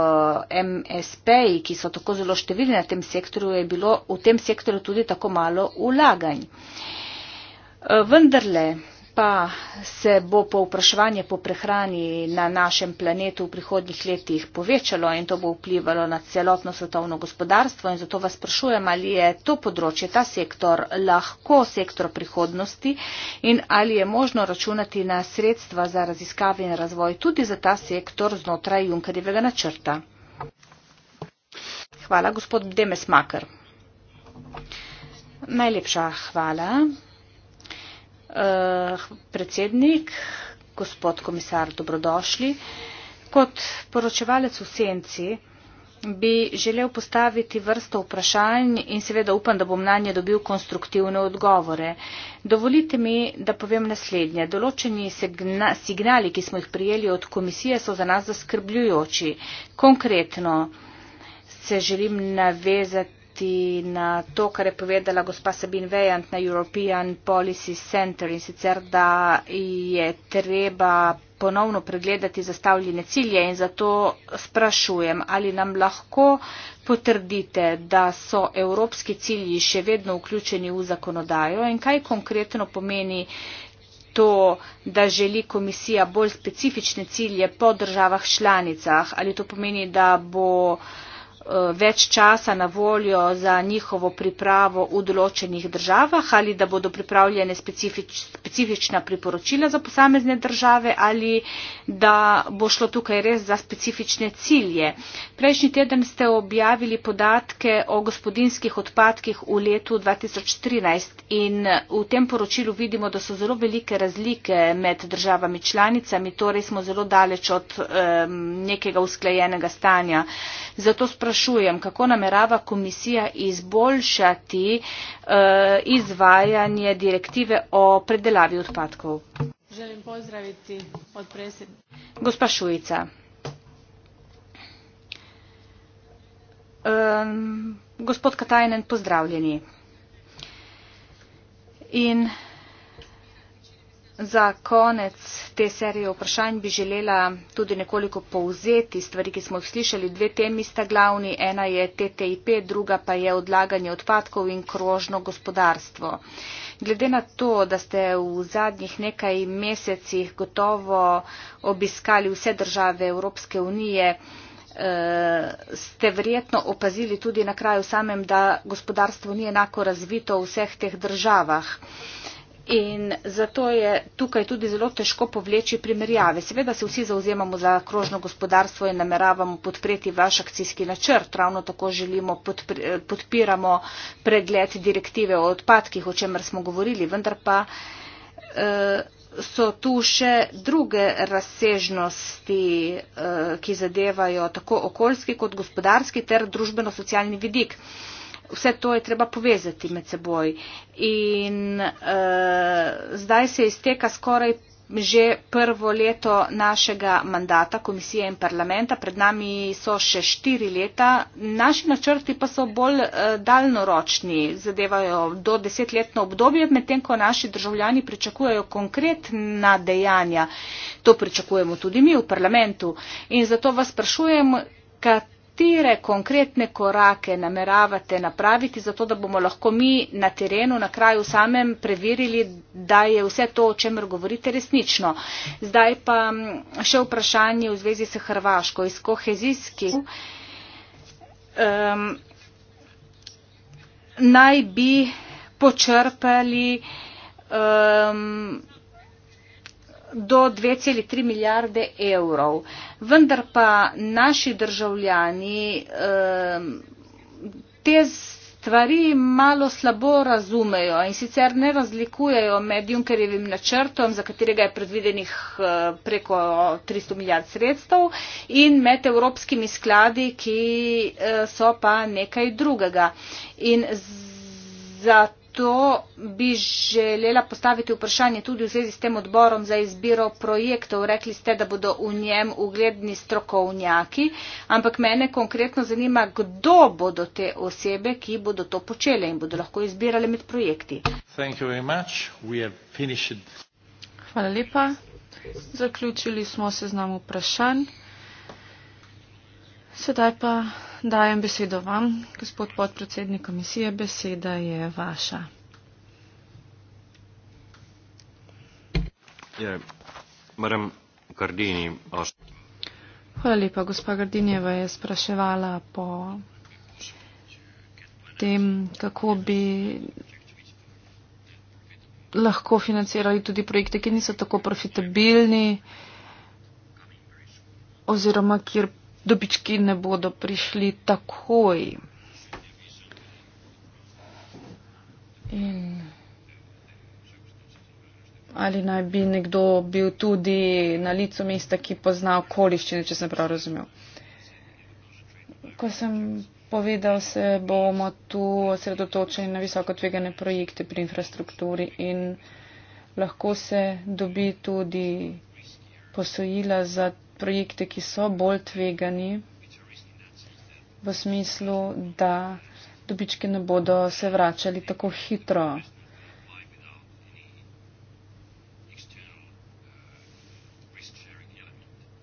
MSP-ji, ki so tako zelo številni na tem sektorju, je bilo v tem sektorju tudi tako malo ulaganj. Eh, vendarle, pa se bo povpraševanje po prehrani na našem planetu v prihodnjih letih povečalo in to bo vplivalo na celotno svetovno gospodarstvo. In zato vas sprašujem, ali je to področje, ta sektor lahko sektor prihodnosti in ali je možno računati na sredstva za raziskave in razvoj tudi za ta sektor znotraj Junkarjevega načrta. Hvala, gospod Demes Makar. Najlepša hvala uh, predsednik, gospod komisar, dobrodošli. Kot poročevalec v senci bi želel postaviti vrsto vprašanj in seveda upam, da bom na nje dobil konstruktivne odgovore. Dovolite mi, da povem naslednje. Določeni signali, ki smo jih prijeli od komisije, so za nas zaskrbljujoči. Konkretno se želim navezati odzvati na to, kar je povedala gospa Sabin Vejant na European Policy Center in sicer, da je treba ponovno pregledati zastavljene cilje in zato sprašujem, ali nam lahko potrdite, da so evropski cilji še vedno vključeni v zakonodajo in kaj konkretno pomeni to, da želi komisija bolj specifične cilje po državah članicah. Ali to pomeni, da bo uh, Eh, več časa na voljo za njihovo pripravo v določenih državah ali da bodo pripravljene specifič, specifična priporočila za posamezne države ali da bo šlo tukaj res za specifične cilje. Prejšnji teden ste objavili podatke o gospodinskih odpadkih v letu 2013 in v tem poročilu vidimo, da so zelo velike razlike med državami članicami, torej smo zelo daleč od um, nekega usklajenega stanja. Zato sprašujem, sprašujem, kako namerava komisija izboljšati uh, izvajanje direktive o predelavi odpadkov. Želim pozdraviti od predsednika. Gospa Šujica. Um, gospod Katajnen, pozdravljeni. In Za konec te serije vprašanj bi želela tudi nekoliko povzeti stvari, ki smo jih slišali. Dve temi sta glavni, ena je TTIP, druga pa je odlaganje odpadkov in krožno gospodarstvo. Glede na to, da ste v zadnjih nekaj mesecih gotovo obiskali vse države Evropske unije, eh, ste verjetno opazili tudi na kraju samem, da gospodarstvo ni enako razvito v vseh teh državah in zato je tukaj tudi zelo težko povleči primerjave. Seveda se vsi zauzemamo za krožno gospodarstvo in nameravamo podpreti vaš akcijski načrt. Ravno tako želimo podpre, podpiramo pregled direktive o odpadkih, o čemer smo govorili, vendar pa. Uh, So tu še druge razsežnosti, eh, ki zadevajo tako okoljski kot gospodarski ter družbeno-socialni vidik vse to je treba povezati med seboj. In uh, zdaj se izteka skoraj že prvo leto našega mandata komisije in parlamenta, pred nami so še štiri leta, naši načrti pa so bolj eh, daljnoročni, zadevajo do desetletno obdobje, medtem ko naši državljani pričakujejo konkretna dejanja. To pričakujemo tudi mi v parlamentu in zato vas sprašujem, kako katere konkretne korake nameravate napraviti, zato da bomo lahko mi na terenu, na kraju samem preverili, da je vse to, o čemer govorite, resnično. Zdaj pa še vprašanje v zvezi s Hrvaško iz kohezijskih. Um, naj bi počrpali um, do 2,3 milijarde evrov. Vendar pa naši državljani te stvari malo slabo razumejo in sicer ne razlikujejo med Junkerjevim načrtom, za katerega je predvidenih eh, preko 300 milijard sredstev, in med evropskimi skladi, ki eh, so pa nekaj drugega. In zato zato bi želela postaviti vprašanje tudi v zvezi s tem odborom za izbiro projektov. Rekli ste, da bodo v njem ugledni strokovnjaki, ampak mene konkretno zanima, kdo bodo te osebe, ki bodo to počele in bodo lahko izbirale med projekti. Hvala lepa. Zaključili smo seznam vprašanj. Sedaj pa dajem besedo vam, gospod podpredsednik komisije. Beseda je vaša. Je, maram Gardini. Oš. Hvala lepa, gospa Gardinjeva je spraševala po tem, kako bi lahko financirali tudi projekte, ki niso tako profitabilni oziroma kjer dobički ne bodo prišli takoj. In ali naj bi nekdo bil tudi na licu mesta, ki pozna okoliščine, če sem prav razumel. Ko sem povedal, se bomo tu osredotočeni na visoko tvegane projekte pri infrastrukturi in lahko se dobi tudi posojila za projekte, ki so bolj tvegani, v smislu, da dobičke ne bodo se vračali tako hitro.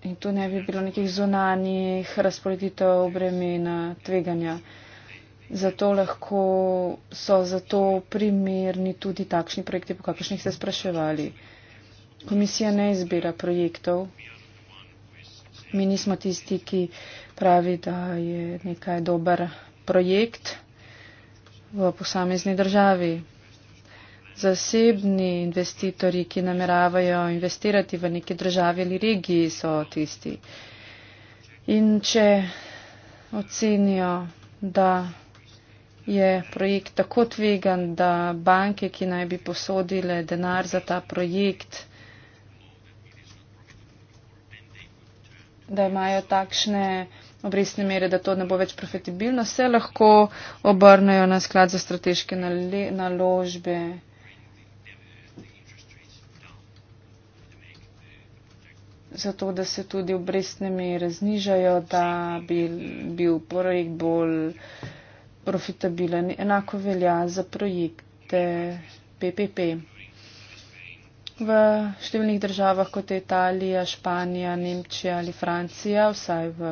In tu ne bi bilo nekih zunanjih razporeditev bremena tveganja. Zato lahko so zato primerni tudi takšni projekti, po kakršnih ste spraševali. Komisija ne izbira projektov mi nismo tisti, ki pravi, da je nekaj dober projekt v posamezni državi. Zasebni investitorji, ki nameravajo investirati v neki državi ali regiji, so tisti. In če ocenijo, da je projekt tako tvegan, da banke, ki naj bi posodile denar za ta projekt, da imajo takšne obrestne mere, da to ne bo več profitabilno, se lahko obrnejo na sklad za strateške naložbe. Zato, da se tudi obrestne mere znižajo, da bi bil projekt bolj profitabilen. Enako velja za projekte PPP v številnih državah, kot je Italija, Španija, Nemčija ali Francija, vsaj v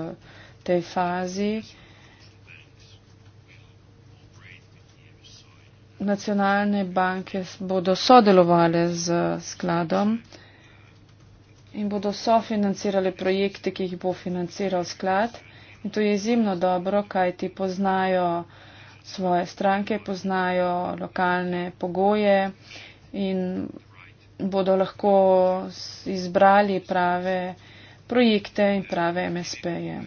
tej fazi. Nacionalne banke bodo sodelovali z skladom in bodo sofinancirali projekte, ki jih bo financiral sklad. In to je izjemno dobro, kaj ti poznajo svoje stranke, poznajo lokalne pogoje in bodo lahko izbrali prave projekte in prave MSP-je.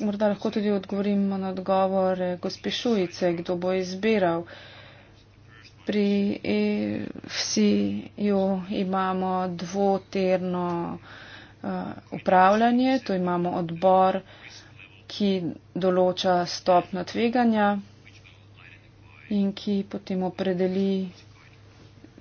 Morda lahko tudi odgovorimo na odgovor gospe Šujice, kdo bo izbiral. Pri e FSI-ju imamo dvoterno eh, upravljanje, to imamo odbor, ki določa stopno tveganja in ki potem opredeli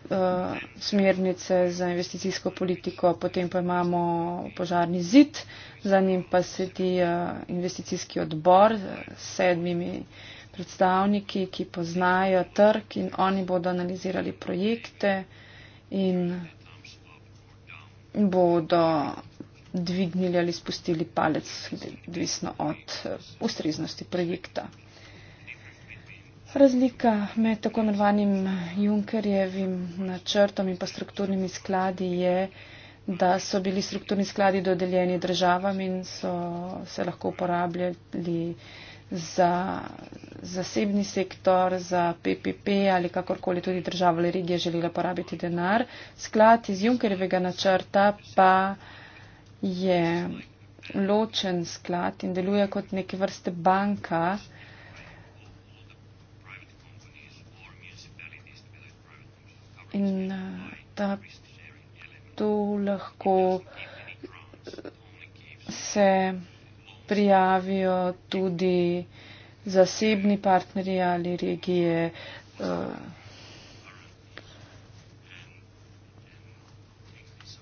uh, smernice za investicijsko politiko. Potem pa imamo požarni zid, za njim pa sedi uh, investicijski odbor s sedmimi predstavniki, ki poznajo trg in oni bodo analizirali projekte in bodo dvignili ali spustili palec, odvisno od uh, ustreznosti projekta. Razlika med tako imenovanim Junkerjevim načrtom in pa strukturnimi skladi je, da so bili strukturni skladi dodeljeni državam in so se lahko uporabljali za zasebni sektor, za PPP ali kakorkoli tudi država ali regija želela porabiti denar. Sklad iz Junkerjevega načrta pa je ločen sklad in deluje kot neke vrste banka, in da eh, tu lahko eh, se prijavijo tudi zasebni partnerji ali regije. Eh,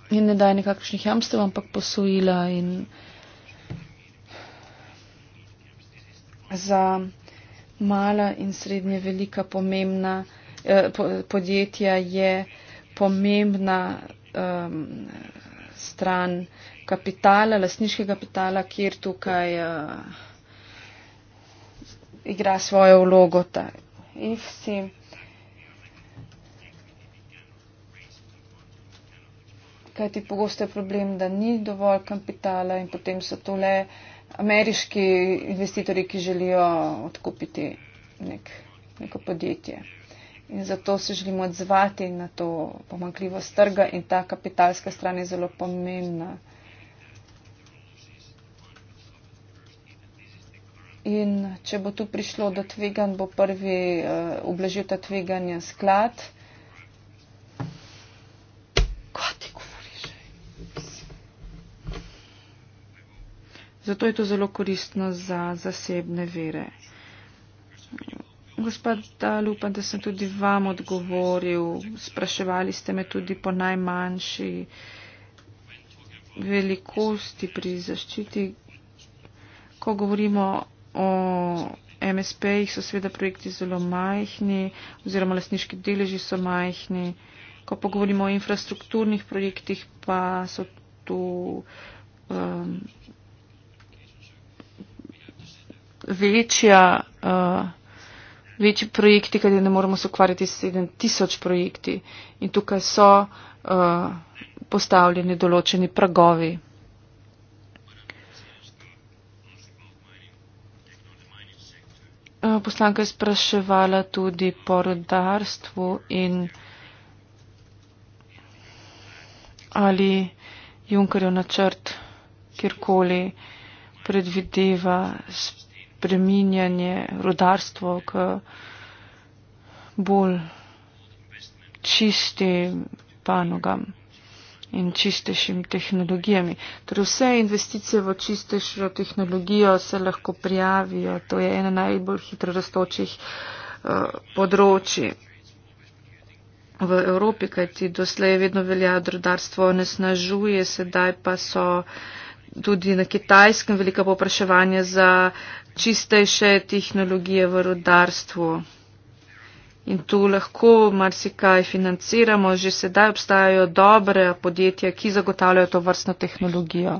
in ne daj nekakšnih jamstev, ampak posojila in za mala in srednje velika pomembna. Eh, podjetja je pomembna um, stran kapitala, lasniškega kapitala, kjer tukaj uh, igra svojo vlogo ta IFSI. Kaj ti pogosto je problem, da ni dovolj kapitala in potem so tole ameriški investitorji, ki želijo odkupiti nek, neko podjetje. In zato se želimo odzvati na to pomankljivost trga in ta kapitalska stran je zelo pomembna. In če bo tu prišlo do tvegan, bo prvi uh, eh, oblažil ta tveganja sklad. Zato je to zelo koristno za zasebne vere. Gospod Dal, upam, da sem tudi vam odgovoril. Spraševali ste me tudi po najmanjši velikosti pri zaščiti. Ko govorimo o MSP-jih, so seveda projekti zelo majhni oziroma lasniški deleži so majhni. Ko pogovorimo o infrastrukturnih projektih, pa so tu um, večja. Uh, večji projekti, kateri ne moremo se ukvarjati s 7000 projekti. In tukaj so uh, postavljeni določeni pragovi. Eh, poslanka je spraševala tudi po rodarstvu in ali Junkerjev načrt kjerkoli predvideva spremljanje preminjanje, rodarstvo k bolj čistim panogam in čistejšim tehnologijami. Torej vse investicije v čistejšo tehnologijo se lahko prijavijo. To je ena najbolj hitro rastočih eh, področji v Evropi, kajti doslej je vedno velja, da rodarstvo onesnažuje, sedaj pa so uh, tudi na kitajskem velika popraševanja za čistejše tehnologije v rodarstvu. In tu lahko marsikaj financiramo, že sedaj obstajajo dobre podjetja, ki zagotavljajo to vrstno tehnologijo.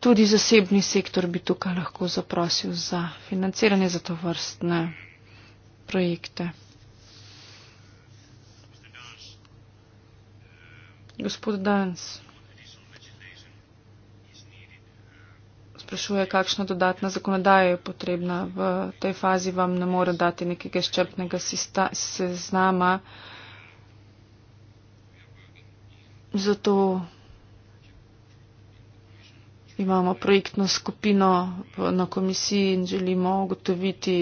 Tudi zasebni sektor bi tukaj lahko zaprosil za financiranje za to vrstne projekte. Gospod Danc sprašuje, kakšna dodatna zakonodaja je potrebna. V tej fazi vam ne more dati nekega ščrpnega seznama. Zato imamo projektno skupino na komisiji in želimo ugotoviti,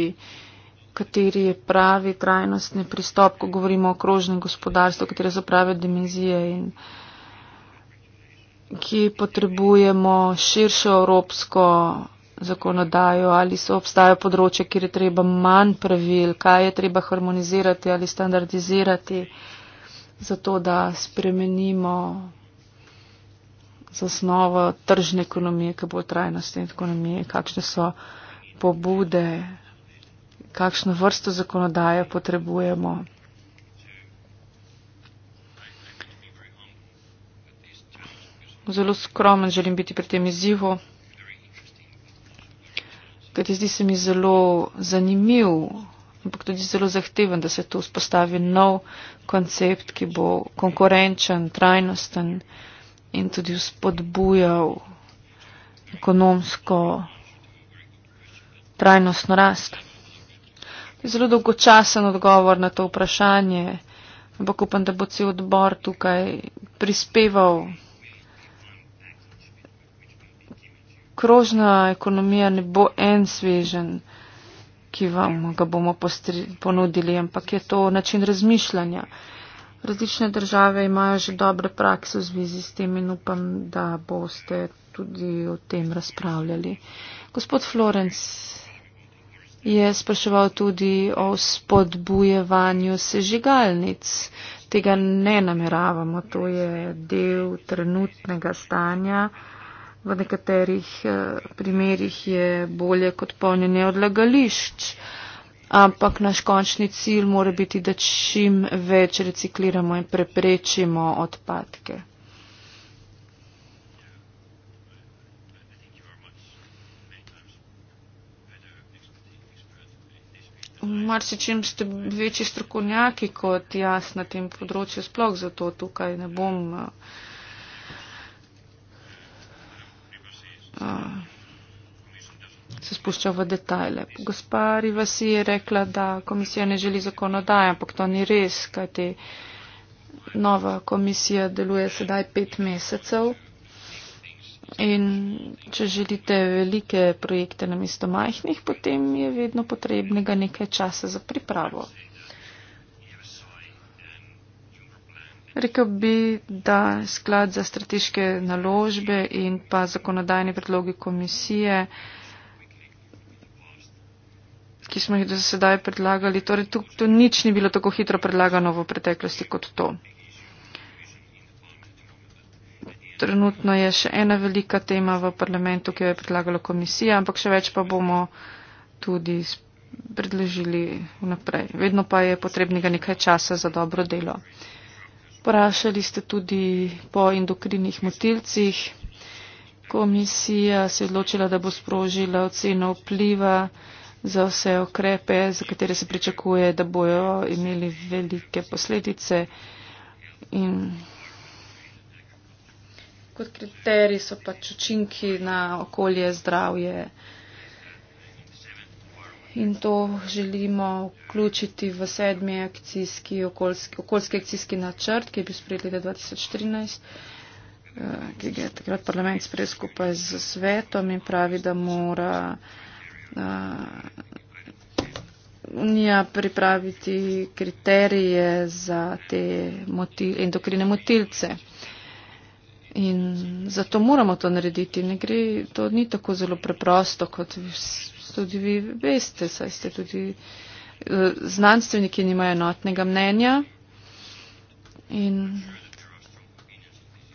kateri je pravi trajnostni pristop, ko govorimo o krožnem gospodarstvu, katere so prave dimenzije in ki potrebujemo širšo evropsko zakonodajo, ali so obstajajo področje, kjer je treba manj pravil, kaj je treba harmonizirati ali standardizirati, zato da spremenimo zasnovo tržne ekonomije, ki bo trajnostne ekonomije, kakšne so pobude kakšno vrsto zakonodaje potrebujemo. Zelo skromen želim biti pri tem izzivu, kajti zdi se mi zelo zanimiv, ampak tudi zelo zahteven, da se tu vzpostavi nov koncept, ki bo konkurenčen, trajnosten in tudi vzpodbujal ekonomsko trajnostno rast zelo dolgočasen odgovor na to vprašanje, ampak upam, da bo cel odbor tukaj prispeval. Krožna ekonomija ne bo en svežen, ki vam ga bomo ponudili, ampak je to način razmišljanja. Različne države imajo že dobre prakse v zvezi s tem in upam, da boste tudi o tem razpravljali. Gospod Florence je spraševal tudi o spodbujevanju sežigalnic. Tega ne nameravamo, to je del trenutnega stanja. V nekaterih eh, primerjih je bolje kot polnjenje odlagališč, ampak naš končni cilj mora biti, da čim več recikliramo in preprečimo odpadke. Marsi čim ste večji strokovnjaki kot jaz na tem področju, sploh zato tukaj ne bom. Uh, se spuščal v detajle. Gospa Rivasi je rekla, da komisija ne želi zakonodaje, ampak to ni res, kajti nova komisija deluje sedaj pet mesecev. In če želite velike projekte na mesto majhnih, potem je vedno potrebnega nekaj časa za pripravo. Rekel bi, da sklad za strateške naložbe in pa zakonodajni predlogi komisije, ki smo jih do sedaj predlagali, torej tu, tu nič ni bilo tako hitro predlagano v preteklosti kot to. Trenutno je še ena velika tema v parlamentu, ki jo je predlagala komisija, ampak še več pa bomo tudi predložili vnaprej. Vedno pa je potrebnega nekaj časa za dobro delo. Prašali ste tudi po endokrinih motilcih. Komisija se je odločila, da bo sprožila oceno vpliva za vse okrepe, za katere se pričakuje, da bojo imeli velike posledice. In kot kriteriji so pač učinki na okolje, zdravje. In to želimo vključiti v sedmi akcijski, okoljski, okoljski akcijski načrt, ki je bil sprejet leta 2014, eh, ki je takrat parlament sprejel skupaj z svetom in pravi, da mora eh, Unija pripraviti kriterije za te motil, endokrine motilce. In zato moramo to narediti. Ne gre, to ni tako zelo preprosto, kot tudi vi veste, saj ste tudi eh, znanstveniki, nimajo enotnega mnenja. In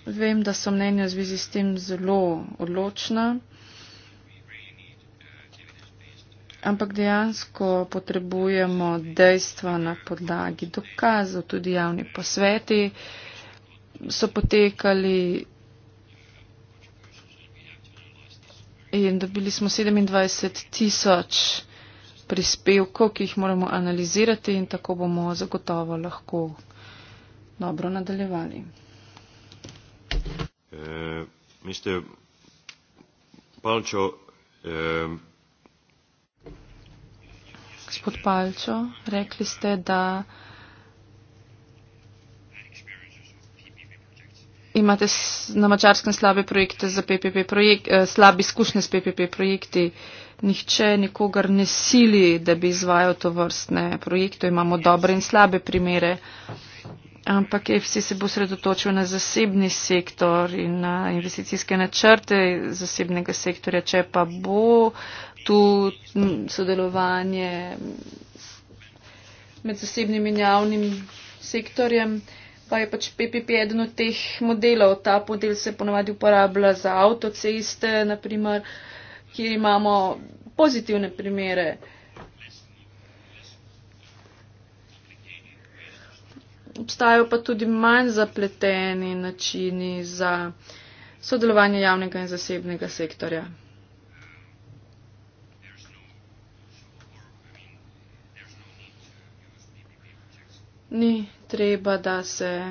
vem, da so mnenja v zvezi s tem zelo odločna. Ampak dejansko potrebujemo dejstva na podlagi dokazov, tudi javni posveti. Uh, so potekali in dobili smo 27 tisoč prispevkov, ki jih moramo analizirati in tako bomo zagotovo lahko dobro nadaljevali. E, eh, Mislite, Palčo. E... Gospod Palčo, rekli ste, da. imate na mačarskem slabe projekte za PPP projekt, eh, slabe izkušnje s PPP projekti. Nihče nikogar ne sili, da bi izvajal to vrstne projekte. Imamo dobre in slabe primere. Ampak FC se bo sredotočil na zasebni sektor in na investicijske načrte zasebnega sektorja. Če pa bo tu sodelovanje med zasebnim in javnim sektorjem, eh, pa je pač PPP eden od teh modelov. Ta model se ponovadi uporablja za avtoceste, naprimer, kjer imamo pozitivne primere. Obstajajo pa tudi manj zapleteni načini za sodelovanje javnega in zasebnega sektorja. ni treba, da se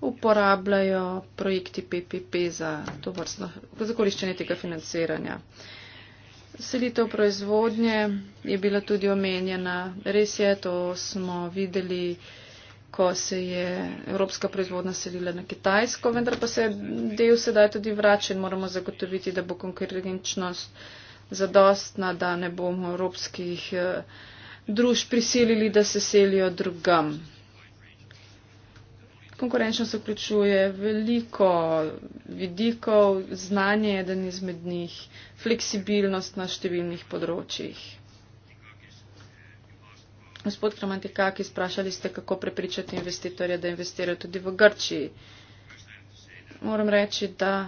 uporabljajo projekti PPP za to vrstno, za koriščenje tega financiranja. Selitev proizvodnje je bila tudi omenjena. Res je, to smo videli, ko se je evropska proizvodna selila na Kitajsko, vendar pa se je del sedaj tudi vrača in moramo zagotoviti, da bo konkurenčnost zadostna, da ne bomo evropskih eh, druž prisilili, da se selijo drugam. Konkurenčnost vključuje veliko vidikov, znanje je eden izmed njih, fleksibilnost na številnih področjih. Gospod Kramantikaki, sprašali ste, kako prepričati investitorja, da investirajo tudi v Grčiji. Moram reči, da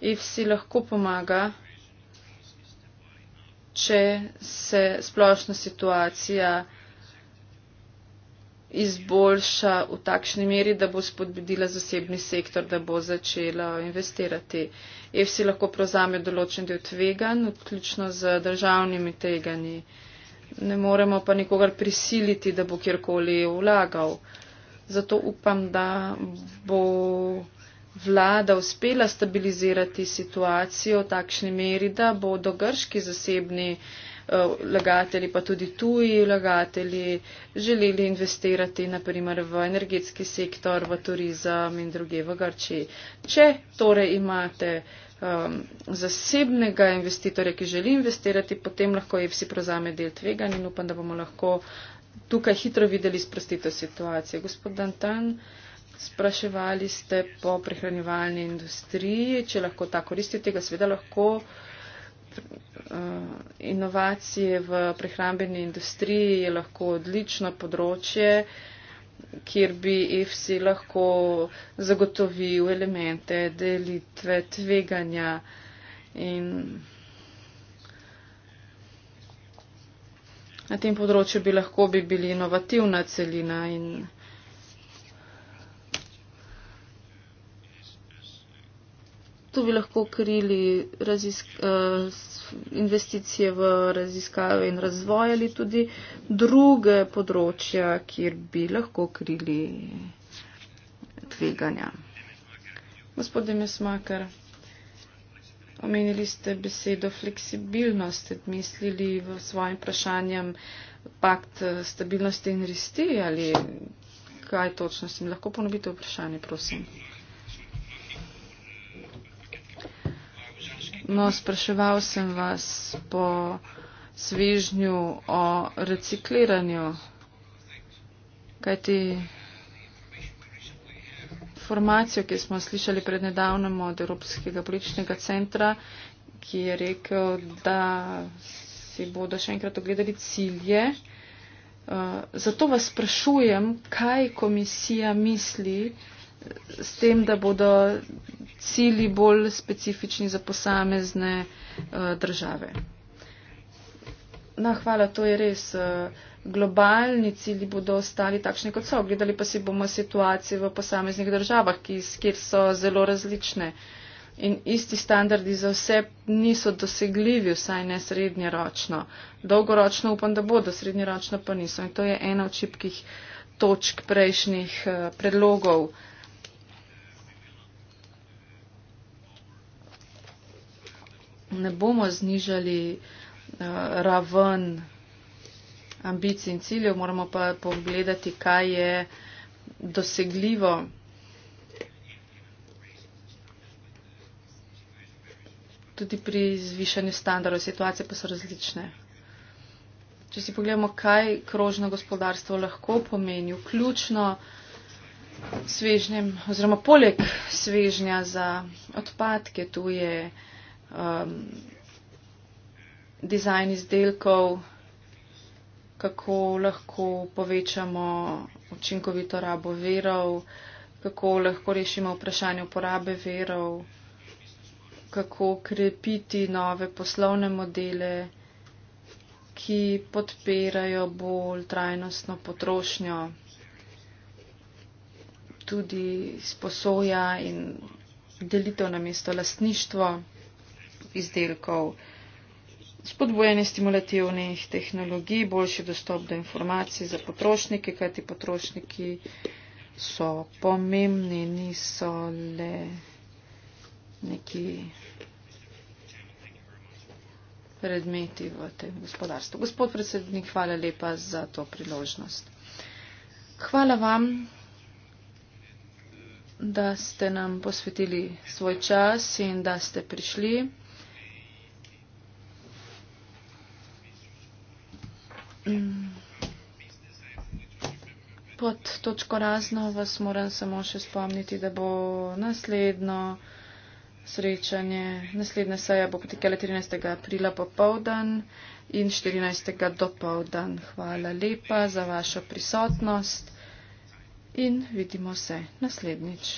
IFSI lahko pomaga če se splošna situacija izboljša v takšni meri, da bo spodbudila zasebni sektor, da bo začela investirati. EFSI lahko prevzame določen del tvegan, vključno z državnimi tveganji. Ne moremo pa nikogar prisiliti, da bo kjerkoli vlagal. Zato upam, da bo vlada uspela stabilizirati situacijo v takšni meri, da bodo grški zasebni eh, vlagatelji, pa tudi tuji vlagatelji, želeli investirati naprimer v energetski sektor, v turizam in druge v Grčiji. Če torej imate um, zasebnega investitorja, ki želi investirati, potem lahko EFSI prozame del tvega in upam, da bomo lahko tukaj hitro videli sprostitev situacije. Gospod Dantan. Spraševali ste po prehranjevalni industriji, če lahko ta koristi tega, seveda lahko eh, inovacije v prehrambeni industriji je lahko odlično področje, kjer bi EFSI lahko zagotovil elemente delitve tveganja in na tem področju bi lahko bi bili inovativna celina in To bi lahko krili eh, investicije v raziskave in razvoj ali tudi druge področja, kjer bi lahko krili tveganja. Gospod Demesmaker, omenili ste besedo fleksibilnost. Ste mislili v svojim vprašanjem pakt eh, stabilnosti in risti ali kaj točno? Sem lahko ponovite vprašanje, prosim. No, spraševal sem vas po svežnju o recikliranju, kajti informacijo, ki smo slišali pred nedavnom od Evropskega političnega centra, ki je rekel, da si bodo še enkrat ogledali cilje. Eh, zato vas sprašujem, kaj komisija misli, s tem, da bodo cili bolj specifični za posamezne eh, države. Na, no, hvala, to je res. Eh, globalni cili bodo ostali takšni, kot so. Gledali pa si bomo situacije v posameznih državah, ki, kjer so zelo različne. In isti standardi za vse niso dosegljivi, vsaj ne srednjeročno. Dolgoročno upam, da bodo, srednjeročno pa niso. In to je ena od čipkih točk prejšnjih eh, predlogov. ne bomo znižali uh, raven ambicij in ciljev, moramo pa pogledati, kaj je dosegljivo. Tudi pri zvišanju standardov situacije pa so različne. Če si pogledamo, kaj krožno gospodarstvo lahko pomeni, vključno svežnjem oziroma poleg svežnja za odpadke, tu je uh, um, dizajn izdelkov, kako lahko povečamo učinkovito rabo verov, kako lahko rešimo vprašanje uporabe verov, kako krepiti nove poslovne modele, ki podpirajo bolj trajnostno potrošnjo, tudi sposoja in delitev na mesto lastništvo izdelkov, spodbojanje stimulativnih tehnologij, boljši dostop do informacij za potrošnike, kajti potrošniki so pomembni, niso le neki predmeti v tem gospodarstvu. Gospod predsednik, hvala lepa za to priložnost. Hvala vam, da ste nam posvetili svoj čas in da ste prišli. Pod točko razno vas moram samo še spomniti, da bo naslednjo srečanje, naslednja seja bo potekala 13. aprila popovdan in 14. dopovdan. Hvala lepa za vašo prisotnost in vidimo se naslednjič.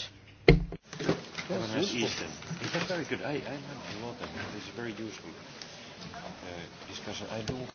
Well,